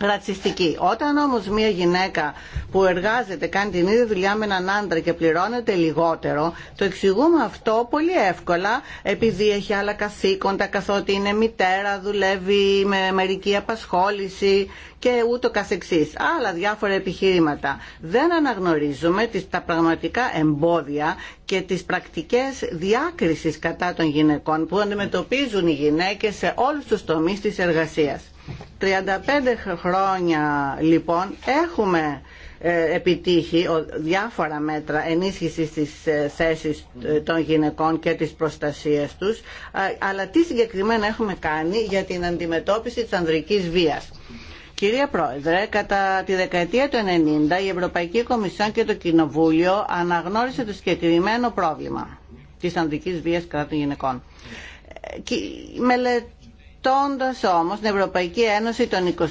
ρατσιστική. Όταν όμως μια γυναίκα που εργάζεται κάνει την ίδια δουλειά με έναν άντρα και πληρώνεται λιγότερο, το εξηγούμε αυτό πολύ εύκολα επειδή έχει άλλα καθήκοντα, καθότι είναι μητέρα, δουλεύει με μερική απασχόληση και ούτω καθεξής. Άλλα διάφορα επιχειρήματα. Δεν αναγνωρίζουμε τις, τα πραγματικά εμπόδια και τις πρακτικές διάκρισης κατά των γυναικών που αντιμετωπίζουν οι γυναίκες σε όλους τους τομείς της εργασίας. 35 χρόνια λοιπόν έχουμε ε, επιτύχει διάφορα μέτρα ενίσχυσης της ε, θέσης ε, των γυναικών και της προστασίας τους αλλά τι συγκεκριμένα έχουμε κάνει για την αντιμετώπιση της ανδρικής βίας. Κυρία Πρόεδρε, κατά τη δεκαετία του 90 η Ευρωπαϊκή Κομισιόν και το Κοινοβούλιο αναγνώρισε το συγκεκριμένο πρόβλημα της ανδρικής βίας κατά των γυναικών Κοιτώντας όμως την Ευρωπαϊκή Ένωση των 27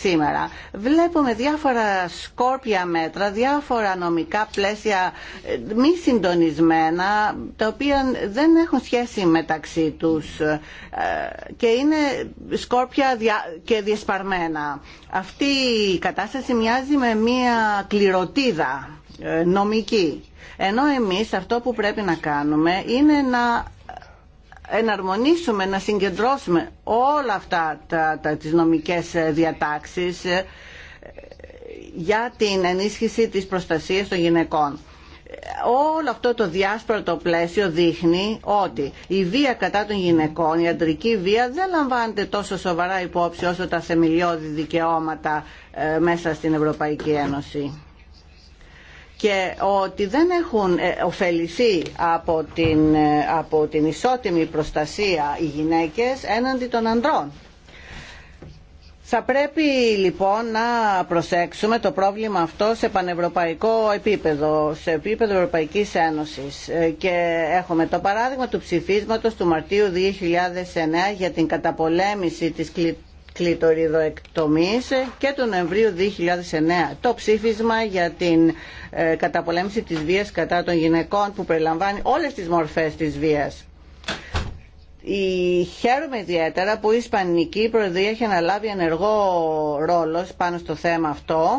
σήμερα, βλέπουμε διάφορα σκόρπια μέτρα, διάφορα νομικά πλαίσια ε, μη συντονισμένα, τα οποία δεν έχουν σχέση μεταξύ τους ε, και είναι σκόρπια και διασπαρμένα. Αυτή η κατάσταση μοιάζει με μία κληροτίδα ε, νομική. Ενώ εμείς αυτό που πρέπει να κάνουμε είναι να εναρμονίσουμε, να συγκεντρώσουμε όλα αυτά τα, τις νομικές ε, διατάξεις ε, για την ενίσχυση της προστασίας των γυναικών. Όλο αυτό το διάσπαρτο πλαίσιο δείχνει ότι η βία κατά των γυναικών, η αντρική βία δεν λαμβάνεται τόσο σοβαρά υπόψη όσο τα θεμελιώδη δικαιώματα ε, μέσα στην Ευρωπαϊκή Ένωση και ότι δεν έχουν ε, ωφεληθεί από την, ε, από την ισότιμη προστασία οι γυναίκες έναντι των ανδρών. Θα πρέπει λοιπόν να προσέξουμε το πρόβλημα αυτό σε πανευρωπαϊκό επίπεδο, σε επίπεδο Ευρωπαϊκής Ένωσης ε, και έχουμε το παράδειγμα του ψηφίσματος του Μαρτίου 2009 για την καταπολέμηση της κλειτοριδοεκτομής και τον Νοεμβρίου 2009 το ψήφισμα για την ε, καταπολέμηση της βίας κατά των γυναικών που περιλαμβάνει όλες τις μορφές της βίας. Η χαίρομαι ιδιαίτερα που η Ισπανική Προεδρία έχει αναλάβει ενεργό ρόλο πάνω στο θέμα αυτό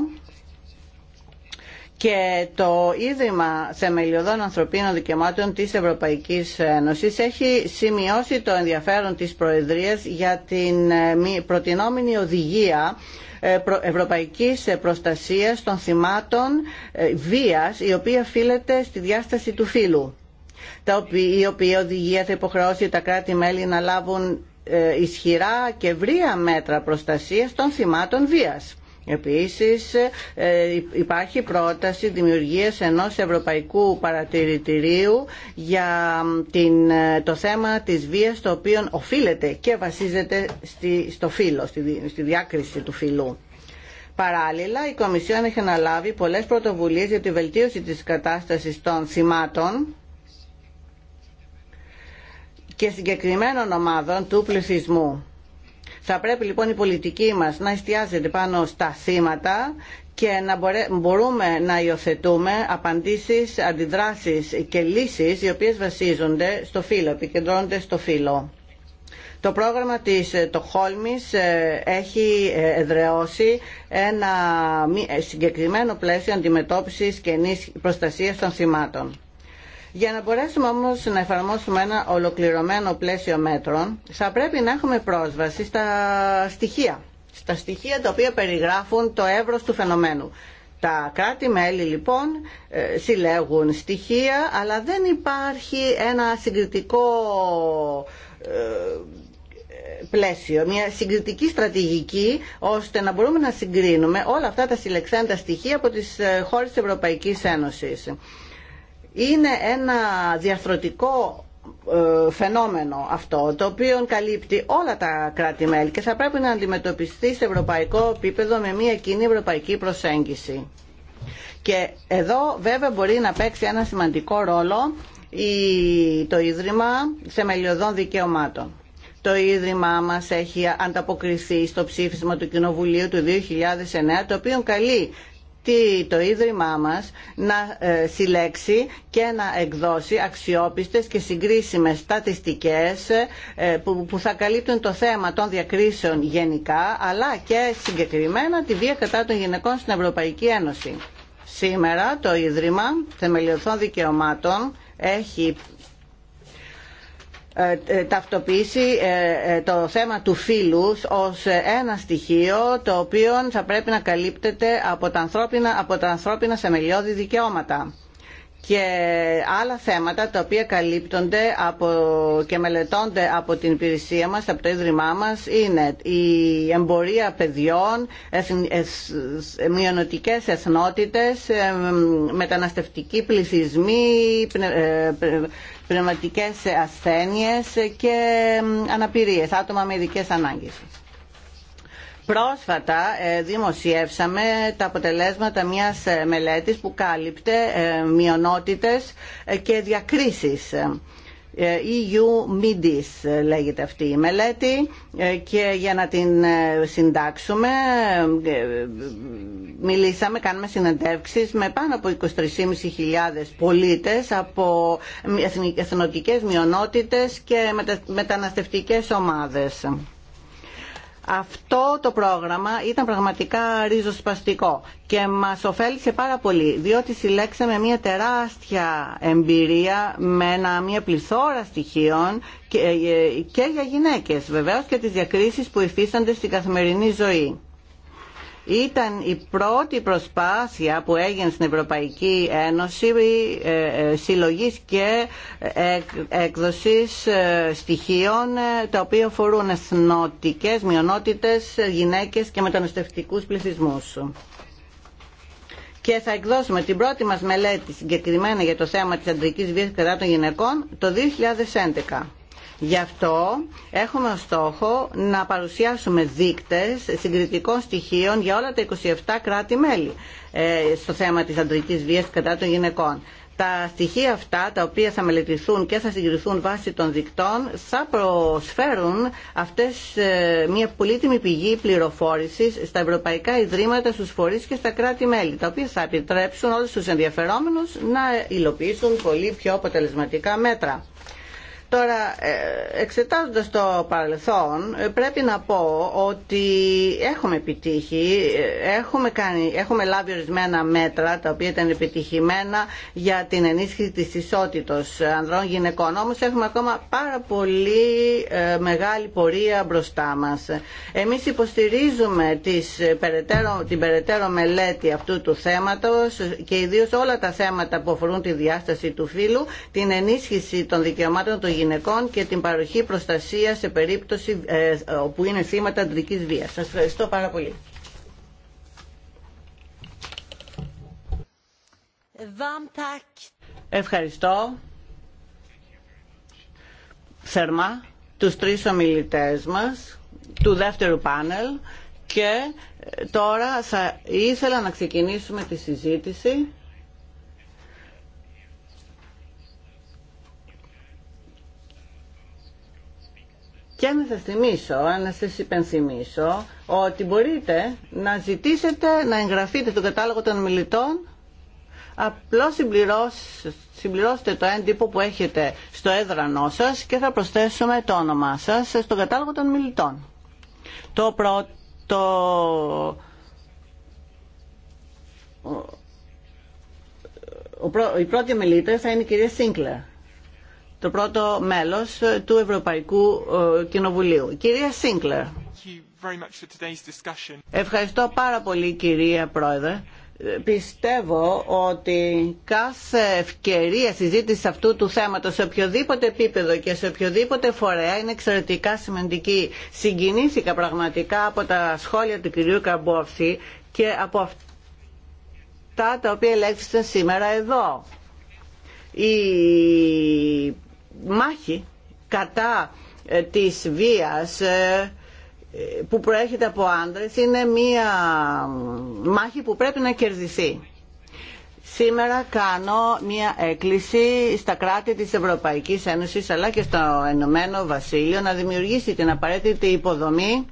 και το Ίδρυμα Θεμελιωδών Ανθρωπίνων Δικαιωμάτων της Ευρωπαϊκής Ένωσης έχει σημειώσει το ενδιαφέρον της Προεδρίας για την ε, προτινόμενη οδηγία ε, ευρωπαϊκής ε, προστασίας των θυμάτων βίας η οποία φύλλεται στη διάσταση του φύλου η οποία οδηγία θα υποχρεώσει τα κράτη-μέλη να λάβουν ισχυρά και βρία μέτρα προστασίας των θυμάτων βίας. Επίσης ε, υπάρχει πρόταση δημιουργίας ενός ευρωπαϊκού παρατηρητηρίου για την, ε, το θέμα της βίας το οποίο οφείλεται και βασίζεται στη, στο φύλλο, στη, διάκριση του φύλλου. Παράλληλα, η Κομισιόν έχει αναλάβει πολλές πρωτοβουλίες για τη βελτίωση της κατάστασης των θυμάτων και συγκεκριμένων ομάδων του πληθυσμού θα πρέπει λοιπόν η πολιτική μας να εστιάζεται πάνω στα θύματα και να μπορούμε να υιοθετούμε απαντήσεις, αντιδράσεις και λύσεις οι οποίες βασίζονται στο φύλλο, επικεντρώνονται στο φύλλο. Το πρόγραμμα της ε, χόλμης ε, έχει ε, εδραιώσει ένα συγκεκριμένο πλαίσιο αντιμετώπισης και προστασίας των θυμάτων. Για να μπορέσουμε όμως να εφαρμόσουμε ένα ολοκληρωμένο πλαίσιο μέτρων, θα πρέπει να έχουμε πρόσβαση στα στοιχεία. Στα στοιχεία τα οποία περιγράφουν το εύρος του φαινομένου. Τα κράτη-μέλη λοιπόν ε, συλλέγουν στοιχεία, αλλά δεν υπάρχει ένα συγκριτικό ε, πλαίσιο, μια συγκριτική στρατηγική ώστε να μπορούμε να συγκρίνουμε όλα αυτά τα συλλεξέντα στοιχεία από τις ε, χώρες της Ευρωπαϊκής Ένωσης. Είναι ένα διαρθρωτικό ε, φαινόμενο αυτό, το οποίο καλύπτει όλα τα κράτη-μέλη και θα πρέπει να αντιμετωπιστεί σε ευρωπαϊκό επίπεδο με μια κοινή ευρωπαϊκή προσέγγιση. Και εδώ βέβαια μπορεί να παίξει ένα σημαντικό ρόλο το Ίδρυμα Θεμελιωδών Δικαιωμάτων. Το Ίδρυμά μας έχει ανταποκριθεί στο ψήφισμα του Κοινοβουλίου του 2009, το οποίο καλεί το Ίδρυμά μας να ε, συλλέξει και να εκδώσει αξιόπιστες και συγκρίσιμες στατιστικές ε, που θα καλύπτουν το θέμα των διακρίσεων γενικά αλλά και συγκεκριμένα τη βία κατά των γυναικών στην Ευρωπαϊκή Ένωση. Σήμερα το Ίδρυμα Θεμελιωθών Δικαιωμάτων έχει ε, ε, ταυτοποιήσει ε, το θέμα του φίλου ως ένα στοιχείο το οποίο θα πρέπει να καλύπτεται από τα ανθρώπινα, από τα ανθρώπινα σεμελιώδη δικαιώματα και άλλα θέματα τα οποία καλύπτονται από και μελετώνται από την υπηρεσία μας, από το Ίδρυμά μας είναι η εμπορία παιδιών, μειονοτικές εθνότητες, μεταναστευτικοί πληθυσμοί, πνευματικές ασθένειες και αναπηρίες, άτομα με ειδικέ ανάγκες. Πρόσφατα ε, δημοσιεύσαμε τα αποτελέσματα μιας ε, μελέτης που κάλυπτε ε, μειονότητες και διακρίσεις ε, EU MIDIS ε, λέγεται αυτή η μελέτη ε, και για να την συντάξουμε μιλήσαμε, κάνουμε συνεντεύξεις με πάνω από 23.500 πολίτες από εθνικές μειονότητες και μεταναστευτικές ομάδες. Αυτό το πρόγραμμα ήταν πραγματικά ριζοσπαστικό και μας ωφέλησε πάρα πολύ διότι συλλέξαμε μια τεράστια εμπειρία με ένα, μια πληθώρα στοιχείων και, ε, και για γυναίκες βεβαίως και τις διακρίσεις που υφίστανται στην καθημερινή ζωή ήταν η πρώτη προσπάθεια που έγινε στην Ευρωπαϊκή Ένωση ε, ε, συλλογής και ε, έκδοσης στοιχείων τα οποία αφορούν εθνοτικές μειονότητες, γυναίκες και μεταναστευτικούς πληθυσμούς. Και θα εκδώσουμε την πρώτη μας μελέτη συγκεκριμένα για το θέμα της αντρικής βίας κατά των γυναικών το 2011. Γι' αυτό έχουμε ως στόχο να παρουσιάσουμε δείκτες συγκριτικών στοιχείων για όλα τα 27 κράτη-μέλη ε, στο θέμα της αντρικής βίας κατά των γυναικών. Τα στοιχεία αυτά, τα οποία θα μελετηθούν και θα συγκριθούν βάσει των δικτών, θα προσφέρουν αυτές ε, μια πολύτιμη πηγή πληροφόρησης στα ευρωπαϊκά ιδρύματα, στους φορείς και στα κράτη-μέλη, τα οποία θα επιτρέψουν όλους τους ενδιαφερόμενους να υλοποιήσουν πολύ πιο αποτελεσματικά μέτρα. Τώρα, ε, εξετάζοντας το παρελθόν, ε, πρέπει να πω ότι έχουμε επιτύχει, ε, έχουμε, κάνει, έχουμε λάβει ορισμένα μέτρα τα οποία ήταν επιτυχημένα για την ενίσχυση της ισότητας ανδρών γυναικών. Όμως έχουμε ακόμα πάρα πολύ μεγάλη πορεία μπροστά μας. Εμείς υποστηρίζουμε τις, περαιτέρω, την περαιτέρω μελέτη αυτού του θέματος και ιδίως όλα τα θέματα που αφορούν τη διάσταση του φύλου, την ενίσχυση των δικαιωμάτων των γυναικών γυναικών και την παροχή προστασία σε περίπτωση ε, όπου είναι θύματα αντρική βία. Σα ευχαριστώ πάρα πολύ. Ευχαριστώ θερμά τους τρεις ομιλητές μας του δεύτερου πάνελ και τώρα θα ήθελα να ξεκινήσουμε τη συζήτηση. και να σας θυμίσω, να σας υπενθυμίσω ότι μπορείτε να ζητήσετε να εγγραφείτε στον κατάλογο των μιλητών απλώς συμπληρώστε το έντυπο που έχετε στο έδρανό σας και θα προσθέσουμε το όνομά σας στον κατάλογο των μιλητών. Το πρώτο... Η πρώτη μιλήτρια θα είναι η κυρία Σίνκλερ το πρώτο μέλος του Ευρωπαϊκού ε, Κοινοβουλίου. κυρία Σίνκλερ. Ευχαριστώ πάρα πολύ κυρία Πρόεδρε. Πιστεύω ότι κάθε ευκαιρία συζήτηση αυτού του θέματος σε οποιοδήποτε επίπεδο και σε οποιοδήποτε φορέα είναι εξαιρετικά σημαντική. Συγκινήθηκα πραγματικά από τα σχόλια του κυρίου Καμπόφθη και από αυτά τα οποία ελέγχθησαν σήμερα εδώ. Η μάχη κατά ε, της βίας ε, που προέρχεται από άντρες είναι μία μάχη που πρέπει να κερδιθεί. Σήμερα κάνω μία έκκληση στα κράτη της Ευρωπαϊκής Ένωσης αλλά και στο Ενωμένο Βασίλειο να δημιουργήσει την απαραίτητη υποδομή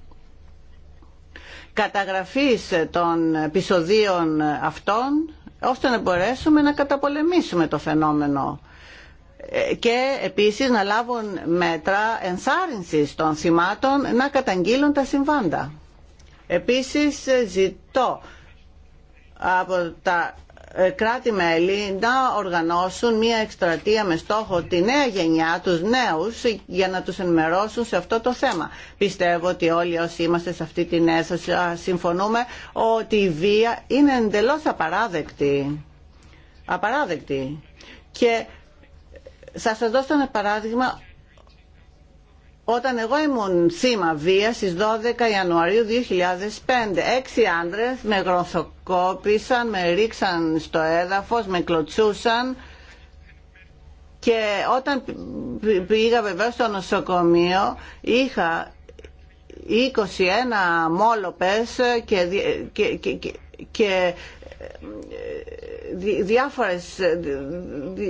καταγραφής των επεισοδίων αυτών ώστε να μπορέσουμε να καταπολεμήσουμε το φαινόμενο και επίσης να λάβουν μέτρα ενθάρρυνσης των θυμάτων να καταγγείλουν τα συμβάντα. Επίσης ζητώ από τα ε, κράτη-μέλη να οργανώσουν μια εκστρατεία με στόχο τη νέα γενιά, τους νέους, για να τους ενημερώσουν σε αυτό το θέμα. Πιστεύω ότι όλοι όσοι είμαστε σε αυτή την αίθουσα συμφωνούμε ότι η βία είναι εντελώς απαράδεκτη. Απαράδεκτη. Θα σας δώσω ένα παράδειγμα. Όταν εγώ ήμουν σήμα βία στις 12 Ιανουαρίου 2005, έξι άντρες με γροθοκόπησαν, με ρίξαν στο έδαφος, με κλωτσούσαν και όταν πήγα βεβαίως στο νοσοκομείο είχα 21 μόλοπες και, και, και, και διάφορες,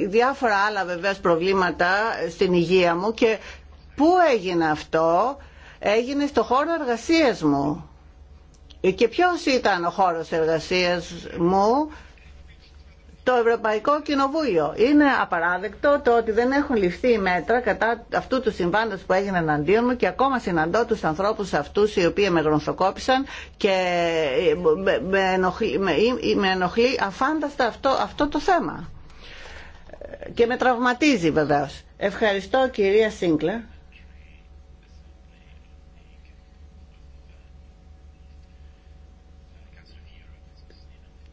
διάφορα άλλα βεβαίως προβλήματα στην υγεία μου και πού έγινε αυτό έγινε στο χώρο εργασίας μου και ποιος ήταν ο χώρος εργασίας μου το Ευρωπαϊκό Κοινοβούλιο. Είναι απαράδεκτο το ότι δεν έχουν ληφθεί μέτρα κατά αυτού του συμβάντο που έγινε εναντίον μου και ακόμα συναντώ του ανθρώπους αυτού, οι οποίοι με γρονθοκόπησαν και ε, με, ενοχλεί, με, ενοχλεί αφάνταστα αυτό, αυτό το θέμα. Ε, και με τραυματίζει βεβαίως. Ευχαριστώ κυρία Σίγκλερ.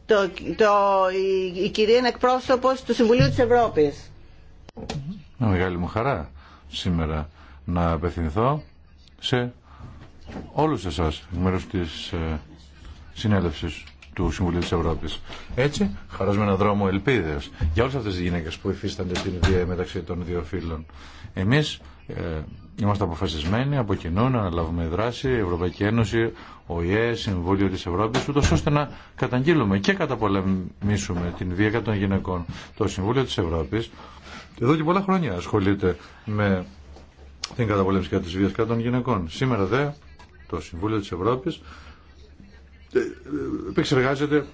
το, το, η, κυρία είναι εκπρόσωπος του Συμβουλίου της Ευρώπης. Με μεγάλη μου χαρά σήμερα να απευθυνθώ σε όλους εσάς μέρος της ε, συνέλευσης του Συμβουλίου της Ευρώπης. Έτσι, με έναν δρόμο ελπίδες για όλες αυτές τις γυναίκες που υφίστανται την ιδέα μεταξύ των δύο φίλων. Εμείς ε, Είμαστε αποφασισμένοι από κοινού να αναλάβουμε δράση, η Ευρωπαϊκή Ένωση, ο ΙΕ, Συμβούλιο τη Ευρώπη, ούτω ώστε να καταγγείλουμε και καταπολεμήσουμε την βία κατά των γυναικών. Το Συμβούλιο τη Ευρώπη, εδώ και πολλά χρόνια ασχολείται με την καταπολέμηση κατά της βίας κατά των γυναικών. Σήμερα δε το Συμβούλιο τη Ευρώπη ε, ε, επεξεργάζεται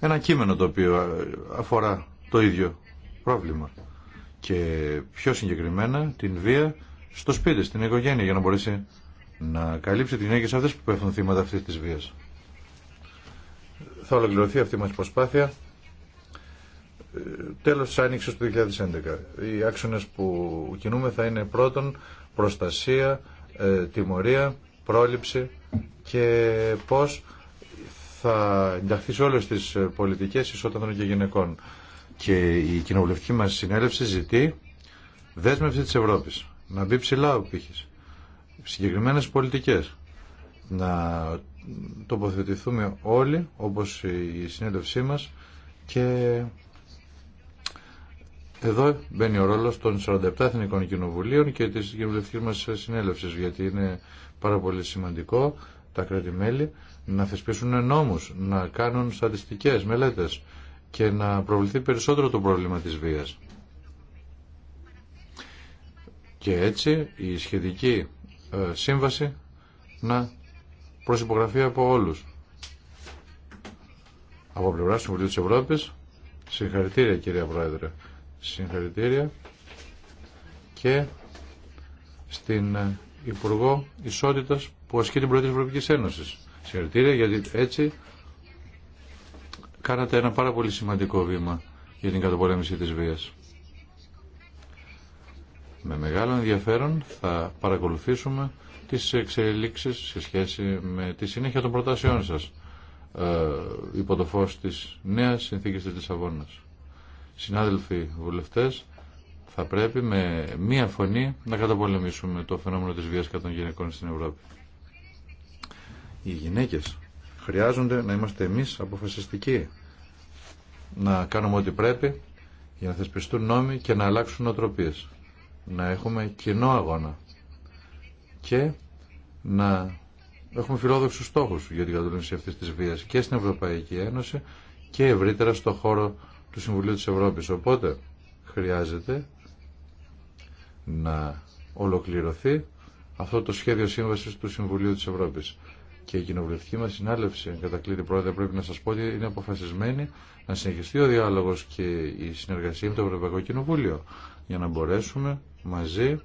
ένα κείμενο το οποίο αφορά το ίδιο πρόβλημα και πιο συγκεκριμένα την βία στο σπίτι, στην οικογένεια, για να μπορέσει να καλύψει τι γυναίκε αυτέ που πέφτουν θύματα αυτή τη βία. Θα ολοκληρωθεί αυτή μα η προσπάθεια ε, τέλος τη άνοιξη του 2011. Οι άξονες που κινούμε θα είναι πρώτον προστασία, ε, τιμωρία, πρόληψη και πώ θα ενταχθεί σε όλες τις ε, πολιτικές ισότητα και γυναικών. Και η κοινοβουλευτική μα συνέλευση ζητεί δέσμευση τη Ευρώπη να μπει ψηλά ο πύχης. Συγκεκριμένες πολιτικές. Να τοποθετηθούμε όλοι, όπως η συνέλευσή μας, και εδώ μπαίνει ο ρόλος των 47 Εθνικών Κοινοβουλίων και της κοινοβουλευτικής μας συνέλευσης, γιατί είναι πάρα πολύ σημαντικό τα κράτη-μέλη να θεσπίσουν νόμους, να κάνουν στατιστικές μελέτες και να προβληθεί περισσότερο το πρόβλημα της βίας και έτσι η σχετική ε, σύμβαση να προσυπογραφεί από όλους. Από πλευρά του Συμβουλίου της Ευρώπης, συγχαρητήρια κυρία Πρόεδρε, συγχαρητήρια και στην ε, Υπουργό Ισότητας που ασκεί την Προεδρία της Ευρωπαϊκής Ένωσης. Συγχαρητήρια γιατί έτσι κάνατε ένα πάρα πολύ σημαντικό βήμα για την καταπολέμηση της βίας. Με μεγάλο ενδιαφέρον θα παρακολουθήσουμε τις εξελίξεις σε σχέση με τη συνέχεια των προτάσεών σας ε, υπό το φως της νέας συνθήκης της Λισαβόνας. Συνάδελφοι βουλευτές, θα πρέπει με μία φωνή να καταπολεμήσουμε το φαινόμενο της βίας κατά των γυναικών στην Ευρώπη. Οι γυναίκες χρειάζονται να είμαστε εμείς αποφασιστικοί, να κάνουμε ό,τι πρέπει για να θεσπιστούν νόμοι και να αλλάξουν οτροπίες να έχουμε κοινό αγώνα και να έχουμε φιλόδοξους στόχους για την κατολύνση αυτής της βίας και στην Ευρωπαϊκή Ένωση και ευρύτερα στο χώρο του Συμβουλίου της Ευρώπης. Οπότε χρειάζεται να ολοκληρωθεί αυτό το σχέδιο σύμβασης του Συμβουλίου της Ευρώπης. Και η κοινοβουλευτική μας συνάλευση, κατά κλείδι πρόεδρε, πρέπει να σα πω ότι είναι αποφασισμένη να συνεχιστεί ο διάλογο και η συνεργασία με το Ευρωπαϊκό Κοινοβούλιο για να μπορέσουμε μαζί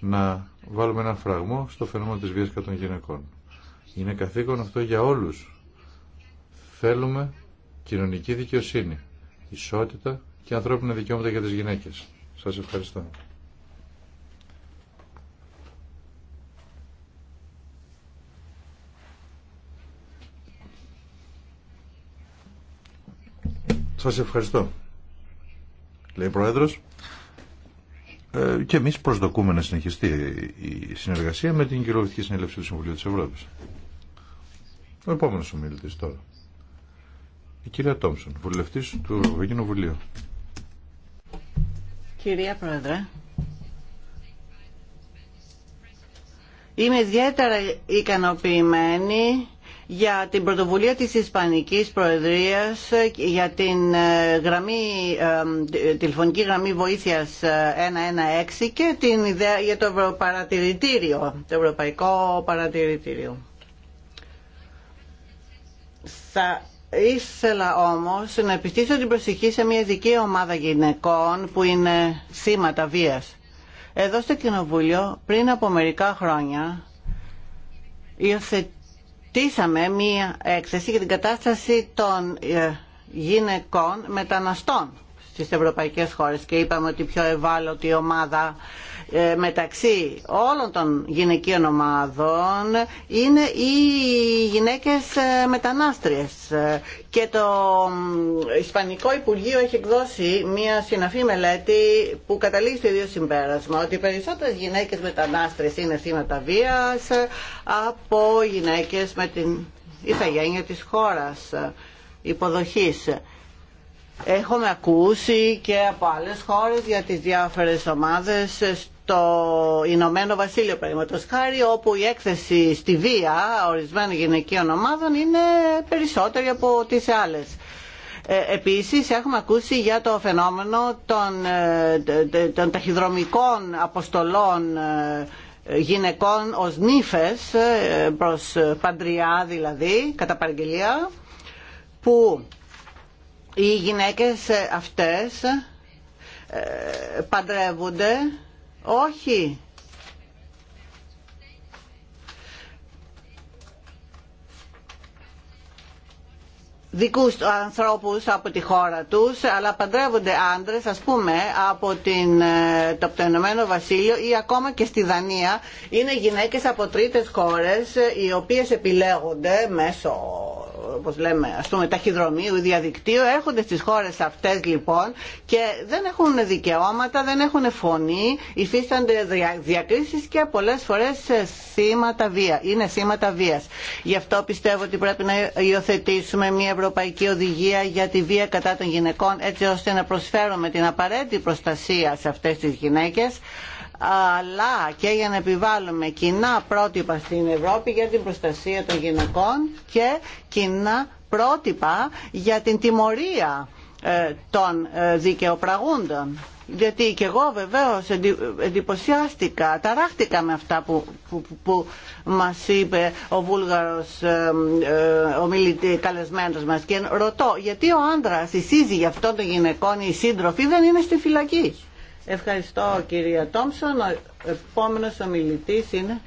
να βάλουμε ένα φραγμό στο φαινόμενο της βίας κατά των γυναικών. Είναι καθήκον αυτό για όλους. Θέλουμε κοινωνική δικαιοσύνη, ισότητα και ανθρώπινα δικαιώματα για τις γυναίκες. Σας ευχαριστώ. Σας ευχαριστώ. Λέει ο Πρόεδρος. Ε, και εμεί προσδοκούμε να συνεχιστεί η συνεργασία με την κυριολεκτική συνέλευση του Συμβουλίου τη Ευρώπη. Ο επόμενο ομιλητή τώρα. Η κυρία Τόμσον, βουλευτή του Ευρωπαϊκού Βουλίου. Κυρία Πρόεδρε, είμαι ιδιαίτερα ικανοποιημένη για την πρωτοβουλία της Ισπανικής Προεδρίας για την ε, γραμμή, ε, τηλεφωνική γραμμή βοήθειας 116 ε, και την ιδέα για το το Ευρωπαϊκό Παρατηρητήριο. Θα ήθελα όμως να επιστήσω την προσοχή σε μια ειδική ομάδα γυναικών που είναι θύματα βίας. Εδώ στο Κοινοβούλιο πριν από μερικά χρόνια Στήσαμε μία έκθεση για την κατάσταση των ε, γυναικών μεταναστών στις ευρωπαϊκές χώρες και είπαμε ότι η πιο ευάλωτη ομάδα ε, μεταξύ όλων των γυναικείων ομάδων είναι οι γυναίκες ε, μετανάστριες ε, και το Ισπανικό Υπουργείο έχει εκδώσει μια συναφή μελέτη που καταλήγει στο ίδιο συμπέρασμα ότι οι περισσότερες γυναίκες μετανάστριες είναι θύματα βίας από γυναίκες με την ηθαγένεια της χώρας υποδοχής. Έχουμε ακούσει και από άλλες χώρες για τις διάφορες ομάδες το Ηνωμένο Βασίλειο παραδείγματος χάρη όπου η έκθεση στη βία ορισμένων γυναικείων ομάδων είναι περισσότερη από τις άλλες. Ε, επίσης έχουμε ακούσει για το φαινόμενο των, ε, των ταχυδρομικών αποστολών ε, γυναικών ως νύφες προς παντριά δηλαδή, κατά παραγγελία, που οι γυναίκες αυτές παντρεύονται όχι. δικούς ανθρώπους από τη χώρα τους, αλλά παντρεύονται άντρες, ας πούμε, από την, ε, το, το ή ακόμα και στη Δανία. Είναι γυναίκες από τρίτες χώρες, ε, οι οποίες επιλέγονται μέσω όπως λέμε, ας πούμε, ταχυδρομείου, διαδικτύου, έρχονται στις χώρες αυτές λοιπόν και δεν έχουν δικαιώματα, δεν έχουν φωνή, υφίστανται διακρίσεις και πολλές φορές θύματα βία, είναι σήματα βίας. Γι' αυτό πιστεύω ότι πρέπει να υιοθετήσουμε μια ευρωπαϊκή οδηγία για τη βία κατά των γυναικών έτσι ώστε να προσφέρουμε την απαραίτητη προστασία σε αυτές τις γυναίκες αλλά και για να επιβάλλουμε κοινά πρότυπα στην Ευρώπη για την προστασία των γυναικών και κοινά πρότυπα για την τιμωρία ε, των ε, δικαιοπραγούντων. Γιατί και εγώ βεβαίως εντυπωσιάστηκα, ταράχτηκα με αυτά που, που, μας είπε ο Βούλγαρος ε, ε, ο καλεσμένος μας και ρωτώ γιατί ο άντρας, η σύζυγη αυτών των γυναικών, η σύντροφοι δεν είναι στη φυλακή. Ευχαριστώ κυρία Τόμψον. Ο επόμενος ομιλητής είναι...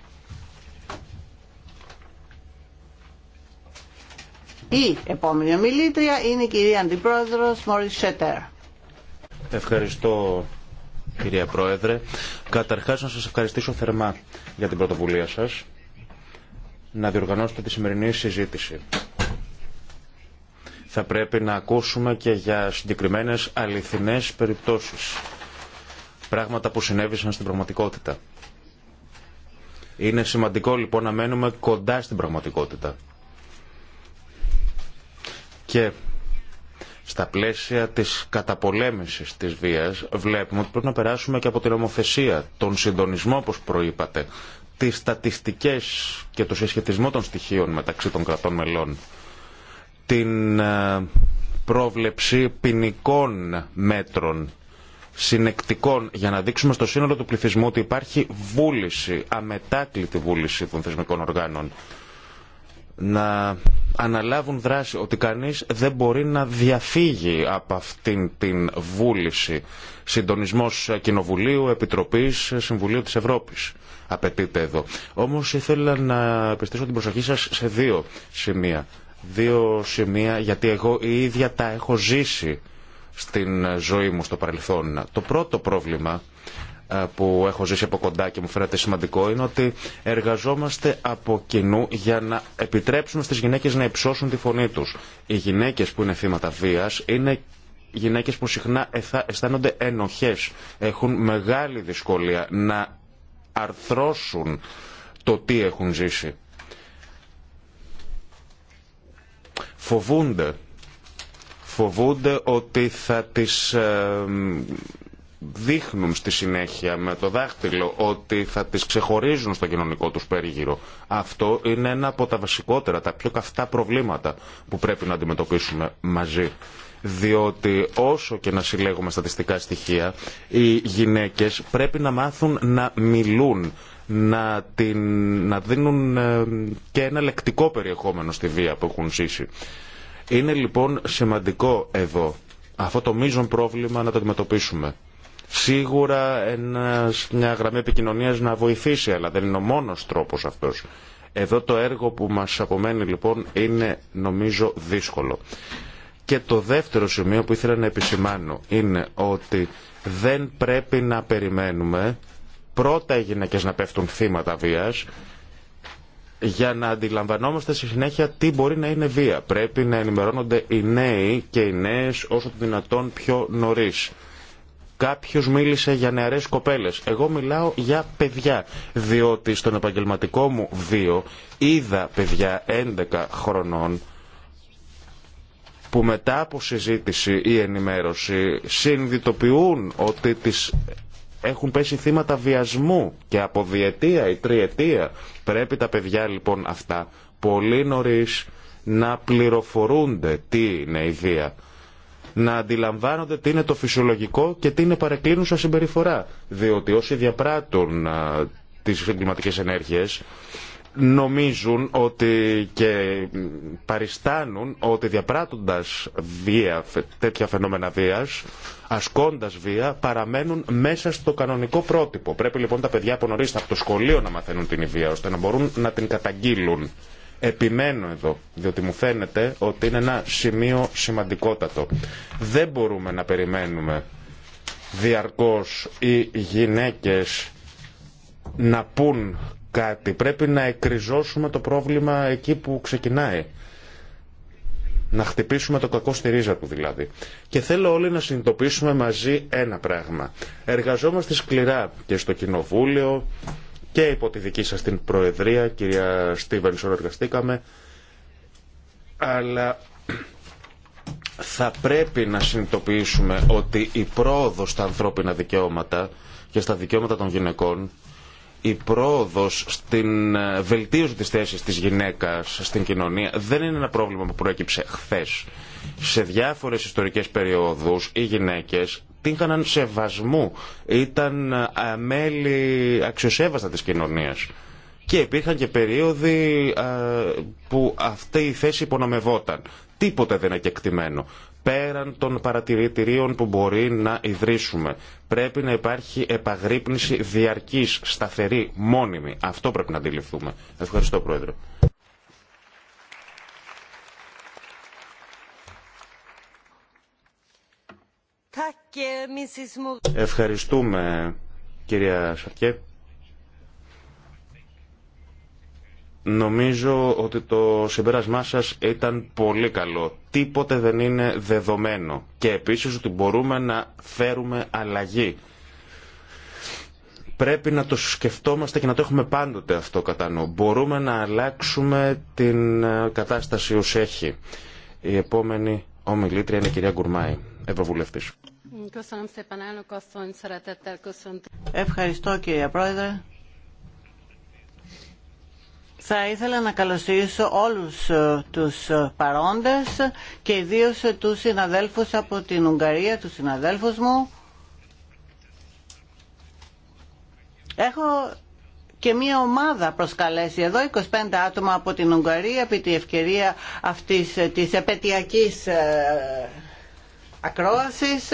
Η επόμενη ομιλήτρια είναι η κυρία Αντιπρόεδρος Μόρις Σέτερ. Ευχαριστώ κυρία Πρόεδρε. Καταρχάς να σας ευχαριστήσω θερμά για την πρωτοβουλία σας να διοργανώσετε τη σημερινή συζήτηση. Θα πρέπει να ακούσουμε και για συγκεκριμένες αληθινές περιπτώσεις Πράγματα που συνέβησαν στην πραγματικότητα. Είναι σημαντικό λοιπόν να μένουμε κοντά στην πραγματικότητα. Και στα πλαίσια της καταπολέμησης της βίας βλέπουμε ότι πρέπει να περάσουμε και από την ομοθεσία, τον συντονισμό όπως προείπατε, τις στατιστικές και το συσχετισμό των στοιχείων μεταξύ των κρατών μελών, την ε, πρόβλεψη ποινικών μέτρων συνεκτικών για να δείξουμε στο σύνολο του πληθυσμού ότι υπάρχει βούληση, αμετάκλητη βούληση των θεσμικών οργάνων να αναλάβουν δράση, ότι κανείς δεν μπορεί να διαφύγει από αυτήν την βούληση. Συντονισμός Κοινοβουλίου, Επιτροπής, Συμβουλίου της Ευρώπης απαιτείται εδώ. Όμως ήθελα να επιστήσω την προσοχή σας σε δύο σημεία. Δύο σημεία γιατί εγώ η ίδια τα έχω ζήσει στην ζωή μου στο παρελθόν. Το πρώτο πρόβλημα ε, που έχω ζήσει από κοντά και μου φαίνεται σημαντικό είναι ότι εργαζόμαστε από κοινού για να επιτρέψουμε στις γυναίκες να υψώσουν τη φωνή τους. Οι γυναίκες που είναι θύματα βίας είναι γυναίκες που συχνά αισθάνονται ενοχές, έχουν μεγάλη δυσκολία να αρθρώσουν το τι έχουν ζήσει. Φοβούνται φοβούνται ότι θα τις ε, δείχνουν στη συνέχεια με το δάχτυλο ότι θα τις ξεχωρίζουν στο κοινωνικό τους περίγυρο. Αυτό είναι ένα από τα βασικότερα, τα πιο καυτά προβλήματα που πρέπει να αντιμετωπίσουμε μαζί. Διότι όσο και να συλλέγουμε στατιστικά στοιχεία, οι γυναίκες πρέπει να μάθουν να μιλούν, να, την, να δίνουν ε, και ένα λεκτικό περιεχόμενο στη βία που έχουν ζήσει. Είναι λοιπόν σημαντικό εδώ αυτό το μείζον πρόβλημα να το αντιμετωπίσουμε. Σίγουρα ένας, μια γραμμή επικοινωνίας να βοηθήσει, αλλά δεν είναι ο μόνος τρόπος αυτός. Εδώ το έργο που μας απομένει λοιπόν είναι νομίζω δύσκολο. Και το δεύτερο σημείο που ήθελα να επισημάνω είναι ότι δεν πρέπει να περιμένουμε πρώτα οι γυναίκες να πέφτουν θύματα βίας για να αντιλαμβανόμαστε στη συνέχεια τι μπορεί να είναι βία. Πρέπει να ενημερώνονται οι νέοι και οι νέες όσο το δυνατόν πιο νωρίς. Κάποιος μίλησε για νεαρές κοπέλες. Εγώ μιλάω για παιδιά, διότι στον επαγγελματικό μου βίο είδα παιδιά 11 χρονών που μετά από συζήτηση ή ενημέρωση συνειδητοποιούν ότι τις έχουν πέσει θύματα βιασμού και από διετία ή τριετία. Πρέπει τα παιδιά λοιπόν αυτά πολύ νωρίς να πληροφορούνται τι είναι η βία. Να αντιλαμβάνονται τι είναι το φυσιολογικό και τι είναι παρεκκλίνουσα συμπεριφορά. Διότι όσοι διαπράττουν τις εγκληματικές ενέργειες νομίζουν ότι και παριστάνουν ότι διαπράττοντας βία, τέτοια φαινόμενα βίας, ασκώντας βία, παραμένουν μέσα στο κανονικό πρότυπο. Πρέπει λοιπόν τα παιδιά από νωρίς από το σχολείο να μαθαίνουν την βία, ώστε να μπορούν να την καταγγείλουν. Επιμένω εδώ, διότι μου φαίνεται ότι είναι ένα σημείο σημαντικότατο. Δεν μπορούμε να περιμένουμε διαρκώς οι γυναίκες να πούν κάτι. Πρέπει να εκριζώσουμε το πρόβλημα εκεί που ξεκινάει. Να χτυπήσουμε το κακό στη ρίζα του δηλαδή. Και θέλω όλοι να συνειδητοποιήσουμε μαζί ένα πράγμα. Εργαζόμαστε σκληρά και στο Κοινοβούλιο και υπό τη δική σας την Προεδρία, κυρία Στίβενσον, εργαστήκαμε. Αλλά θα πρέπει να συνειδητοποιήσουμε ότι η πρόοδος στα ανθρώπινα δικαιώματα και στα δικαιώματα των γυναικών η πρόοδος στην ε, βελτίωση της θέσης της γυναίκας στην κοινωνία δεν είναι ένα πρόβλημα που προέκυψε χθες. Σε διάφορες ιστορικές περιόδους οι γυναίκες τύχαναν σεβασμού, ήταν ε, μέλη αξιοσέβαστα της κοινωνίας. Και υπήρχαν και περίοδοι ε, που αυτή η θέση υπονομευόταν. Τίποτε δεν είναι κεκτημένο πέραν των παρατηρητηρίων που μπορεί να ιδρύσουμε. Πρέπει να υπάρχει επαγρύπνηση διαρκής, σταθερή, μόνιμη. Αυτό πρέπει να αντιληφθούμε. Ευχαριστώ Πρόεδρε. Ευχαριστούμε κυρία Σαρκέ. Νομίζω ότι το συμπέρασμά σα ήταν πολύ καλό. Τίποτε δεν είναι δεδομένο. Και επίση ότι μπορούμε να φέρουμε αλλαγή. Πρέπει να το σκεφτόμαστε και να το έχουμε πάντοτε αυτό κατά νου. Μπορούμε να αλλάξουμε την ε, κατάσταση ως έχει. Η επόμενη ομιλήτρια είναι η κυρία Γκουρμάη, Ευρωβουλευτής. Ευχαριστώ κύριε Πρόεδρε. Θα ήθελα να καλωσορίσω όλους ε, τους ε, παρόντες και ιδίως ε, τους συναδέλφους από την Ουγγαρία, τους συναδέλφους μου. Έχω και μία ομάδα προσκαλέσει εδώ, 25 άτομα από την Ουγγαρία, επί τη ευκαιρία αυτής της επαιτειακής ακρόασης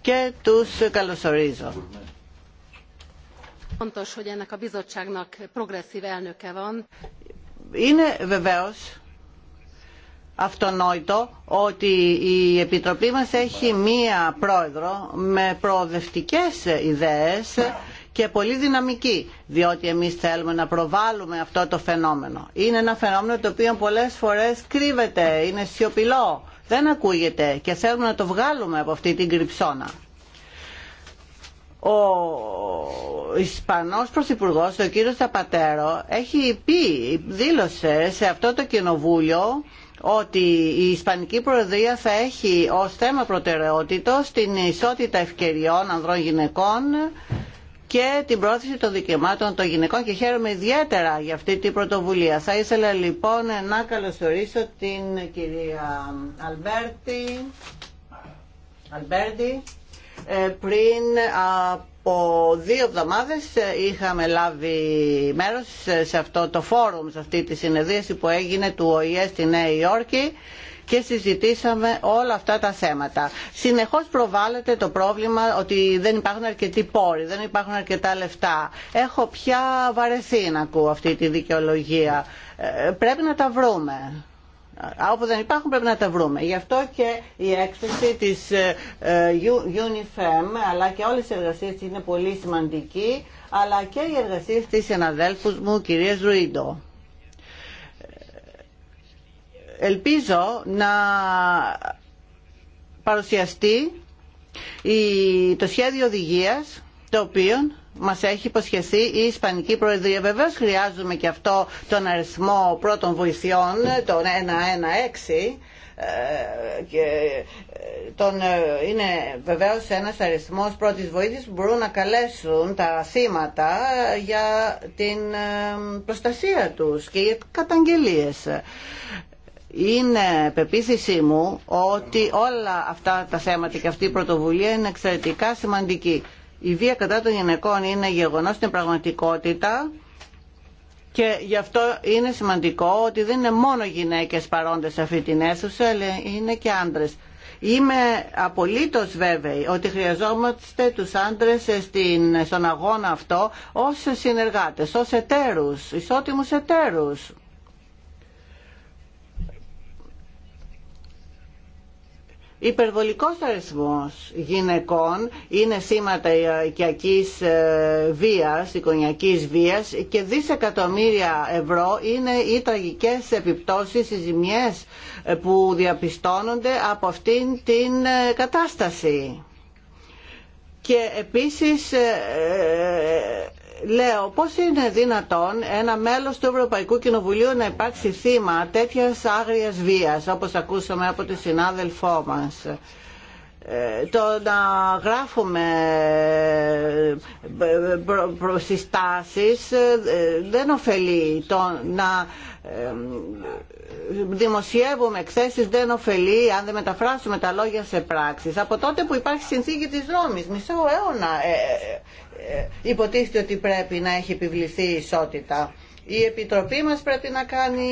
και τους καλωσορίζω. Είναι βεβαίω αυτονόητο ότι η Επιτροπή μας έχει μία πρόεδρο με προοδευτικές ιδέες και πολύ δυναμική, διότι εμείς θέλουμε να προβάλλουμε αυτό το φαινόμενο. Είναι ένα φαινόμενο το οποίο πολλές φορές κρύβεται, είναι σιωπηλό, δεν ακούγεται και θέλουμε να το βγάλουμε από αυτή την κρυψώνα ο Ισπανός Πρωθυπουργός, ο κύριος Ταπατέρο, έχει πει, δήλωσε σε αυτό το κοινοβούλιο ότι η Ισπανική Προεδρία θα έχει ως θέμα προτεραιότητα την ισότητα ευκαιριών ανδρών γυναικών και την πρόθεση των δικαιωμάτων των γυναικών και χαίρομαι ιδιαίτερα για αυτή την πρωτοβουλία. Θα ήθελα λοιπόν να καλωσορίσω την κυρία Αλμπέρτη, Αλμπέρτη ε, πριν από δύο εβδομάδες ε, είχαμε λάβει μέρος σε αυτό το φόρουμ, σε αυτή τη συνεδρίαση που έγινε του ΟΗΕ στη Νέα Υόρκη και συζητήσαμε όλα αυτά τα θέματα. Συνεχώς προβάλλεται το πρόβλημα ότι δεν υπάρχουν αρκετοί πόροι, δεν υπάρχουν αρκετά λεφτά. Έχω πια βαρεθεί να ακούω αυτή τη δικαιολογία. Ε, πρέπει να τα βρούμε Όπου δεν υπάρχουν πρέπει να τα βρούμε. Γι' αυτό και η έκθεση της ε, ε, UNIFEM αλλά και όλες οι εργασίες είναι πολύ σημαντική αλλά και οι εργασίες της συναδέλφους μου κυρίας Ρουίντο. Ελπίζω να παρουσιαστεί το σχέδιο οδηγίας το οποίο Μα έχει υποσχεθεί η Ισπανική Προεδρία. Βεβαίω χρειάζομαι και αυτό τον αριθμό πρώτων βοηθειών, τον 116, ε, και ε, τον, ε, είναι βεβαίω ένα αριθμό πρώτη βοήθεια που μπορούν να καλέσουν τα θύματα για την προστασία του και για καταγγελίε. Είναι πεποίθησή μου ότι όλα αυτά τα θέματα και αυτή η πρωτοβουλία είναι εξαιρετικά σημαντική η βία κατά των γυναικών είναι γεγονός στην πραγματικότητα και γι' αυτό είναι σημαντικό ότι δεν είναι μόνο γυναίκες παρόντες σε αυτή την αίθουσα, είναι και άντρες. Είμαι απολύτως βέβαιη ότι χρειαζόμαστε τους άντρες στην, στον αγώνα αυτό ως συνεργάτες, ως εταίρους, ισότιμους εταίρους. Υπερβολικός αριθμός γυναικών είναι σήματα οικιακής ε, βίας, οικονιακής βίας και δισεκατομμύρια ευρώ είναι οι τραγικές επιπτώσεις, οι ζημιές ε, που διαπιστώνονται από αυτήν την ε, κατάσταση. Και επίσης λέω πώς είναι δυνατόν ένα μέλος του Ευρωπαϊκού Κοινοβουλίου να υπάρξει θύμα τέτοιας άγριας βίας όπως ακούσαμε από τη συνάδελφό μας ε, το να γράφουμε ε, προσυστάσεις ε, δεν ωφελεί το να δημοσιεύουμε εκθέσεις δεν ωφελεί αν δεν μεταφράσουμε τα λόγια σε πράξεις από τότε που υπάρχει συνθήκη της Ρώμης μισό αιώνα ε, υποτίθεται ότι πρέπει να έχει επιβληθεί η ισότητα. Η Επιτροπή μας πρέπει να κάνει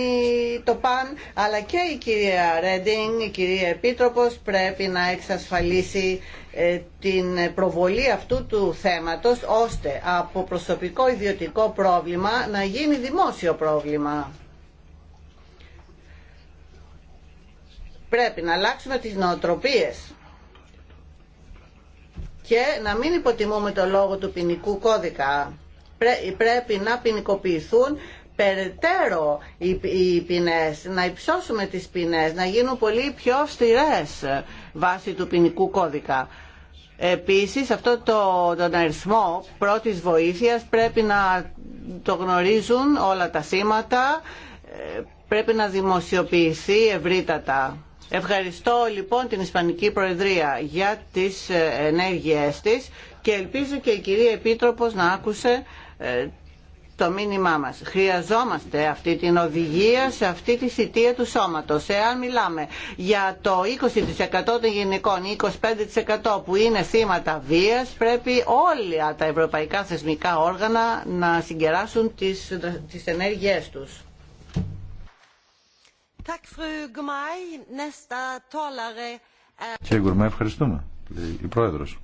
το παν, αλλά και η κυρία Ρέντινγκ, η κυρία Επίτροπος πρέπει να εξασφαλίσει ε, την προβολή αυτού του θέματος, ώστε από προσωπικό ιδιωτικό πρόβλημα να γίνει δημόσιο πρόβλημα. Πρέπει να αλλάξουμε τις νοοτροπίες και να μην υποτιμούμε το λόγο του ποινικού κώδικα. Πρέπει να ποινικοποιηθούν περαιτέρω οι ποινές, να υψώσουμε τις ποινές, να γίνουν πολύ πιο αυστηρές βάσει του ποινικού κώδικα. Επίσης αυτό το, τον αριθμό πρώτης βοήθειας πρέπει να το γνωρίζουν όλα τα σήματα, ε, πρέπει να δημοσιοποιηθεί ευρύτατα Ευχαριστώ λοιπόν την Ισπανική Προεδρία για τις ε, ενέργειές της και ελπίζω και η κυρία Επίτροπος να άκουσε ε, το μήνυμά μας. Χρειαζόμαστε αυτή την οδηγία σε αυτή τη θητεία του σώματος. Εάν μιλάμε για το 20% των γυναικών, 25% που είναι θύματα βίας, πρέπει όλοι τα ευρωπαϊκά θεσμικά όργανα να συγκεράσουν τις, τις ενέργειές τους. Κύριε Γκουρμά, ευχαριστούμε, η Πρόεδρος.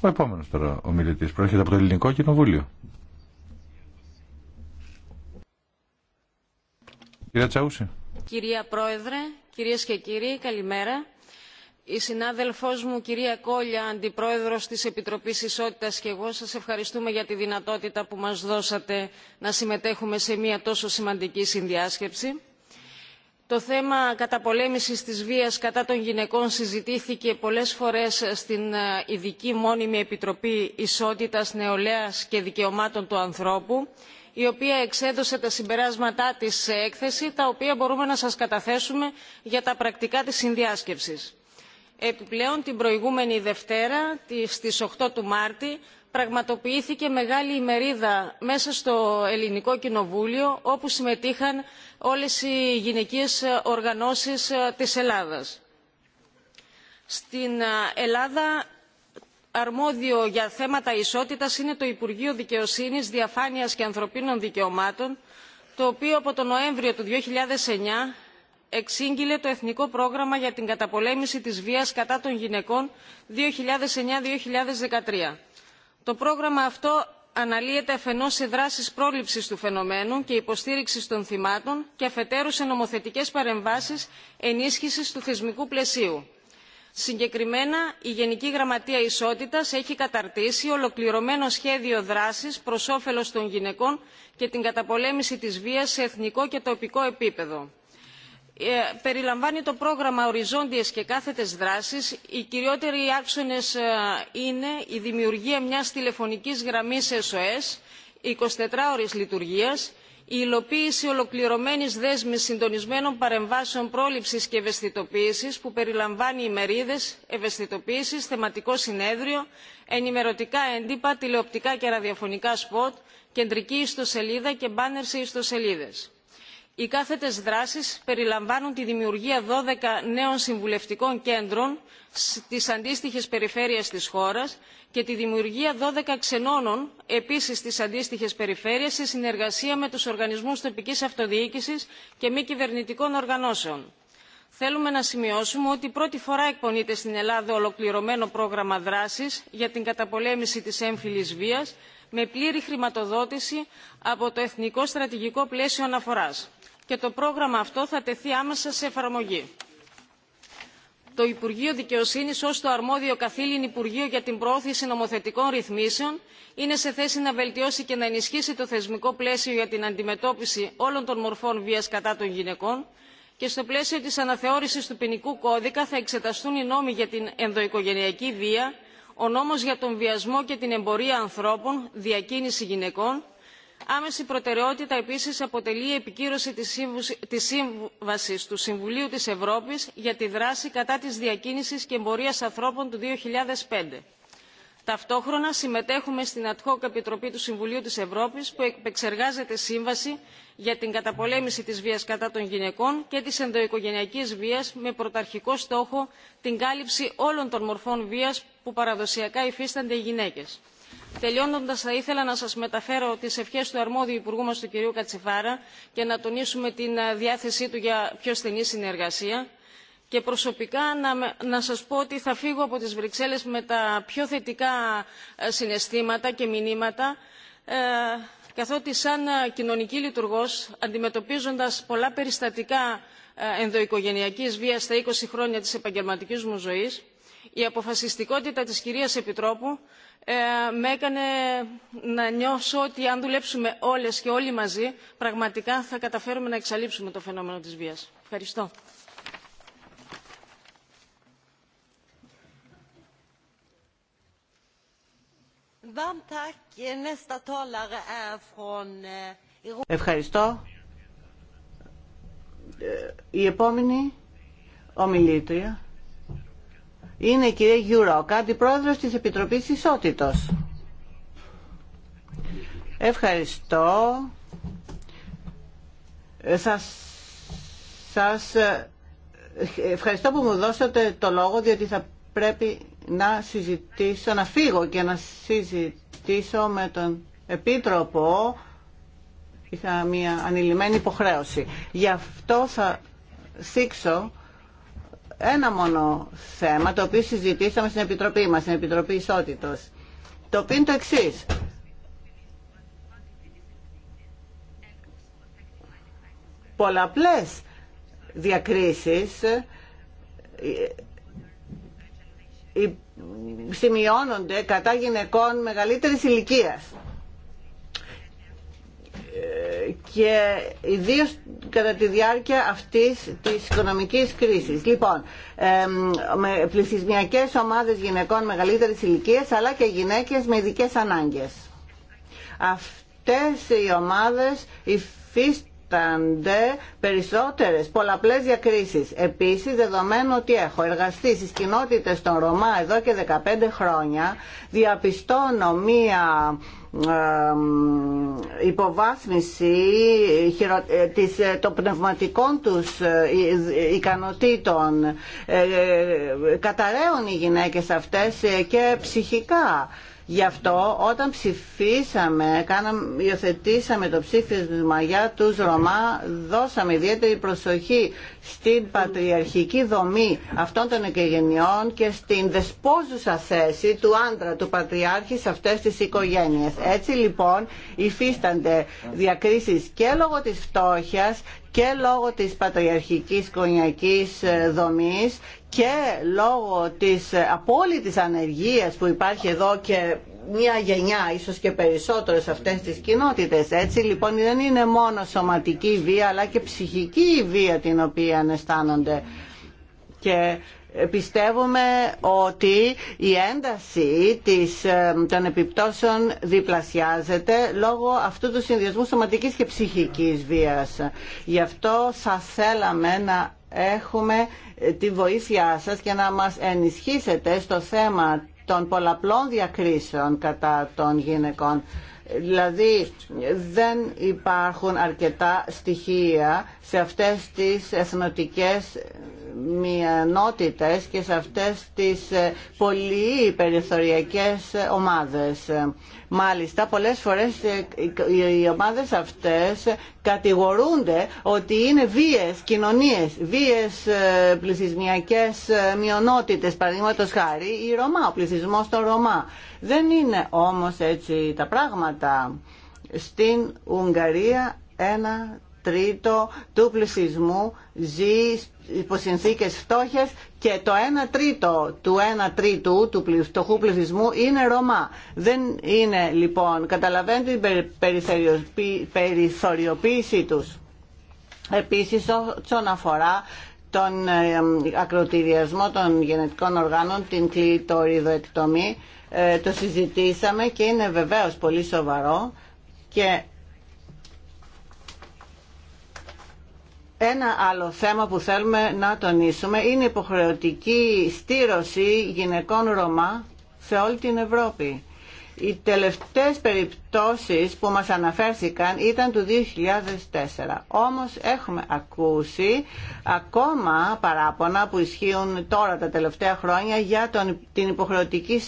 Ο επόμενος τώρα ο μιλητής προέρχεται από το Ελληνικό Κοινοβούλιο. Κυρία Τσαούση. Κυρία Πρόεδρε, κυρίες και κύριοι, καλημέρα. Η συνάδελφός μου, κυρία Κόλια, Αντιπρόεδρος της Επιτροπής Ισότητας και εγώ σας ευχαριστούμε για τη δυνατότητα που μας δώσατε να συμμετέχουμε σε μια τόσο σημαντική συνδιάσκεψη το θέμα καταπολέμησης της βίας κατά των γυναικών συζητήθηκε πολλές φορές στην ε, ειδική μόνιμη επιτροπή ισότητας νεολαίας και δικαιωμάτων του ανθρώπου η οποία εξέδωσε τα συμπεράσματά της σε έκθεση τα οποία μπορούμε να σας καταθέσουμε για τα πρακτικά της συνδιάσκεψης. επιπλέον την προηγούμενη δευτέρα στις 8 του μάρτη πραγματοποιήθηκε μεγάλη ημερίδα μέσα στο ελληνικό κοινοβούλιο όπου συμμετείχαν όλες οι γυναικείες οργανώσεις ε, της ελλάδας. στην ε, ελλάδα αρμόδιο για θέματα ισότητας είναι το υπουργείο δικαιοσύνης διαφάνειας και ανθρωπίνων δικαιωμάτων το οποίο από τον νοέμβριο του 2009 εξήγηλε το Εθνικό Πρόγραμμα για την Καταπολέμηση της Βίας κατά των Γυναικών 2009-2013 το πρόγραμμα αυτό αναλύεται αφενός σε δράσεις πρόληψης του φαινομένου και υποστήριξης των θυμάτων και αφετέρου σε νομοθετικές παρεμβάσεις ενίσχυσης του θεσμικού πλαισίου. Συγκεκριμένα, η Γενική Γραμματεία Ισότητας έχει καταρτήσει ολοκληρωμένο σχέδιο δράσης προς όφελος των γυναικών και την καταπολέμηση της βίας σε εθνικό και τοπικό επίπεδο ε, περιλαμβάνει το πρόγραμμα οριζόντιες και κάθετες δράσεις. Οι κυριότεροι άξονες ε, είναι η δημιουργία μιας τηλεφωνικής γραμμής SOS, 24 ώρες λειτουργίας, η υλοποίηση ολοκληρωμένης δέσμης συντονισμένων παρεμβάσεων πρόληψης και ευαισθητοποίησης που περιλαμβάνει ημερίδες ευαισθητοποίησης θεματικό συνέδριο ενημερωτικά έντυπα τηλεοπτικά και ραδιοφωνικά σποτ κεντρική ιστοσελίδα και μπάνερ σε ιστοσελίδες οι κάθετες δράσεις περιλαμβάνουν τη δημιουργία 12 νέων συμβουλευτικών κέντρων στις αντίστοιχες περιφέρειες της χώρας και τη δημιουργία 12 ξενώνων επίσης στις αντίστοιχες περιφέρειες σε συνεργασία με τους οργανισμούς τοπικής αυτοδιοίκησης και μη κυβερνητικών οργανώσεων. Θέλουμε να σημειώσουμε ότι πρώτη φορά εκπονείται στην Ελλάδα ολοκληρωμένο πρόγραμμα δράσης για την καταπολέμηση της έμφυλης βίας με πλήρη χρηματοδότηση από το Εθνικό Στρατηγικό Πλαίσιο Αναφοράς και το πρόγραμμα αυτό θα τεθεί άμεσα σε εφαρμογή. Το Υπουργείο Δικαιοσύνη ω το αρμόδιο καθήλυν Υπουργείο για την προώθηση νομοθετικών ρυθμίσεων είναι σε θέση να βελτιώσει και να ενισχύσει το θεσμικό πλαίσιο για την αντιμετώπιση όλων των μορφών βία κατά των γυναικών και στο πλαίσιο τη αναθεώρηση του ποινικού κώδικα θα εξεταστούν οι νόμοι για την ενδοοικογενειακή βία, ο νόμος για τον βιασμό και την εμπορία ανθρώπων, διακίνηση γυναικών, άμεση προτεραιότητα επίσης αποτελεί η επικύρωση της σύμβασης του συμβουλίου της ευρώπης για τη δράση κατά της διακίνησης και εμπορίας ανθρώπων του 2005. ταυτόχρονα συμμετέχουμε στην ad hoc επιτροπή του συμβουλίου της ευρώπης που επεξεργάζεται σύμβαση για την καταπολέμηση της βίας κατά των γυναικών και της ενδοοικογενειακής βίας με πρωταρχικό στόχο την κάλυψη όλων των μορφών βίας που παραδοσιακά υφίστανται οι γυναίκες Τελειώνοντα, θα ήθελα να σα μεταφέρω τι ευχέ του αρμόδιου Υπουργού μα, του κ. Κατσιφάρα, και να τονίσουμε την ε, διάθεσή του για πιο στενή συνεργασία. Και προσωπικά να, να σας πω ότι θα φύγω από τις Βρυξέλλες με τα πιο θετικά ε, συναισθήματα και μηνύματα ε, καθότι σαν ε, κοινωνική λειτουργός αντιμετωπίζοντας πολλά περιστατικά ενδοοικογενειακής βίας στα 20 χρόνια της επαγγελματικής μου ζωής η αποφασιστικότητα της κυρίας Επιτρόπου ε, με έκανε να νιώσω ότι αν δουλέψουμε όλες και όλοι μαζί πραγματικά θα καταφέρουμε να εξαλείψουμε το φαινόμενο της βίας. Ευχαριστώ. Eh, Ευχαριστώ. Ε, η επόμενη ομιλήτρια είναι η κυρία Γιουρόκα, αντιπρόεδρος της Επιτροπής Ισότητος. Ευχαριστώ. Ε, σας, σας ε, ευχαριστώ που μου δώσατε το λόγο, διότι θα πρέπει να συζητήσω, να φύγω και να συζητήσω με τον Επίτροπο. Είχα μια ανηλυμένη υποχρέωση. Γι' αυτό θα σήξω ένα μόνο θέμα το οποίο συζητήσαμε στην Επιτροπή μας, στην Επιτροπή Ισότητος. Το οποίο είναι το εξή. Πολλαπλές διακρίσεις ε, ε, ε, σημειώνονται κατά γυναικών μεγαλύτερης ηλικίας και ιδίω κατά τη διάρκεια αυτής της οικονομικής κρίσης. Λοιπόν, με πληθυσμιακές ομάδες γυναικών μεγαλύτερη ηλικίας αλλά και γυναίκες με ειδικέ ανάγκες. Αυτές οι ομάδες υφίστανται περισσότερες πολλαπλέ διακρίσεις. Επίσης, δεδομένου ότι έχω εργαστεί στι κοινότητε των Ρωμά εδώ και 15 χρόνια, διαπιστώνω μία υποβάθμιση ε, ε, των πνευματικών τους ε, ικανοτήτων καταραίουν οι γυναίκες αυτές και ψυχικά Γι' αυτό όταν ψηφίσαμε, κάναμε, υιοθετήσαμε το ψήφισμα για τους Ρωμά, δώσαμε ιδιαίτερη προσοχή στην πατριαρχική δομή αυτών των οικογενειών και στην δεσπόζουσα θέση του άντρα, του πατριάρχη σε αυτές τις οικογένειες. Έτσι λοιπόν υφίστανται διακρίσεις και λόγω της φτώχειας και λόγω της πατριαρχικής κονιακής ε, δομής και λόγω της απόλυτης ανεργίας που υπάρχει εδώ και μια γενιά, ίσως και περισσότερες αυτές τις κοινότητες. Έτσι λοιπόν δεν είναι μόνο σωματική βία αλλά και ψυχική βία την οποία αισθάνονται. Και ε, πιστεύουμε ότι η ένταση της, ε, των επιπτώσεων διπλασιάζεται λόγω αυτού του συνδυασμού σωματικής και ψυχικής βίας. Γι' αυτό θα θέλαμε να έχουμε ε, τη βοήθειά σας για να μας ενισχύσετε στο θέμα των πολλαπλών διακρίσεων κατά των γυναικών. Δηλαδή δεν υπάρχουν αρκετά στοιχεία σε αυτές τις εθνοτικές μειονότητες και σε αυτές τις ε, πολύ περιθωριακές ομάδες. Μάλιστα, πολλές φορές ε, οι ομάδες αυτές κατηγορούνται ότι είναι βίες κοινωνίες, βίες ε, πληθυσμιακές ε, μειονότητες, παραδείγματο χάρη η Ρωμά, ο πληθυσμός των Ρωμά. Δεν είναι όμως έτσι τα πράγματα. Στην Ουγγαρία ένα τρίτο του πληθυσμού ζει υπό φτώχε φτώχες και το 1 τρίτο του 1 τρίτου του φτωχού πληθυσμού είναι Ρωμά. Δεν είναι λοιπόν, καταλαβαίνετε την περιθωριοποίησή τους. Επίσης όσον αφορά τον ε, ακροτηριασμό των γενετικών οργάνων, την κλειτοριδοεκτομή, ε, το συζητήσαμε και είναι βεβαίως πολύ σοβαρό και Ένα άλλο θέμα που θέλουμε να τονίσουμε είναι η υποχρεωτική στήρωση γυναικών Ρωμά σε όλη την Ευρώπη. Οι τελευταίες περιπτώσεις που μας αναφέρθηκαν ήταν του 2004. Όμως έχουμε ακούσει ακόμα παράπονα που ισχύουν τώρα τα τελευταία χρόνια για τον, την υποχρεωτική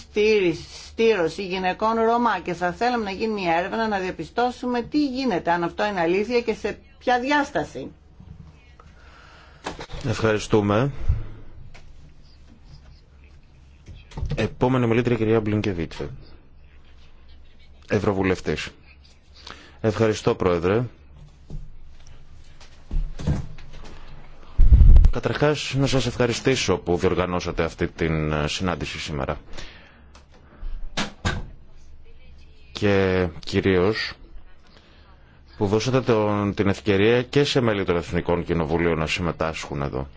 στήρωση γυναικών Ρωμά και θα θέλαμε να γίνει μια έρευνα να διαπιστώσουμε τι γίνεται, αν αυτό είναι αλήθεια και σε ποια διάσταση. Ευχαριστούμε. Επόμενη μιλήτρια κυρία Μπλινκεβίτσε. Ευρωβουλευτής. Ευχαριστώ πρόεδρε. Καταρχάς να σας ευχαριστήσω που διοργανώσατε αυτή την ε, συνάντηση σήμερα. Και κυρίως που δώσατε τον, την ευκαιρία και σε μέλη των Εθνικών Κοινοβουλίων να συμμετάσχουν εδώ.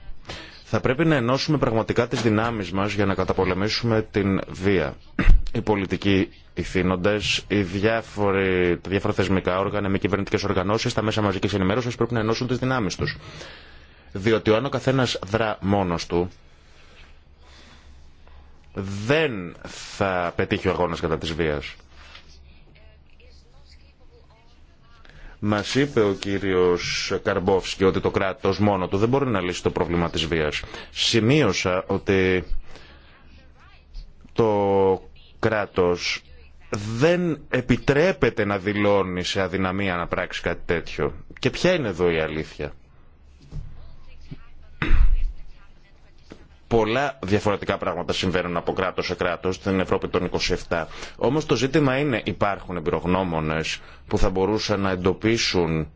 Θα πρέπει να ενώσουμε πραγματικά τις δυνάμεις μας για να καταπολεμήσουμε την βία. Οι πολιτικοί θύνοντες, οι διάφοροι, τα διάφορα θεσμικά όργανα, μη κυβερνητικέ οργανώσεις, τα μέσα μαζικής ενημέρωσης πρέπει να ενώσουν τις δυνάμεις τους. Διότι αν ο καθένας δρά μόνος του, δεν θα πετύχει ο αγώνας κατά της βίας. Μας είπε ο κύριος Καρμπόφσκι ότι το κράτος μόνο του δεν μπορεί να λύσει το πρόβλημα της βίας. Σημείωσα ότι το κράτος δεν επιτρέπεται να δηλώνει σε αδυναμία να πράξει κάτι τέτοιο. Και ποια είναι εδώ η αλήθεια. πολλά διαφορετικά πράγματα συμβαίνουν από κράτο σε κράτο στην Ευρώπη των 27. Όμω το ζήτημα είναι, υπάρχουν εμπειρογνώμονε που θα μπορούσαν να εντοπίσουν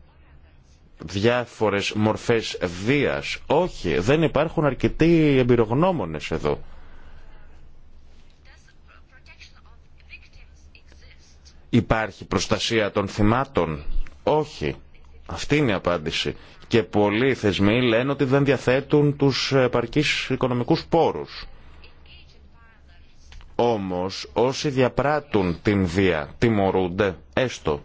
διάφορε μορφέ βία. Όχι, δεν υπάρχουν αρκετοί εμπειρογνώμονε εδώ. Υπάρχει προστασία των θυμάτων. Όχι. Αυτή είναι η απάντηση. Και πολλοί θεσμοί λένε ότι δεν διαθέτουν τους επαρκείς οικονομικούς πόρους. Όμως όσοι διαπράττουν την βία τιμωρούνται έστω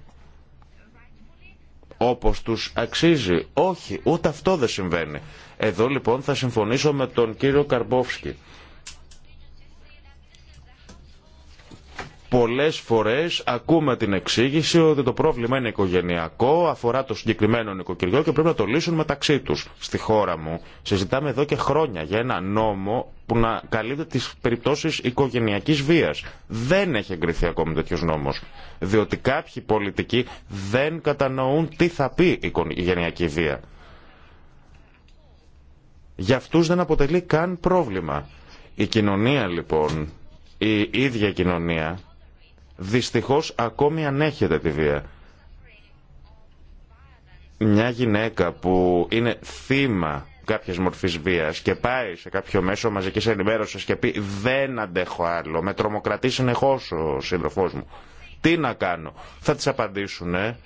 όπως τους αξίζει. Όχι, ούτε αυτό δεν συμβαίνει. Εδώ λοιπόν θα συμφωνήσω με τον κύριο Καρμπόφσκι. Πολλές φορές ακούμε την εξήγηση ότι το πρόβλημα είναι οικογενειακό, αφορά το συγκεκριμένο νοικοκυριό και πρέπει να το λύσουν μεταξύ τους. Στη χώρα μου συζητάμε εδώ και χρόνια για ένα νόμο που να καλύπτει τις περιπτώσεις οικογενειακής βίας. Δεν έχει εγκριθεί ακόμη τέτοιο νόμος, διότι κάποιοι πολιτικοί δεν κατανοούν τι θα πει η οικογενειακή βία. Για αυτούς δεν αποτελεί καν πρόβλημα. Η κοινωνία λοιπόν, η ίδια κοινωνία δυστυχώς ακόμη ανέχεται τη βία. Μια γυναίκα που είναι θύμα κάποιες μορφή βία και πάει σε κάποιο μέσο μαζική ενημέρωση και πει Δεν αντέχω άλλο, με τρομοκρατεί συνεχώ ο σύντροφό μου. Τι να κάνω, θα τη απαντήσουν, ε?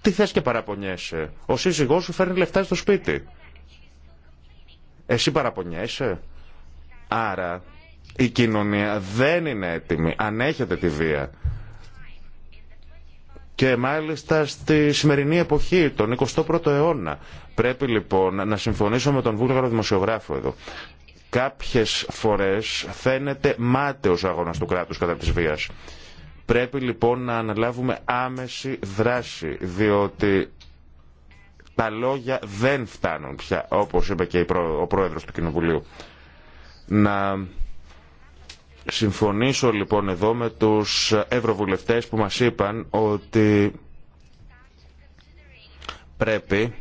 Τι θε και παραπονιέσαι. Ο σύζυγό σου φέρνει λεφτά στο σπίτι. Εσύ παραπονιέσαι. Άρα η κοινωνία δεν είναι έτοιμη, ανέχεται τη βία. Και μάλιστα στη σημερινή εποχή, τον 21ο αιώνα. Πρέπει λοιπόν να συμφωνήσω με τον βούλγαρο δημοσιογράφο εδώ. Κάποιες φορές φαίνεται μάταιος αγώνας του κράτους κατά της βίας. Πρέπει λοιπόν να αναλάβουμε άμεση δράση, διότι τα λόγια δεν φτάνουν πια, όπως είπε και ο πρόεδρος του Κοινοβουλίου. Να συμφωνήσω λοιπόν εδώ με τους ευρωβουλευτές που μας είπαν ότι πρέπει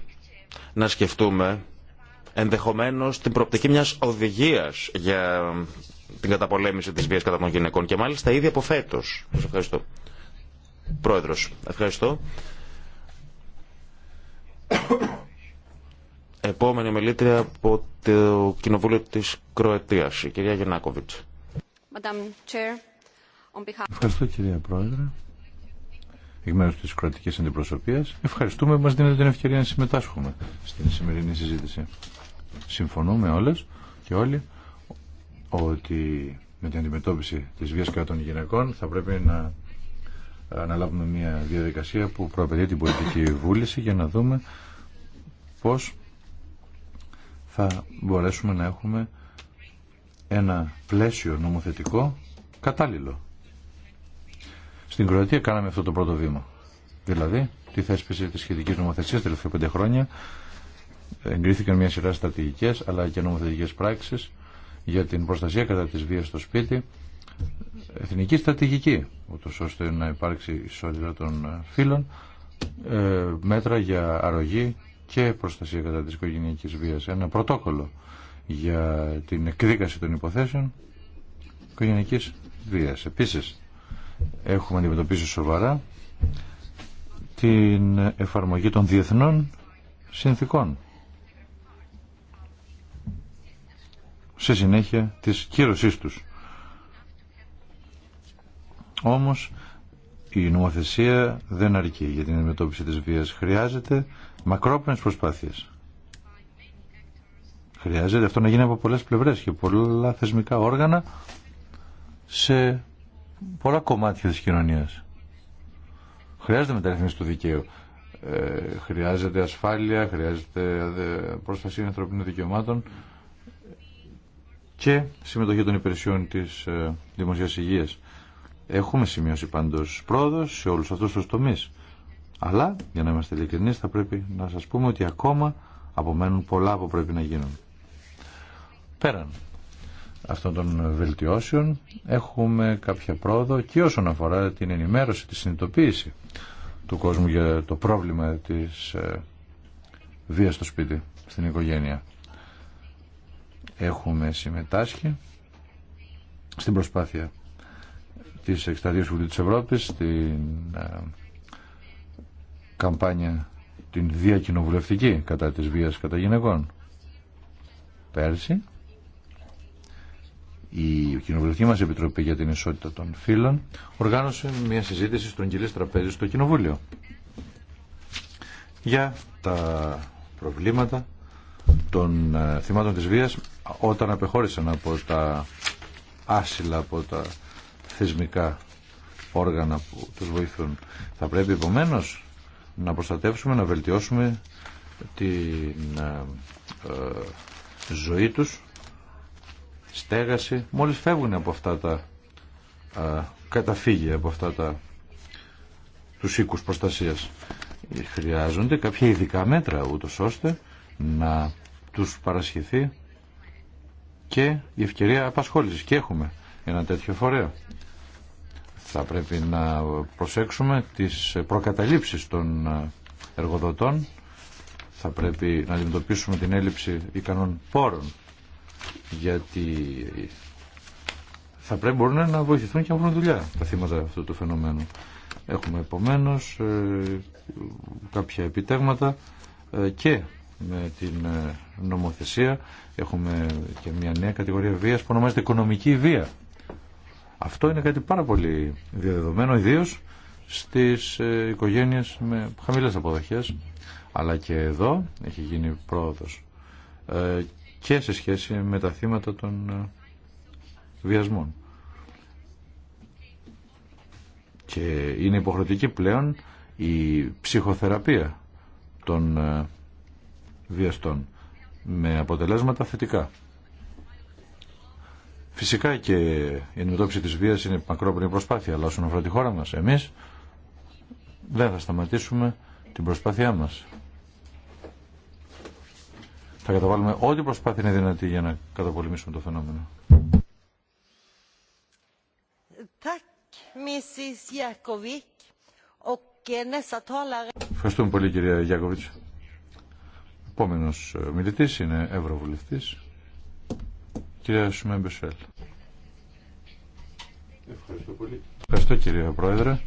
να σκεφτούμε ενδεχομένως την προοπτική μιας οδηγίας για την καταπολέμηση της βίας κατά των γυναικών και μάλιστα ήδη από φέτος. Σας ευχαριστώ. Πρόεδρος, ευχαριστώ. Επόμενη μελήτρια από το Κοινοβούλιο της Κροατίας, η κυρία Γεννάκοβιτς. Ευχαριστώ κυρία Πρόεδρε. Εκ μέρους της κρατικής αντιπροσωπείας ευχαριστούμε που μας δίνετε την ευκαιρία να συμμετάσχουμε στην σημερινή συζήτηση. Συμφωνούμε όλες και όλοι ότι με την αντιμετώπιση της βίας κατά των γυναικών θα πρέπει να αναλάβουμε μια διαδικασία που προαπαιτεί την πολιτική βούληση για να δούμε πώς θα μπορέσουμε να έχουμε ένα πλαίσιο νομοθετικό κατάλληλο. Στην Κροατία κάναμε αυτό το πρώτο βήμα. Δηλαδή, τη θέσπιση της σχετικής νομοθεσίας τελευταία πέντε χρόνια εγκρίθηκαν μια σειρά στρατηγικέ, αλλά και νομοθετικέ πράξει για την προστασία κατά τη βία στο σπίτι εθνική στρατηγική ούτω ώστε να υπάρξει ισότητα των φύλων ε, μέτρα για αρρωγή και προστασία κατά τη οικογένειακή βία, ένα πρωτόκολλο για την εκδίκαση των υποθέσεων οικογενειακής βία. Επίσης, έχουμε αντιμετωπίσει σοβαρά την εφαρμογή των διεθνών συνθήκων. Σε συνέχεια της κύρωσής τους. Όμως η νομοθεσία δεν αρκεί για την αντιμετώπιση της βίας. Χρειάζεται μακρόπνες προσπάθειες. Χρειάζεται αυτό να γίνει από πολλές πλευρές και πολλά θεσμικά όργανα σε πολλά κομμάτια της κοινωνίας. Χρειάζεται μεταρρύθμιση του δικαίου. Ε, χρειάζεται ασφάλεια, χρειάζεται ε, πρόσφαση ανθρωπίνων δικαιωμάτων και συμμετοχή των υπηρεσιών της ε, δημοσίας υγείας. Έχουμε σημειώσει πάντως πρόοδο σε όλους αυτούς τους τομείς. Αλλά, για να είμαστε ειλικρινείς, θα πρέπει να σας πούμε ότι ακόμα απομένουν πολλά που πρέπει να γίνουν. Πέραν αυτών των βελτιώσεων έχουμε κάποια πρόοδο και όσον αφορά την ενημέρωση, τη συνειδητοποίηση του κόσμου για το πρόβλημα της ε, βίας στο σπίτι, στην οικογένεια. Έχουμε συμμετάσχει στην προσπάθεια της Εκσταδίας Βουλή της Ευρώπης, στην ε, καμπάνια την διακοινοβουλευτική κατά της βίας κατά γυναικών. Πέρσι η κοινοβουλευτική μας Επιτροπή για την Ισότητα των Φύλων οργάνωσε μια συζήτηση στον κυρίε τραπέζι στο Κοινοβούλιο για τα προβλήματα των ε, θυμάτων της βίας όταν απεχώρησαν από τα άσυλα, από τα θεσμικά όργανα που τους βοηθούν. Θα πρέπει επομένω να προστατεύσουμε, να βελτιώσουμε την ε, ε, ζωή τους στέγαση, μόλις φεύγουν από αυτά τα καταφύγια, από αυτά τα τους οίκους προστασίας. Ε, χρειάζονται κάποια ειδικά μέτρα ούτως ώστε να τους παρασχεθεί και η ευκαιρία απασχόλησης. Και έχουμε ένα τέτοιο φορέα. Θα πρέπει να προσέξουμε τις προκαταλήψεις των εργοδοτών. Θα πρέπει να αντιμετωπίσουμε την έλλειψη ικανών πόρων γιατί θα πρέπει μπορούν να βοηθηθούν και να βρουν δουλειά τα θύματα αυτού του φαινομένου. Έχουμε επομένως ε, κάποια επιτέγματα ε, και με την ε, νομοθεσία έχουμε και μια νέα κατηγορία βίας που ονομάζεται οικονομική βία. Αυτό είναι κάτι πάρα πολύ διαδεδομένο ιδίω στις οικογένειες με χαμηλές αποδοχές αλλά και εδώ έχει γίνει πρόοδος και σε σχέση με τα θύματα των ε, βιασμών. Και είναι υποχρεωτική πλέον η ψυχοθεραπεία των ε, βιαστών με αποτελέσματα θετικά. Φυσικά και η αντιμετώπιση της βίας είναι μακρόπνη προσπάθεια, αλλά όσον αφορά τη χώρα μας, εμείς δεν θα σταματήσουμε την προσπάθειά μας θα καταβάλουμε ό,τι προσπάθεια είναι δυνατή για να καταπολεμήσουμε το φαινόμενο. Ευχαριστούμε πολύ κυρία Γιάκοβιτς. Επόμενος ε, μιλητής είναι Ευρωβουλευτής, κυρία Σουμέμπεσφέλ. Ευχαριστώ πολύ. Ευχαριστώ κυρία Πρόεδρε.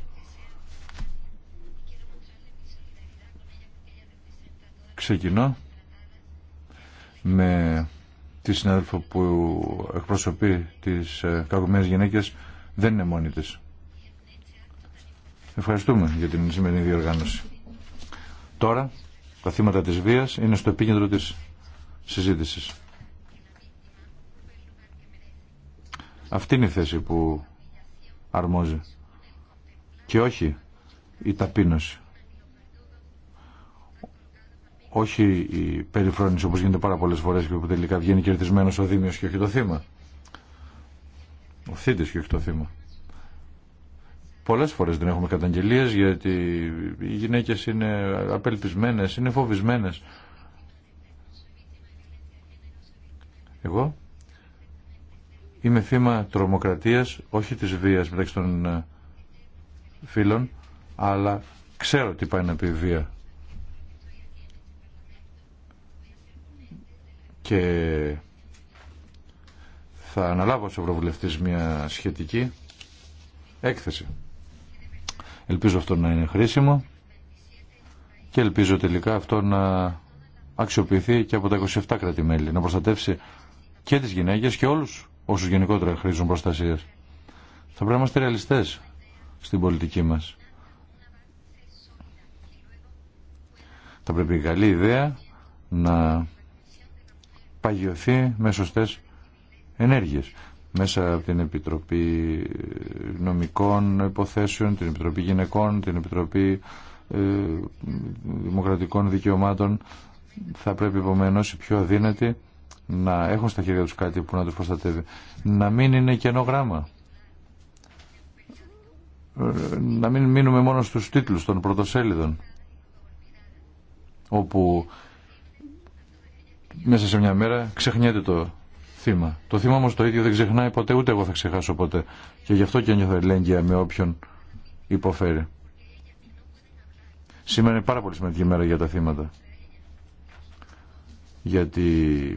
Ξεκινώ με τη συνάδελφο που εκπροσωπεί τις ε, κακομένες γυναίκες δεν είναι μόνη της. Ευχαριστούμε για την σημερινή διοργάνωση. Τώρα τα θύματα της βίας είναι στο επίκεντρο της συζήτησης. Αυτή είναι η θέση που αρμόζει και όχι η ταπείνωση όχι η περιφρόνηση όπως γίνεται πάρα πολλές φορές και που τελικά βγαίνει κερδισμένος ο Δήμιος και όχι το θύμα. Ο θήτης και όχι το θύμα. Πολλές φορές δεν έχουμε καταγγελίες γιατί οι γυναίκες είναι απελπισμένες, είναι φοβισμένες. Εγώ είμαι θύμα τρομοκρατίας, όχι της βίας μεταξύ των ε, φίλων, αλλά ξέρω τι πάει να πει βία και θα αναλάβω ως Ευρωβουλευτής μια σχετική έκθεση. Ελπίζω αυτό να είναι χρήσιμο και ελπίζω τελικά αυτό να αξιοποιηθεί και από τα 27 κράτη-μέλη, να προστατεύσει και τις γυναίκες και όλους όσους γενικότερα χρήζουν προστασίας. Θα πρέπει να είμαστε ρεαλιστές στην πολιτική μας. Θα πρέπει η καλή ιδέα να παγιωθεί με σωστές ενέργειες. Μέσα από την Επιτροπή Νομικών Υποθέσεων, την Επιτροπή Γυναικών, την Επιτροπή ε, Δημοκρατικών Δικαιωμάτων θα πρέπει επομένω οι πιο αδύνατοι να έχουν στα χέρια τους κάτι που να τους προστατεύει. Να μην είναι κενό γράμμα. Να μην μείνουμε μόνο στους τίτλους των πρωτοσέλιδων όπου μέσα σε μια μέρα ξεχνιέται το θύμα. Το θύμα όμως το ίδιο δεν ξεχνάει ποτέ, ούτε εγώ θα ξεχάσω ποτέ. Και γι' αυτό και νιώθω ελέγγυα με όποιον υποφέρει. Σήμερα είναι πάρα πολύ σημαντική μέρα για τα θύματα. Γιατί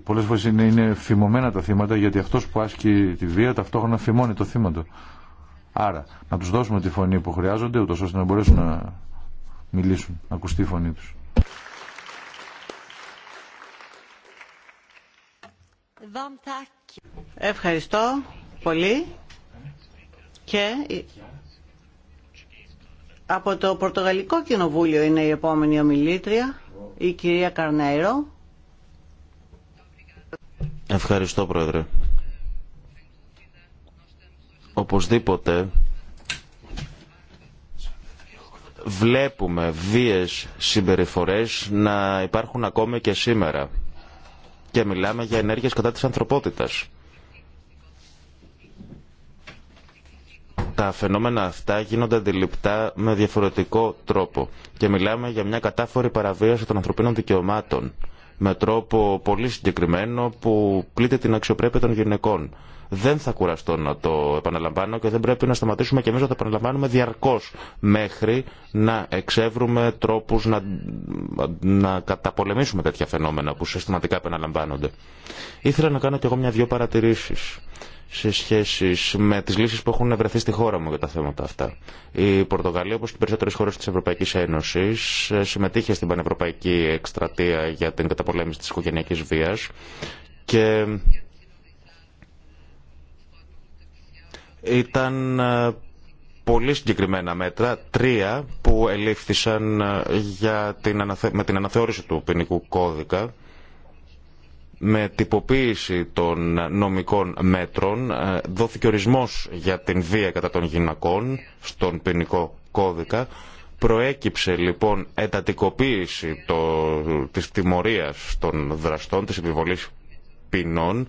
πολλές φορές είναι, είναι φημωμένα τα θύματα γιατί αυτός που άσκει τη βία ταυτόχρονα φημώνει το θύμα του. Άρα να τους δώσουμε τη φωνή που χρειάζονται ούτως ώστε να μπορέσουν να μιλήσουν, να ακουστεί η φωνή τους. Ευχαριστώ πολύ και από το Πορτογαλικό Κοινοβούλιο είναι η επόμενη ομιλήτρια, η κυρία Καρνέιρο. Ευχαριστώ Πρόεδρε. Οπωσδήποτε βλέπουμε βίες συμπεριφορές να υπάρχουν ακόμη και σήμερα και μιλάμε για ενέργειες κατά της ανθρωπότητας. τα φαινόμενα αυτά γίνονται αντιληπτά με διαφορετικό τρόπο και μιλάμε για μια κατάφορη παραβίαση των ανθρωπίνων δικαιωμάτων με τρόπο πολύ συγκεκριμένο που πλήττει την αξιοπρέπεια των γυναικών. Δεν θα κουραστώ να το επαναλαμβάνω και δεν πρέπει να σταματήσουμε και εμείς να το επαναλαμβάνουμε διαρκώς μέχρι να εξεύρουμε τρόπους να, να καταπολεμήσουμε τέτοια φαινόμενα που συστηματικά επαναλαμβάνονται. Ήθελα να κάνω κι εγώ μια-δυο παρατηρήσεις σε σχέση με τις λύσεις που έχουν βρεθεί στη χώρα μου για τα θέματα αυτά. Η Πορτογαλία, όπω και οι περισσότερε χώρε της Ευρωπαϊκής Ένωσης, συμμετείχε στην Πανευρωπαϊκή Εκστρατεία για την καταπολέμηση της οικογένειακή βίας και ήταν ε, πολύ συγκεκριμένα μέτρα, τρία που ελήφθησαν ε, για την με την αναθεώρηση του ποινικού κώδικα με τυποποίηση των νομικών μέτρων ε, δόθηκε ορισμός για την βία κατά των γυναικών στον ποινικό κώδικα. Προέκυψε λοιπόν εντατικοποίηση το, της τιμωρίας των δραστών, της επιβολής ποινών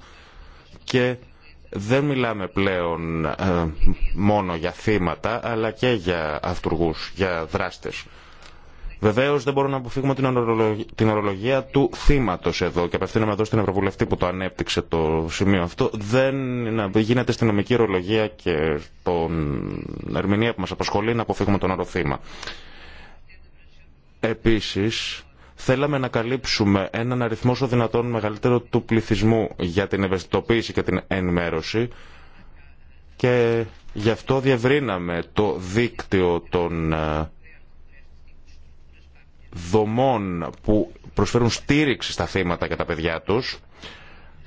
και δεν μιλάμε πλέον ε, μόνο για θύματα αλλά και για αυτούργους, για δράστες. Βεβαίω δεν μπορούμε να αποφύγουμε την ορολογία του θύματο εδώ και απευθύνομαι εδώ στην Ευρωβουλευτή που το ανέπτυξε το σημείο αυτό. Δεν γίνεται στην νομική ορολογία και την ερμηνεία που μα απασχολεί να αποφύγουμε τον όρο θύμα. Επίση, θέλαμε να καλύψουμε έναν αριθμό όσο δυνατόν μεγαλύτερο του πληθυσμού για την ευαισθητοποίηση και την ενημέρωση και γι' αυτό διευρύναμε το δίκτυο των ε, δομών που προσφέρουν στήριξη στα θύματα και τα παιδιά τους,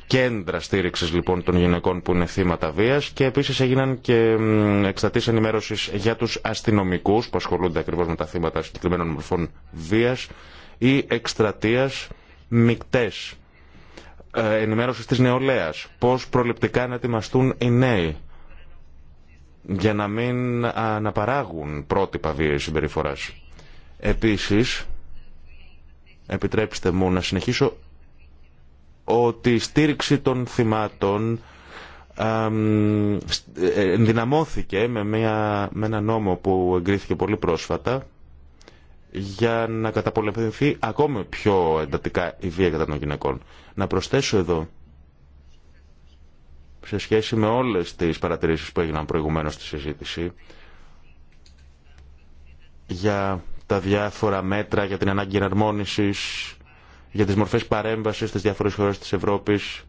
κέντρα στήριξης λοιπόν των γυναικών που είναι θύματα βίας και επίσης έγιναν και εξτατείς ενημέρωσης για τους αστυνομικούς που ασχολούνται ακριβώς με τα θύματα συγκεκριμένων μορφών βίας ή εκστρατείας μικτές ε, ενημέρωσης της νεολαίας, πώς προληπτικά να ετοιμαστούν οι νέοι για να μην αναπαράγουν πρότυπα βίας συμπεριφοράς. Επίσης, επιτρέψτε μου να συνεχίσω, ότι η στήριξη των θυμάτων ε, ε, ενδυναμώθηκε με, μια, με ένα νόμο που εγκρίθηκε πολύ πρόσφατα για να καταπολεμηθεί ακόμη πιο εντατικά η βία κατά των γυναικών. Να προσθέσω εδώ σε σχέση με όλες τις παρατηρήσεις που έγιναν προηγουμένως στη συζήτηση για τα διάφορα μέτρα για την ανάγκη εναρμόνισης, για τις μορφές παρέμβασης στις διάφορες χώρες της Ευρώπης,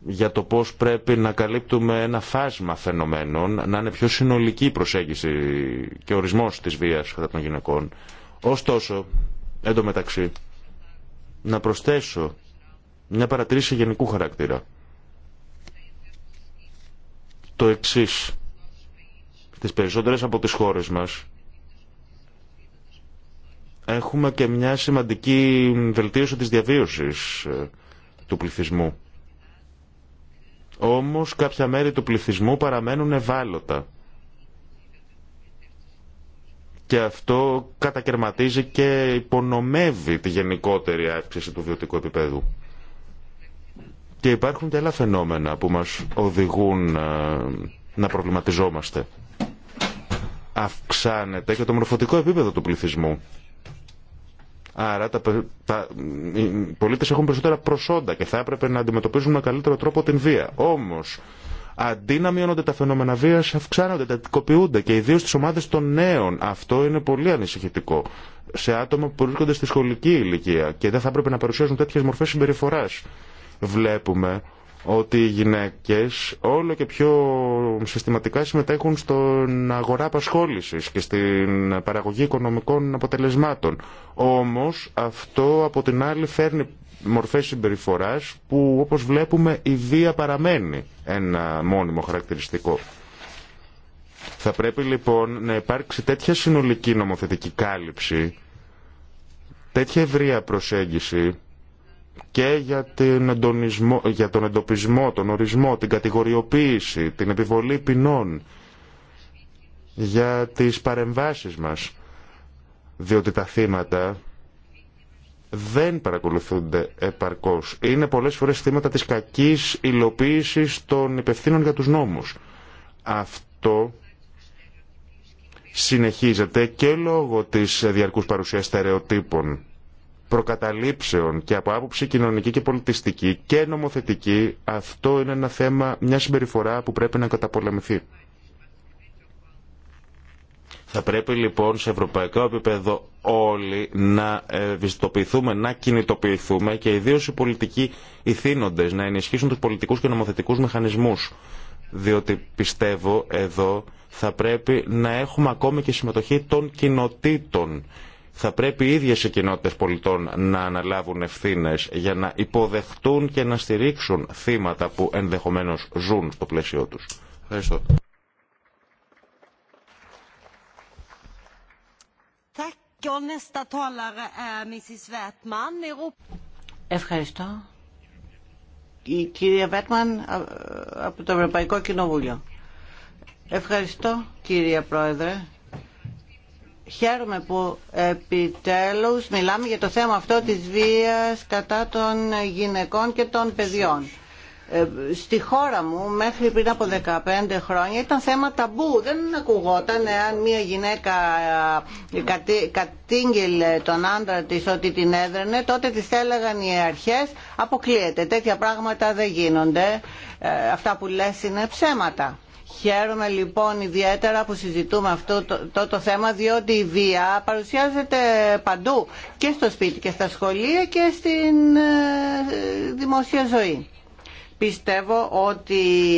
για το πώς πρέπει να καλύπτουμε ένα φάσμα φαινομένων, να είναι πιο συνολική προσέγγιση και ορισμός της βίας κατά των γυναικών. Ωστόσο, μεταξύ, να προσθέσω μια παρατήρηση γενικού χαρακτήρα. Το εξής. Στις περισσότερες από τις χώρες μας έχουμε και μια σημαντική βελτίωση της διαβίωσης ε, του πληθυσμού. Όμως κάποια μέρη του πληθυσμού παραμένουν ευάλωτα. Και αυτό κατακαιρματίζει και υπονομεύει τη γενικότερη αύξηση του βιωτικού επίπεδου. Και υπάρχουν και άλλα φαινόμενα που μας οδηγούν ε, να προβληματιζόμαστε αυξάνεται και το μορφωτικό επίπεδο του πληθυσμού. Άρα τα, οι πολίτες έχουν περισσότερα προσόντα και θα έπρεπε να αντιμετωπίζουν με καλύτερο τρόπο την βία. Όμως, αντί να μειώνονται τα φαινόμενα βίας, αυξάνονται, τα αντικοποιούνται και ιδίως στις ομάδες των νέων. Αυτό είναι πολύ ανησυχητικό. Σε άτομα που βρίσκονται στη σχολική ηλικία και δεν θα έπρεπε να παρουσιάζουν τέτοιες μορφές συμπεριφοράς. Βλέπουμε ότι οι γυναίκες όλο και πιο συστηματικά συμμετέχουν στον αγορά απασχόλησης και στην παραγωγή οικονομικών αποτελεσμάτων. Όμως αυτό από την άλλη φέρνει μορφές συμπεριφοράς που όπως βλέπουμε η βία παραμένει ένα μόνιμο χαρακτηριστικό. Θα πρέπει λοιπόν να υπάρξει τέτοια συνολική νομοθετική κάλυψη, τέτοια ευρεία προσέγγιση και για, για τον εντοπισμό, τον ορισμό, την κατηγοριοποίηση, την επιβολή ποινών, για τις παρεμβάσεις μας, διότι τα θύματα δεν παρακολουθούνται επαρκώς. Είναι πολλές φορές θύματα της κακής υλοποίησης των υπευθύνων για τους νόμους. Αυτό συνεχίζεται και λόγω της διαρκούς παρουσίας στερεοτύπων προκαταλήψεων και από άποψη κοινωνική και πολιτιστική και νομοθετική, αυτό είναι ένα θέμα, μια συμπεριφορά που πρέπει να καταπολεμηθεί. Θα πρέπει λοιπόν σε ευρωπαϊκό επίπεδο όλοι να ε, ευαισθητοποιηθούμε, να κινητοποιηθούμε και ιδίως οι πολιτικοί ηθήνοντες να ενισχύσουν τους πολιτικούς και νομοθετικούς μηχανισμούς. Διότι πιστεύω εδώ θα πρέπει να έχουμε ακόμη και συμμετοχή των κοινοτήτων θα πρέπει οι ίδιες οι κοινότητες πολιτών να αναλάβουν ευθύνες για να υποδεχτούν και να στηρίξουν θύματα που ενδεχομένως ζουν στο πλαίσιο τους. Ευχαριστώ. Ευχαριστώ. Η κυρία Βέτμαν ε, από το Ευρωπαϊκό Κοινοβούλιο. Ευχαριστώ κύριε Πρόεδρε. Χαίρομαι που επιτέλους μιλάμε για το θέμα αυτό της βίας κατά των γυναικών και των παιδιών. Ε, στη χώρα μου μέχρι πριν από 15 χρόνια ήταν θέμα ταμπού. Δεν ακουγόταν αν μια γυναίκα ε, κατήγγειλε τον άντρα της ότι την έδρανε. Τότε της έλεγαν οι αρχές αποκλείεται. Τέτοια πράγματα δεν γίνονται. Ε, αυτά που λες είναι ψέματα. Χαίρομαι λοιπόν ιδιαίτερα που συζητούμε αυτό το, το, θέμα διότι η βία παρουσιάζεται παντού και στο σπίτι και στα σχολεία και στην ε, δημόσια ζωή. Πιστεύω ότι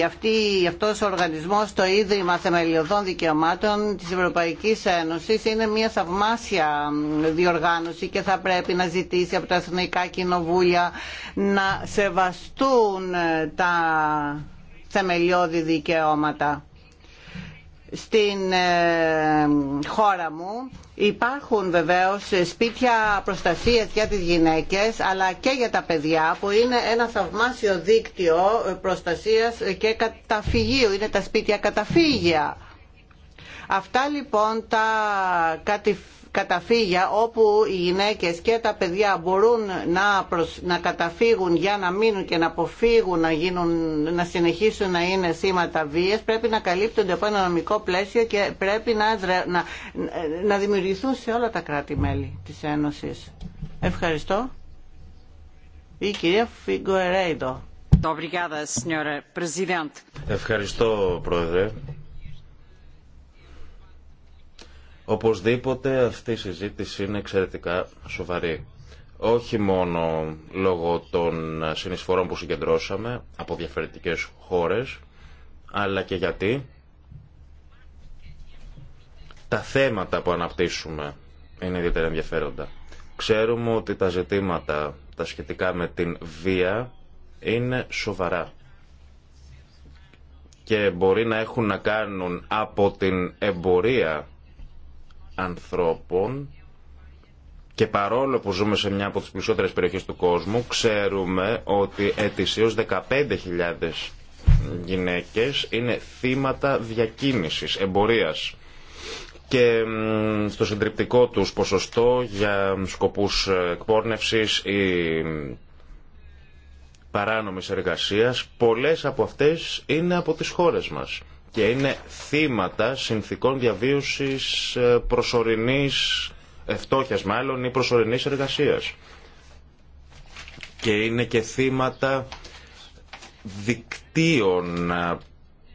αυτή, αυτός ο οργανισμός, το Ίδρυμα Θεμελιωδών Δικαιωμάτων της Ευρωπαϊκής Ένωσης είναι μια θαυμάσια διοργάνωση και θα πρέπει να ζητήσει από τα εθνικά κοινοβούλια να σεβαστούν ε, τα θεμελιώδη δικαιώματα. Στην ε, χώρα μου υπάρχουν βεβαίως σπίτια προστασίας για τις γυναίκες αλλά και για τα παιδιά που είναι ένα θαυμάσιο δίκτυο προστασίας και καταφυγίου. Είναι τα σπίτια καταφύγια. Αυτά λοιπόν τα κάτι καταφύγια όπου οι γυναίκες και τα παιδιά μπορούν να, να καταφύγουν για να μείνουν και να αποφύγουν να, γίνουν... να συνεχίσουν να είναι σήματα βίας πρέπει να καλύπτονται από ένα νομικό πλαίσιο και πρέπει να, να... να δημιουργηθούν σε όλα τα κράτη-μέλη της Ένωσης. Ευχαριστώ. Η κυρία Φιγκοερέιδο. Ευχαριστώ, Πρόεδρε. Οπωσδήποτε αυτή η συζήτηση είναι εξαιρετικά σοβαρή. Όχι μόνο λόγω των συνεισφορών που συγκεντρώσαμε από διαφορετικές χώρες, αλλά και γιατί τα θέματα που αναπτύσσουμε είναι ιδιαίτερα ενδιαφέροντα. Ξέρουμε ότι τα ζητήματα τα σχετικά με την βία είναι σοβαρά και μπορεί να έχουν να κάνουν από την εμπορία ανθρώπων και παρόλο που ζούμε σε μια από τις πλουσιότερες περιοχές του κόσμου, ξέρουμε ότι ετησίως 15.000 γυναίκες είναι θύματα διακίνησης, εμπορίας. Και στο συντριπτικό τους ποσοστό για σκοπούς ε, εκπόρνευσης ή παράνομης εργασίας, πολλές από αυτές είναι από τις χώρες μας και είναι θύματα συνθήκων διαβίωσης ε, προσωρινής ευτόχειας μάλλον ή προσωρινής εργασίας. Και είναι και θύματα δικτύων ε,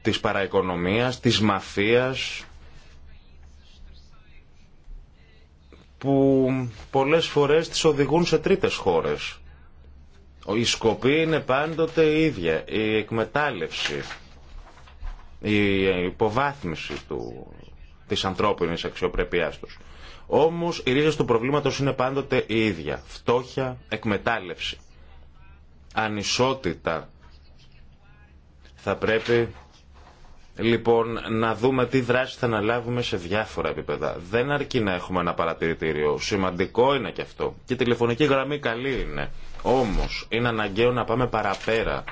της παραοικονομίας, της μαφίας που πολλές φορές τις οδηγούν σε τρίτες χώρες. Η σκοπή είναι πάντοτε η ίδια, η εκμετάλλευση η υποβάθμιση του, της ανθρώπινης αξιοπρέπειάς τους. Όμως οι ρίζες του προβλήματος είναι πάντοτε η ίδια. Φτώχεια, εκμετάλλευση, ανισότητα. Θα πρέπει Λοιπόν, να δούμε τι δράση θα αναλάβουμε σε διάφορα επίπεδα. Δεν αρκεί να έχουμε ένα παρατηρητήριο. Σημαντικό είναι και αυτό. Και η τηλεφωνική γραμμή καλή είναι. Όμω, είναι αναγκαίο να πάμε παραπέρα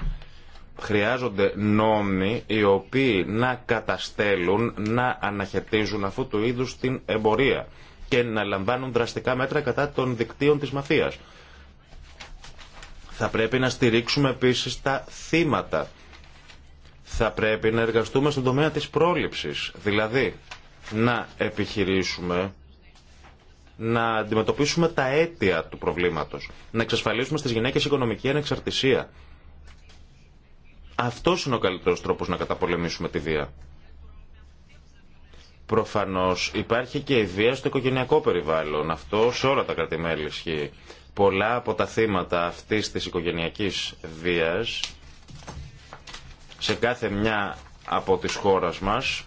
Χρειάζονται νόμοι οι οποίοι να καταστέλουν, να αναχαιτίζουν αυτού του είδους την εμπορία και να λαμβάνουν δραστικά μέτρα κατά των δικτύων της μαφίας. Θα πρέπει να στηρίξουμε επίσης τα θύματα. Θα πρέπει να εργαστούμε στον τομέα της πρόληψης, δηλαδή να επιχειρήσουμε να αντιμετωπίσουμε τα αίτια του προβλήματος, να εξασφαλίσουμε στις γυναίκες οικονομική ανεξαρτησία, αυτός είναι ο καλύτερος τρόπος να καταπολεμήσουμε τη βία. Προφανώς υπάρχει και η βία στο οικογενειακό περιβάλλον. Αυτό σε όλα τα κρατημέλη ισχύει. Πολλά από τα θύματα αυτής της οικογενειακής βίας σε κάθε μια από τις χώρες μας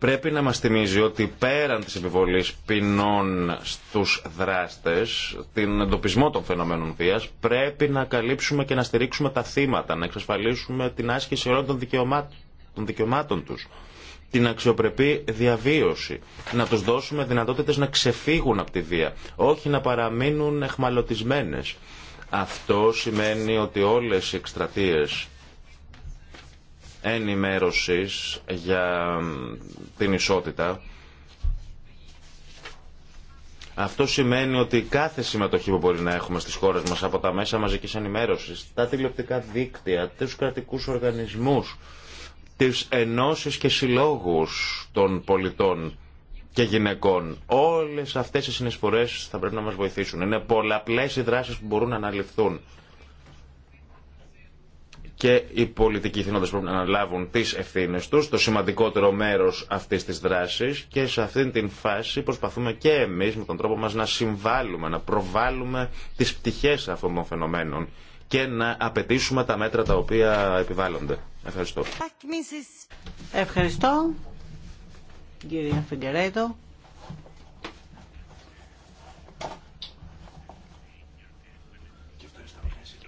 πρέπει να μας θυμίζει ότι πέραν της επιβολής ποινών στους δράστες, την εντοπισμό των φαινομένων βίας, πρέπει να καλύψουμε και να στηρίξουμε τα θύματα, να εξασφαλίσουμε την άσκηση όλων των, δικαιωμάτων, των δικαιωμάτων τους, την αξιοπρεπή διαβίωση, να τους δώσουμε δυνατότητες να ξεφύγουν από τη βία, όχι να παραμείνουν εχμαλωτισμένες. Αυτό σημαίνει ότι όλες οι εκστρατείες ενημέρωσης για την ισότητα. Αυτό σημαίνει ότι κάθε συμμετοχή που μπορεί να έχουμε στις χώρες μας από τα μέσα μαζικής ενημέρωσης, τα τηλεοπτικά δίκτυα, τους κρατικούς οργανισμούς, τις ενώσεις και συλλόγους των πολιτών και γυναικών. Όλες αυτές οι συνεισφορές θα πρέπει να μας βοηθήσουν. Είναι πολλαπλές οι δράσεις που μπορούν να αναλυφθούν και οι πολιτικοί θυνόντες πρέπει να αναλάβουν τις ευθύνε τους, το σημαντικότερο μέρος αυτή της δράσης και σε αυτήν την φάση προσπαθούμε και εμείς με τον τρόπο μας να συμβάλλουμε, να προβάλλουμε τις πτυχές αυτών των φαινομένων και να απαιτήσουμε τα μέτρα τα οποία επιβάλλονται. Ευχαριστώ. Ευχαριστώ, κύριε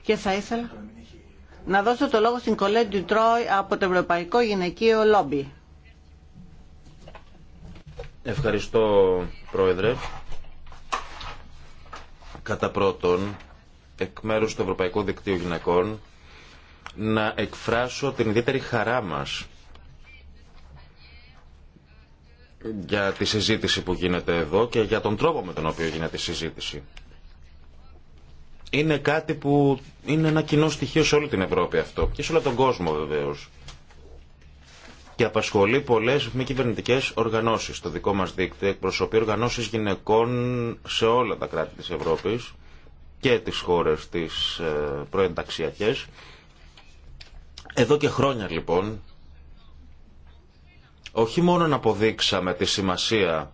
Και θα ήθελα να δώσω το λόγο στην Κολέ Ντιουτρόι από το Ευρωπαϊκό Γυναικείο Λόμπι. Ευχαριστώ, Πρόεδρε. Κατά πρώτον, εκ μέρους του Ευρωπαϊκού Δικτύου Γυναικών, να εκφράσω την ιδιαίτερη χαρά μας για τη συζήτηση που γίνεται εδώ και για τον τρόπο με τον οποίο γίνεται η συζήτηση είναι κάτι που είναι ένα κοινό στοιχείο σε όλη την Ευρώπη αυτό και σε όλο τον κόσμο βεβαίω. Και απασχολεί πολλέ μη κυβερνητικέ οργανώσει. Το δικό μα δίκτυο εκπροσωπεί οργανώσει γυναικών σε όλα τα κράτη τη Ευρώπη και τι χώρε τι ε, προενταξιακέ. Εδώ και χρόνια λοιπόν όχι μόνο να αποδείξαμε τη σημασία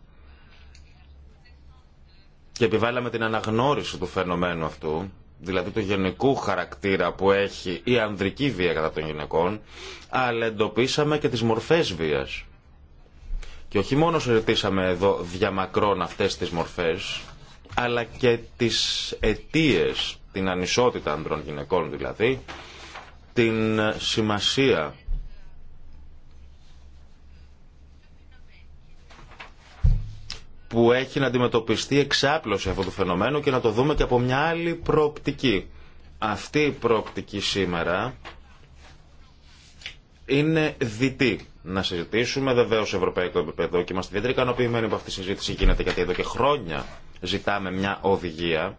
και επιβάλαμε την αναγνώριση του φαινομένου αυτού, δηλαδή του γενικού χαρακτήρα που έχει η ανδρική βία κατά των γυναικών, αλλά εντοπίσαμε και τις μορφές βίας. Και όχι μόνο συζητήσαμε εδώ διαμακρών αυτές τις μορφές, αλλά και τις αιτίες, την ανισότητα ανδρών γυναικών δηλαδή, την σημασία που έχει να αντιμετωπιστεί εξάπλωση αυτού του φαινομένου και να το δούμε και από μια άλλη προοπτική. Αυτή η προοπτική σήμερα είναι διτή. Να συζητήσουμε βεβαίω σε ευρωπαϊκό επίπεδο και είμαστε ιδιαίτερα ικανοποιημένοι που αυτή η συζήτηση γίνεται γιατί εδώ και χρόνια ζητάμε μια οδηγία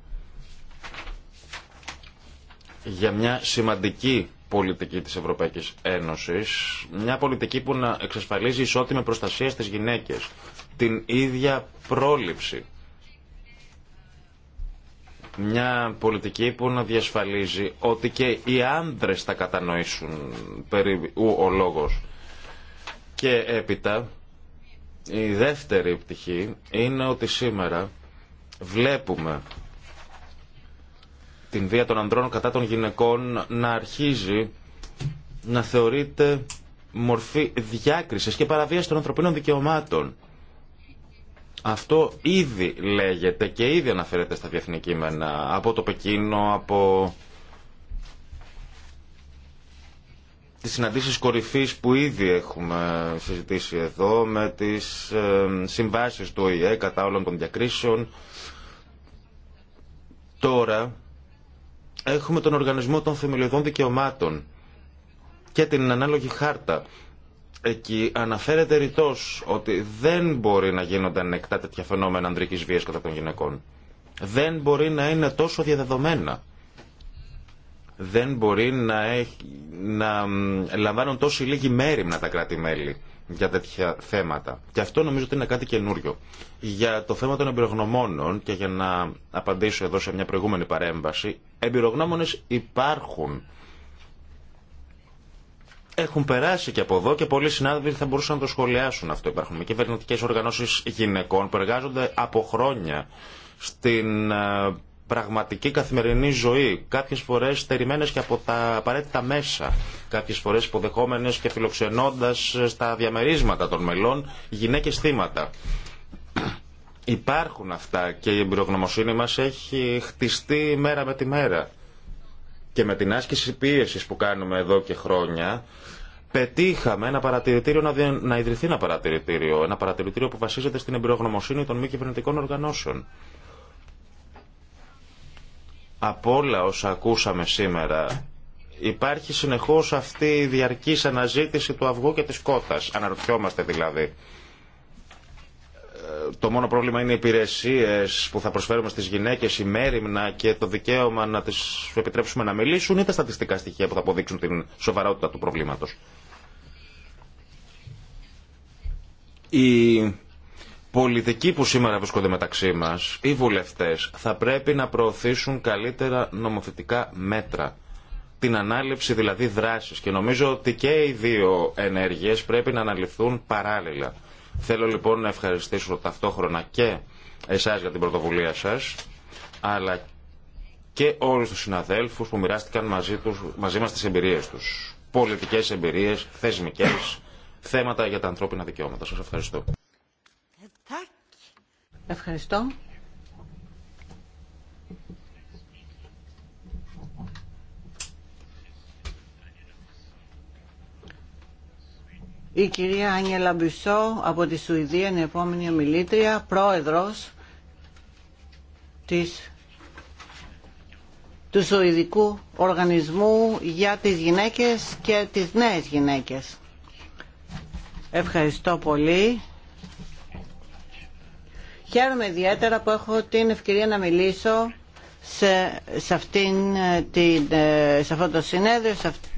για μια σημαντική πολιτική της Ευρωπαϊκής Ένωσης, μια πολιτική που να εξασφαλίζει ισότιμη προστασία στις γυναίκες, την ίδια πρόληψη. Μια πολιτική που να διασφαλίζει ότι και οι άνδρες θα κατανοήσουν περί ο λόγος. Και έπειτα, η δεύτερη πτυχή είναι ότι σήμερα βλέπουμε την βία των ανδρών κατά των γυναικών να αρχίζει να θεωρείται μορφή διάκρισης και παραβίαση των ανθρωπίνων δικαιωμάτων. Αυτό ήδη λέγεται και ήδη αναφέρεται στα διεθνή κείμενα από το Πεκίνο, από τις συναντήσεις κορυφής που ήδη έχουμε συζητήσει εδώ με τις ε, συμβάσεις του ΟΗΕ κατά όλων των διακρίσεων. Τώρα έχουμε τον Οργανισμό των Θεμελιωδών Δικαιωμάτων και την ανάλογη χάρτα Εκεί αναφέρεται ρητό ότι δεν μπορεί να γίνονται ανεκτά τέτοια φαινόμενα ανδρική βία κατά των γυναικών. Δεν μπορεί να είναι τόσο διαδεδομένα. Δεν μπορεί να, έχει, να λαμβάνουν τόσο λίγη μέρημνα τα κράτη-μέλη για τέτοια θέματα. Και αυτό νομίζω ότι είναι κάτι καινούριο. Για το θέμα των εμπειρογνωμόνων και για να απαντήσω εδώ σε μια προηγούμενη παρέμβαση, εμπειρογνώμονε υπάρχουν έχουν περάσει και από εδώ και πολλοί συνάδελφοι θα μπορούσαν να το σχολιάσουν αυτό. Υπάρχουν και κυβερνητικέ οργανώσει γυναικών που εργάζονται από χρόνια στην ε, πραγματική καθημερινή ζωή. Κάποιε φορέ στερημένε και από τα απαραίτητα μέσα. Κάποιε φορέ υποδεχόμενε και φιλοξενώντα ε, στα διαμερίσματα των μελών γυναίκε θύματα. Υπάρχουν αυτά και η εμπειρογνωμοσύνη μας έχει χτιστεί μέρα με τη μέρα και με την άσκηση πίεσης που κάνουμε εδώ και χρόνια πετύχαμε ένα παρατηρητήριο να, δι... ιδρυθεί ένα παρατηρητήριο, ένα παρατηρητήριο που βασίζεται στην εμπειρογνωμοσύνη των μη κυβερνητικών οργανώσεων. Από όλα όσα ακούσαμε σήμερα υπάρχει συνεχώς αυτή η διαρκής αναζήτηση του αυγού και της κότας. Αναρωτιόμαστε δηλαδή το μόνο πρόβλημα είναι οι υπηρεσίε που θα προσφέρουμε στι γυναίκε, η μέρημνα και το δικαίωμα να τι επιτρέψουμε να μιλήσουν ή τα στατιστικά στοιχεία που θα αποδείξουν την σοβαρότητα του προβλήματο. Οι πολιτικοί που σήμερα βρίσκονται μεταξύ μας, οι βουλευτές, θα πρέπει να προωθήσουν καλύτερα νομοθετικά μέτρα. Την ανάληψη δηλαδή δράσης και νομίζω ότι και οι δύο ενέργειε πρέπει να αναλυθούν παράλληλα. Θέλω λοιπόν να ευχαριστήσω ταυτόχρονα και εσάς για την πρωτοβουλία σας, αλλά και όλους τους συναδέλφους που μοιράστηκαν μαζί, τους, μαζί μας τις εμπειρίες τους. Πολιτικές εμπειρίες, θεσμικές, θέματα για τα ανθρώπινα δικαιώματα. Σας ευχαριστώ. Ε, ευχαριστώ. Η κυρία Άνια από τη Σουηδία είναι η επόμενη ομιλήτρια, πρόεδρος της, του Σουηδικού Οργανισμού για τις Γυναίκες και τις Νέες Γυναίκες. Ευχαριστώ πολύ. Χαίρομαι ιδιαίτερα που έχω την ευκαιρία να μιλήσω σε, σε, αυτήν, ε, την, ε, σε αυτό το συνέδριο, σε αυτή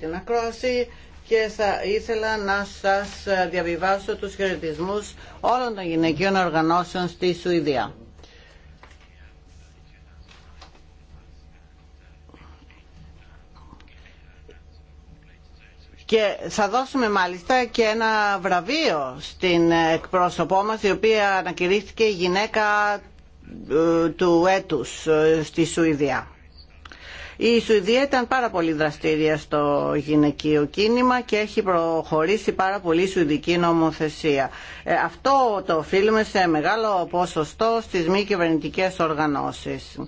την ακρόαση και θα ήθελα να σας διαβιβάσω τους χαιρετισμούς όλων των γυναικείων οργανώσεων στη Σουηδία. Και θα δώσουμε μάλιστα και ένα βραβείο στην εκπρόσωπό μας η οποία ανακηρύχθηκε η γυναίκα ε, του έτους ε, στη Σουηδία. Η Σουηδία ήταν πάρα πολύ δραστήρια στο γυναικείο κίνημα και έχει προχωρήσει πάρα πολύ η σουηδική νομοθεσία. Ε, αυτό το οφείλουμε σε μεγάλο ποσοστό στις μη κυβερνητικέ οργανώσεις.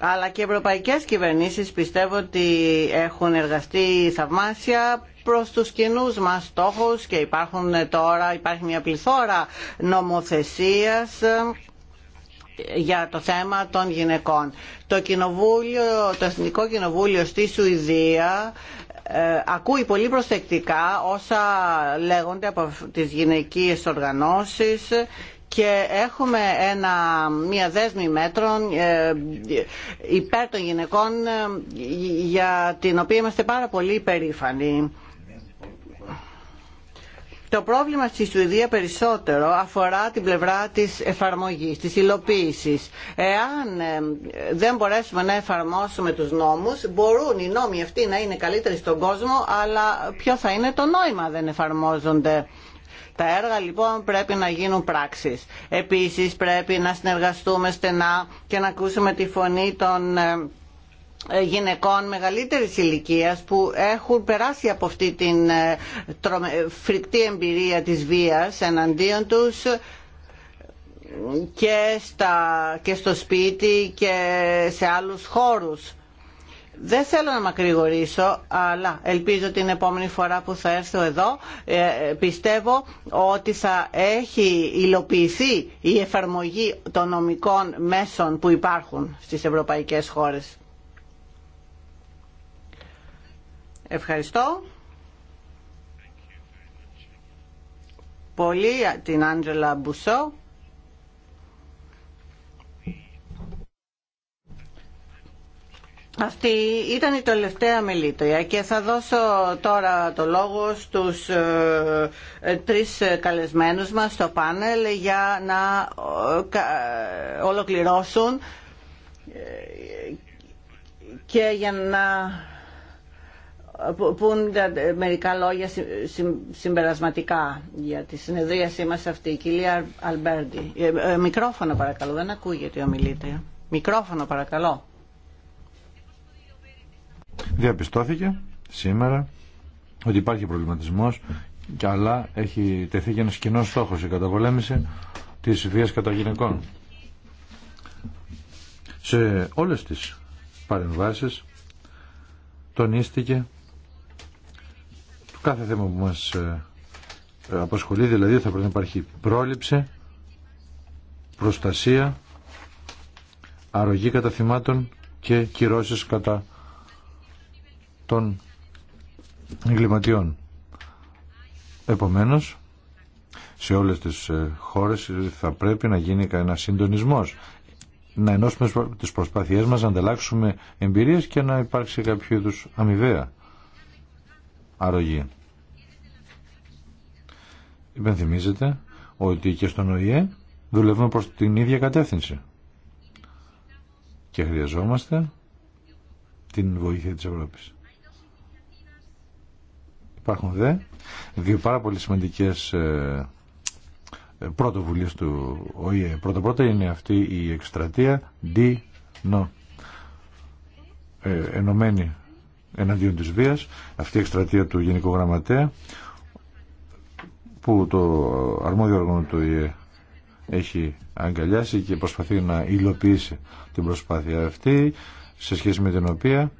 Αλλά και οι ευρωπαϊκές κυβερνήσεις πιστεύω ότι έχουν εργαστεί θαυμάσια προς τους κοινού μας στόχους και υπάρχουν τώρα, υπάρχει μια πληθώρα νομοθεσίας για το θέμα των γυναικών. Το, κοινοβούλιο, το Εθνικό Κοινοβούλιο στη Σουηδία ε, ακούει πολύ προσεκτικά όσα λέγονται από τις γυναικείες οργανώσεις και έχουμε ένα, μια δέσμη μέτρων ε, υπέρ των γυναικών ε, για την οποία είμαστε πάρα πολύ υπερήφανοι. Το πρόβλημα στη Σουηδία περισσότερο αφορά την πλευρά της εφαρμογής, της υλοποίησης. Εάν ε, δεν μπορέσουμε να εφαρμόσουμε τους νόμους, μπορούν οι νόμοι αυτοί να είναι καλύτεροι στον κόσμο, αλλά ποιο θα είναι το νόημα δεν εφαρμόζονται. Τα έργα λοιπόν πρέπει να γίνουν πράξεις. Επίσης πρέπει να συνεργαστούμε στενά και να ακούσουμε τη φωνή των ε, ε, γυναικών μεγαλύτερης ηλικίας που έχουν περάσει από αυτή την ε, ε, φρικτή εμπειρία της βίας εναντίον τους και, και στο σπίτι και σε άλλους χώρους. Δεν θέλω να μακρηγορήσω, αλλά ελπίζω την επόμενη φορά που θα έρθω εδώ πιστεύω ότι θα έχει υλοποιηθεί η εφαρμογή των νομικών μέσων που υπάρχουν στις ευρωπαϊκές χώρες. Ευχαριστώ. Πολύ την Άντζελα Μπουσό. Αυτή ήταν η τελευταία μελήτρια και θα δώσω τώρα το λόγο στους ε, ε τρεις ε, καλεσμένους μας στο πάνελ για να ε, ολοκληρώσουν και για να πούν μερικά λόγια συμπερασματικά για τη συνεδρίασή μας αυτή. κυρία Αλμπέρντι. Ε, ε, μικρόφωνο παρακαλώ, δεν ακούγεται η ομιλήτρια. Μικρόφωνο παρακαλώ. Διαπιστώθηκε σήμερα ότι υπάρχει προβληματισμός και αλλά έχει τεθεί και ένας κοινός στόχος η καταπολέμηση της βίας κατά γυναικών. Σε όλες τις παρεμβάσεις τονίστηκε κάθε θέμα που μας ε, απασχολεί, δηλαδή θα πρέπει να υπάρχει πρόληψη, προστασία, αρρωγή κατά θυμάτων και κυρώσεις κατά των εγκληματιών. Επομένως, σε όλες τις ε, χώρες θα πρέπει να γίνει ένα συντονισμός να ενώσουμε τις προσπάθειές μας να ανταλλάξουμε εμπειρίες και να υπάρξει κάποιο είδους αμοιβαία αρρωγή. ότι και στον ΟΗΕ δουλεύουμε προς την ίδια κατεύθυνση και χρειαζόμαστε την βοήθεια της Ευρώπης. Υπάρχουν δε δύο πάρα πολύ σημαντικές ε, ε, πρωτοβουλίες του ΟΗΕ. Πρώτα πρώτα είναι αυτή η εκστρατεία ε, ενωμένη εναντίον της βίας, αυτή η εκστρατεία του Γενικού Γραμματέα που το αρμόδιο όργανο του ΙΕ έχει αγκαλιάσει και προσπαθεί να υλοποιήσει την προσπάθεια αυτή σε σχέση με την οποία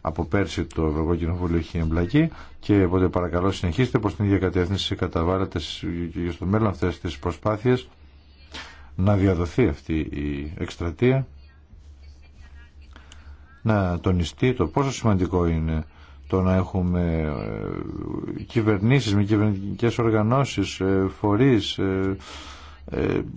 από πέρσι το Ευρωπαϊκό Κοινοβούλιο έχει εμπλακεί και οπότε παρακαλώ συνεχίστε προς την ίδια κατεύθυνση καταβάλλετε και στο μέλλον αυτές τις προσπάθειες να διαδοθεί αυτή η εκστρατεία να τονιστεί το πόσο σημαντικό είναι το να έχουμε ε, κυβερνήσεις με κυβερνητικές οργανώσεις, ε, φορείς, ε,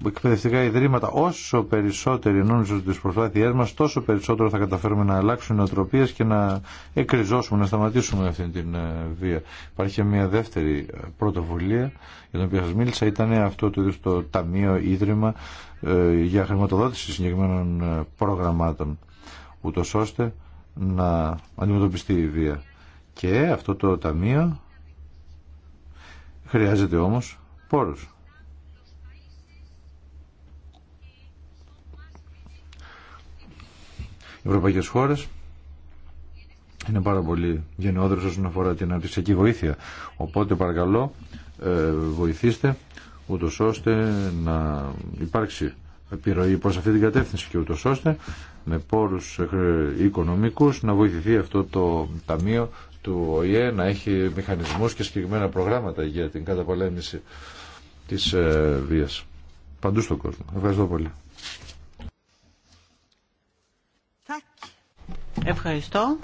εκπαιδευτικά ιδρύματα. Όσο περισσότερο ενώνουν τις προσπάθειές μας, τόσο περισσότερο θα καταφέρουμε να αλλάξουν νοοτροπίες και να εκριζώσουμε, να σταματήσουμε αυτή την βία. Υπάρχει μια δεύτερη πρωτοβουλία για την οποία σας μίλησα. Ήταν αυτό το, το Ταμείο Ίδρυμα για χρηματοδότηση συγκεκριμένων προγραμμάτων. Ούτω ώστε να αντιμετωπιστεί η βία. Και αυτό το ταμείο χρειάζεται όμως πόρους. Οι ευρωπαϊκές χώρες είναι πάρα πολύ γενναιόδρες όσον αφορά την αναπτυξιακή βοήθεια. Οπότε παρακαλώ ε, βοηθήστε ούτως ώστε να υπάρξει επιρροή προς αυτή την κατεύθυνση και ούτως ώστε με πόρους ε, οικονομικούς να βοηθηθεί αυτό το ταμείο του ΟΗΕ να έχει μηχανισμούς και συγκεκριμένα προγράμματα για την καταπολέμηση της ε, βίας παντού στον κόσμο. Ευχαριστώ πολύ. Ευχαριστώ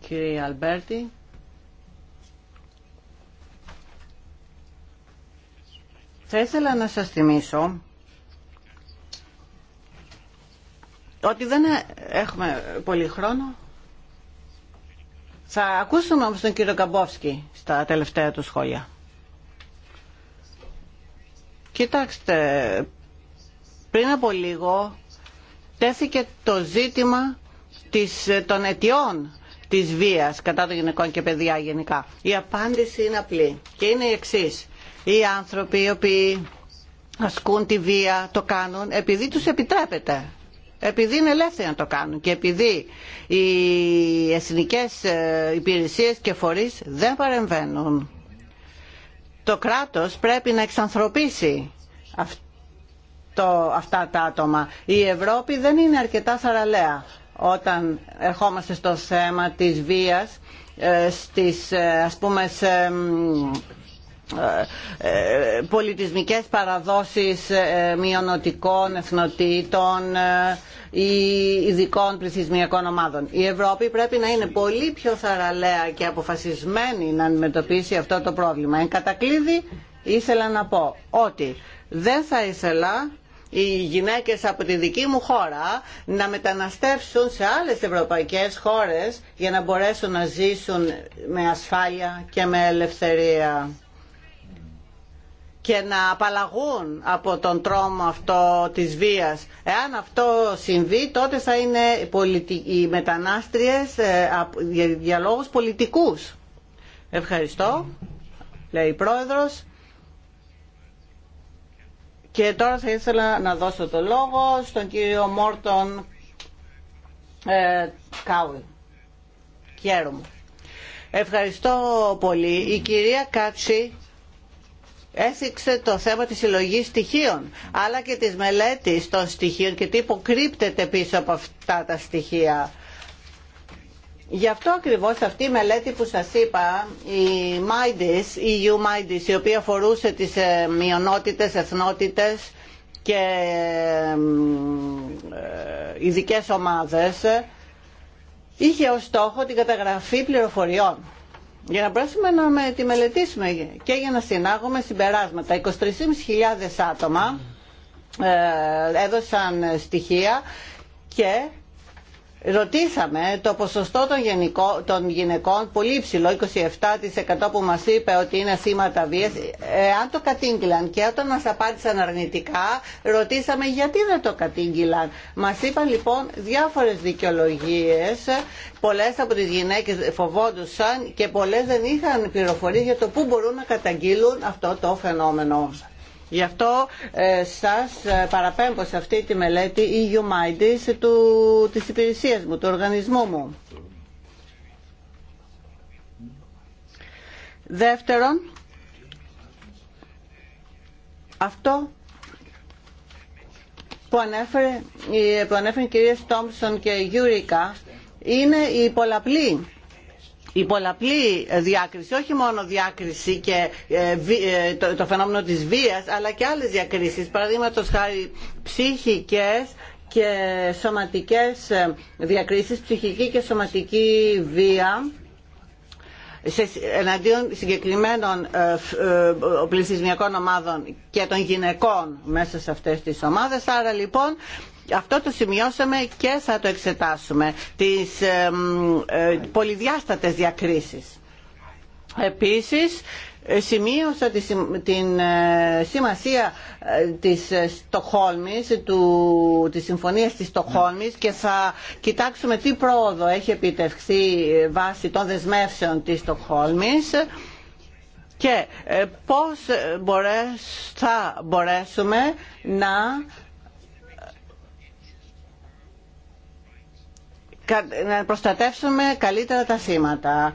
κύριε Αλμπέρτη. Θα ήθελα να σας θυμίσω ότι δεν έχουμε πολύ χρόνο. Θα ακούσουμε όμως τον κύριο Καμπόφσκι στα τελευταία του σχόλια. Κοιτάξτε, πριν από λίγο τέθηκε το ζήτημα της, των αιτιών της βίας κατά των γυναικών και παιδιά γενικά. Η απάντηση είναι απλή και είναι η εξής. Οι άνθρωποι οι οποίοι ασκούν τη βία το κάνουν επειδή τους επιτρέπεται επειδή είναι ελεύθεροι να το κάνουν και επειδή οι εθνικές ε, υπηρεσίες και φορείς δεν παρεμβαίνουν. Το κράτος πρέπει να εξανθρωπίσει αυτά τα άτομα. Η Ευρώπη δεν είναι αρκετά θαραλέα όταν ερχόμαστε στο θέμα της βίας, ε, στις, ε, ας πούμε, πολιτισμικές παραδόσεις ε, μειονοτικών εθνοτήτων ε, ή ειδικών πληθυσμιακών ομάδων. Η Ευρώπη πρέπει να είναι πολύ πιο θαραλέα και αποφασισμένη να αντιμετωπίσει αυτό το πρόβλημα. Εν κατακλείδη ήθελα να πω ότι δεν θα ήθελα οι γυναίκες από τη δική μου χώρα να μεταναστεύσουν σε άλλες ευρωπαϊκές χώρες για να μπορέσουν να ζήσουν με ασφάλεια και με ελευθερία και να απαλλαγούν από τον τρόμο αυτό της βίας. Εάν αυτό συμβεί τότε θα είναι οι μετανάστριες ε, για πολιτικούς. Ευχαριστώ, λέει η Πρόεδρος. Και τώρα θα ήθελα να δώσω το λόγο στον κύριο Μόρτον ε, Κάουιλ. Χαίρομαι. Ευχαριστώ πολύ. Η κυρία Κάτσι έθιξε το θέμα της συλλογή στοιχείων αλλά και της μελέτης των στοιχείων και τι υποκρύπτεται πίσω από αυτά τα στοιχεία. Γι' αυτό ακριβώς αυτή η μελέτη που σας είπα, η MIDIS, η EU MIDIS, η οποία αφορούσε τις ε, μειονότητες, εθνότητες και ε, ε, ειδικέ ομάδες, είχε ως στόχο την καταγραφή πληροφοριών για να μπορέσουμε να με τη μελετήσουμε και για να συνάγουμε συμπεράσματα. 23.500 άτομα ε, έδωσαν στοιχεία και Ρωτήσαμε το ποσοστό των, γενικό, γυναικών, πολύ υψηλό, 27% που μας είπε ότι είναι σήματα βίας, ε, αν το κατήγγυλαν και όταν μας απάντησαν αρνητικά, ρωτήσαμε γιατί δεν το κατήγγυλαν. Μας είπαν λοιπόν διάφορες δικαιολογίες, πολλές από τις γυναίκες φοβόντουσαν και πολλές δεν είχαν πληροφορίες για το πού μπορούν να καταγγείλουν αυτό το φαινόμενο. Γι' αυτό ε, σας ε, παραπέμπω σε αυτή τη μελέτη EU Minds του, της υπηρεσίας μου, του οργανισμού μου. Δεύτερον, αυτό που ανέφερε, που ανέφερε η κυρία Στόμψον και η Γιούρικα είναι η πολλαπλή η πολλαπλή διάκριση, όχι μόνο διάκριση και ε, ε, το φαινόμενο της βίας, αλλά και άλλες διακρίσεις, παραδείγματο χάρη ψυχικές και σωματικές ε, διακρίσεις, ψυχική και σωματική βία, σε, εναντίον συγκεκριμένων πληθυσμιακών ομάδων και των γυναικών μέσα σε αυτές τις ομάδες. Άρα λοιπόν αυτό το σημειώσαμε και θα το εξετάσουμε. Τις ε, ε, πολυδιάστατες διακρίσεις. Επίσης, ε, σημείωσα τη, την ε, σημασία ε, της Στοχόλμης, του, της συμφωνίας της Στοχόλμης και θα κοιτάξουμε τι πρόοδο έχει επιτευχθεί βάσει των δεσμεύσεων της Στοχόλμης και πώς θα μπορέσουμε να να προστατεύσουμε καλύτερα τα σήματα.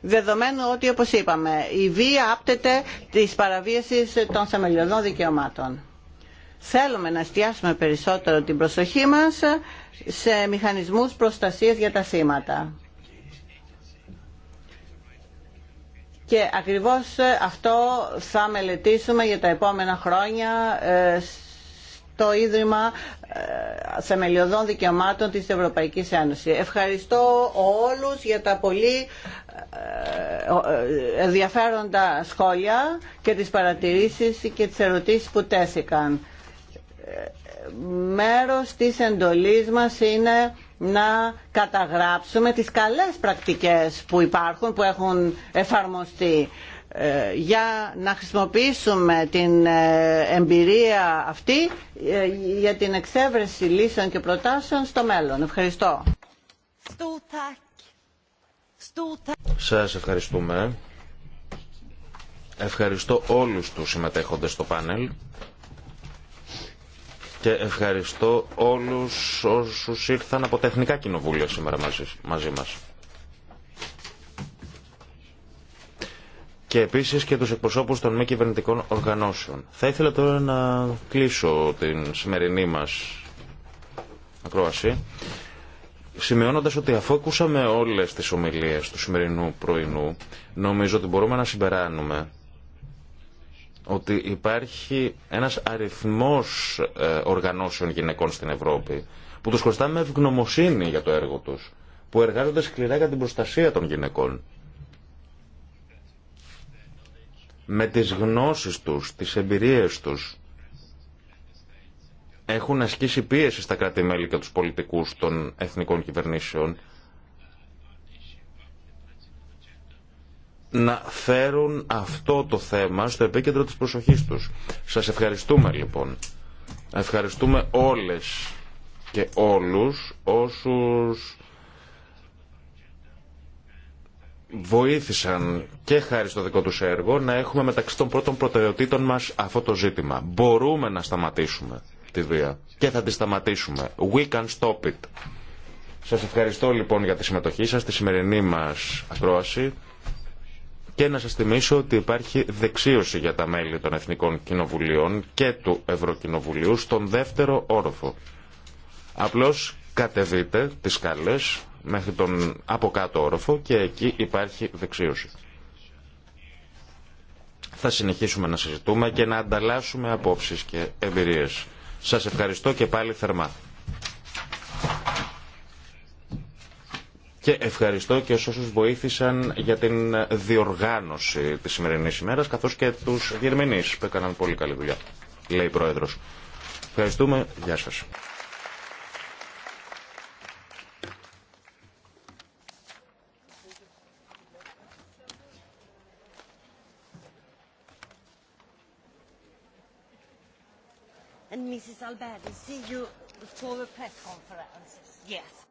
Δεδομένου ότι, όπως είπαμε, η βία άπτεται της παραβίασης των θεμελιωδών δικαιωμάτων. Θέλουμε να εστιάσουμε περισσότερο την προσοχή μας σε μηχανισμούς προστασίας για τα σήματα. Και ακριβώς αυτό θα μελετήσουμε για τα επόμενα χρόνια ε, το Ίδρυμα ε, Θεμελιωδών Δικαιωμάτων της Ευρωπαϊκής Ένωσης. Ευχαριστώ όλους για τα πολύ ε, ε, ενδιαφέροντα σχόλια και τις παρατηρήσεις και τις ερωτήσεις που τέθηκαν. Μέρος της εντολής μας είναι να καταγράψουμε τις καλές πρακτικές που υπάρχουν, που έχουν εφαρμοστεί ε, για να χρησιμοποιήσουμε την ε, εμπειρία αυτή ε, για την εξέβρεση λύσεων και προτάσεων στο μέλλον. Ευχαριστώ. Σας ευχαριστούμε. Ευχαριστώ όλους τους συμμετέχοντες στο πάνελ και ευχαριστώ όλους όσους ήρθαν από τεχνικά κοινοβούλια σήμερα μαζί μας. και επίσης και τους εκπροσώπους των μη κυβερνητικών οργανώσεων. Θα ήθελα τώρα να κλείσω την σημερινή μας ακρόαση σημειώνοντας ότι αφού ακούσαμε όλες τις ομιλίες του σημερινού πρωινού νομίζω ότι μπορούμε να συμπεράνουμε ότι υπάρχει ένας αριθμός ε, οργανώσεων γυναικών στην Ευρώπη που τους με ευγνωμοσύνη για το έργο τους που εργάζονται σκληρά για την προστασία των γυναικών με τις γνώσεις τους, τις εμπειρίες τους, έχουν ασκήσει πίεση στα κράτη-μέλη και τους πολιτικούς των εθνικών κυβερνήσεων να φέρουν αυτό το θέμα στο επίκεντρο της προσοχής τους. Σας ευχαριστούμε λοιπόν. Ευχαριστούμε όλες και όλους όσους βοήθησαν και χάρη στο δικό τους έργο να έχουμε μεταξύ των πρώτων προτεραιοτήτων μας αυτό το ζήτημα. Μπορούμε να σταματήσουμε τη βία και θα τη σταματήσουμε. We can stop it. Σας ευχαριστώ λοιπόν για τη συμμετοχή σας τη σημερινή μας ακρόαση και να σας θυμίσω ότι υπάρχει δεξίωση για τα μέλη των Εθνικών Κοινοβουλίων και του Ευρωκοινοβουλίου στον δεύτερο όροφο. Απλώς κατεβείτε τις καλες μέχρι τον από κάτω όροφο και εκεί υπάρχει δεξίωση. Θα συνεχίσουμε να συζητούμε και να ανταλλάσσουμε απόψεις και εμπειρίες. Σας ευχαριστώ και πάλι θερμά. Και ευχαριστώ και όσους βοήθησαν για την διοργάνωση της σημερινής ημέρας, καθώς και τους διερμηνείς που έκαναν πολύ καλή δουλειά, λέει η Πρόεδρος. Ευχαριστούμε. Γεια σας. Alberti, see you for the press conference. Yes.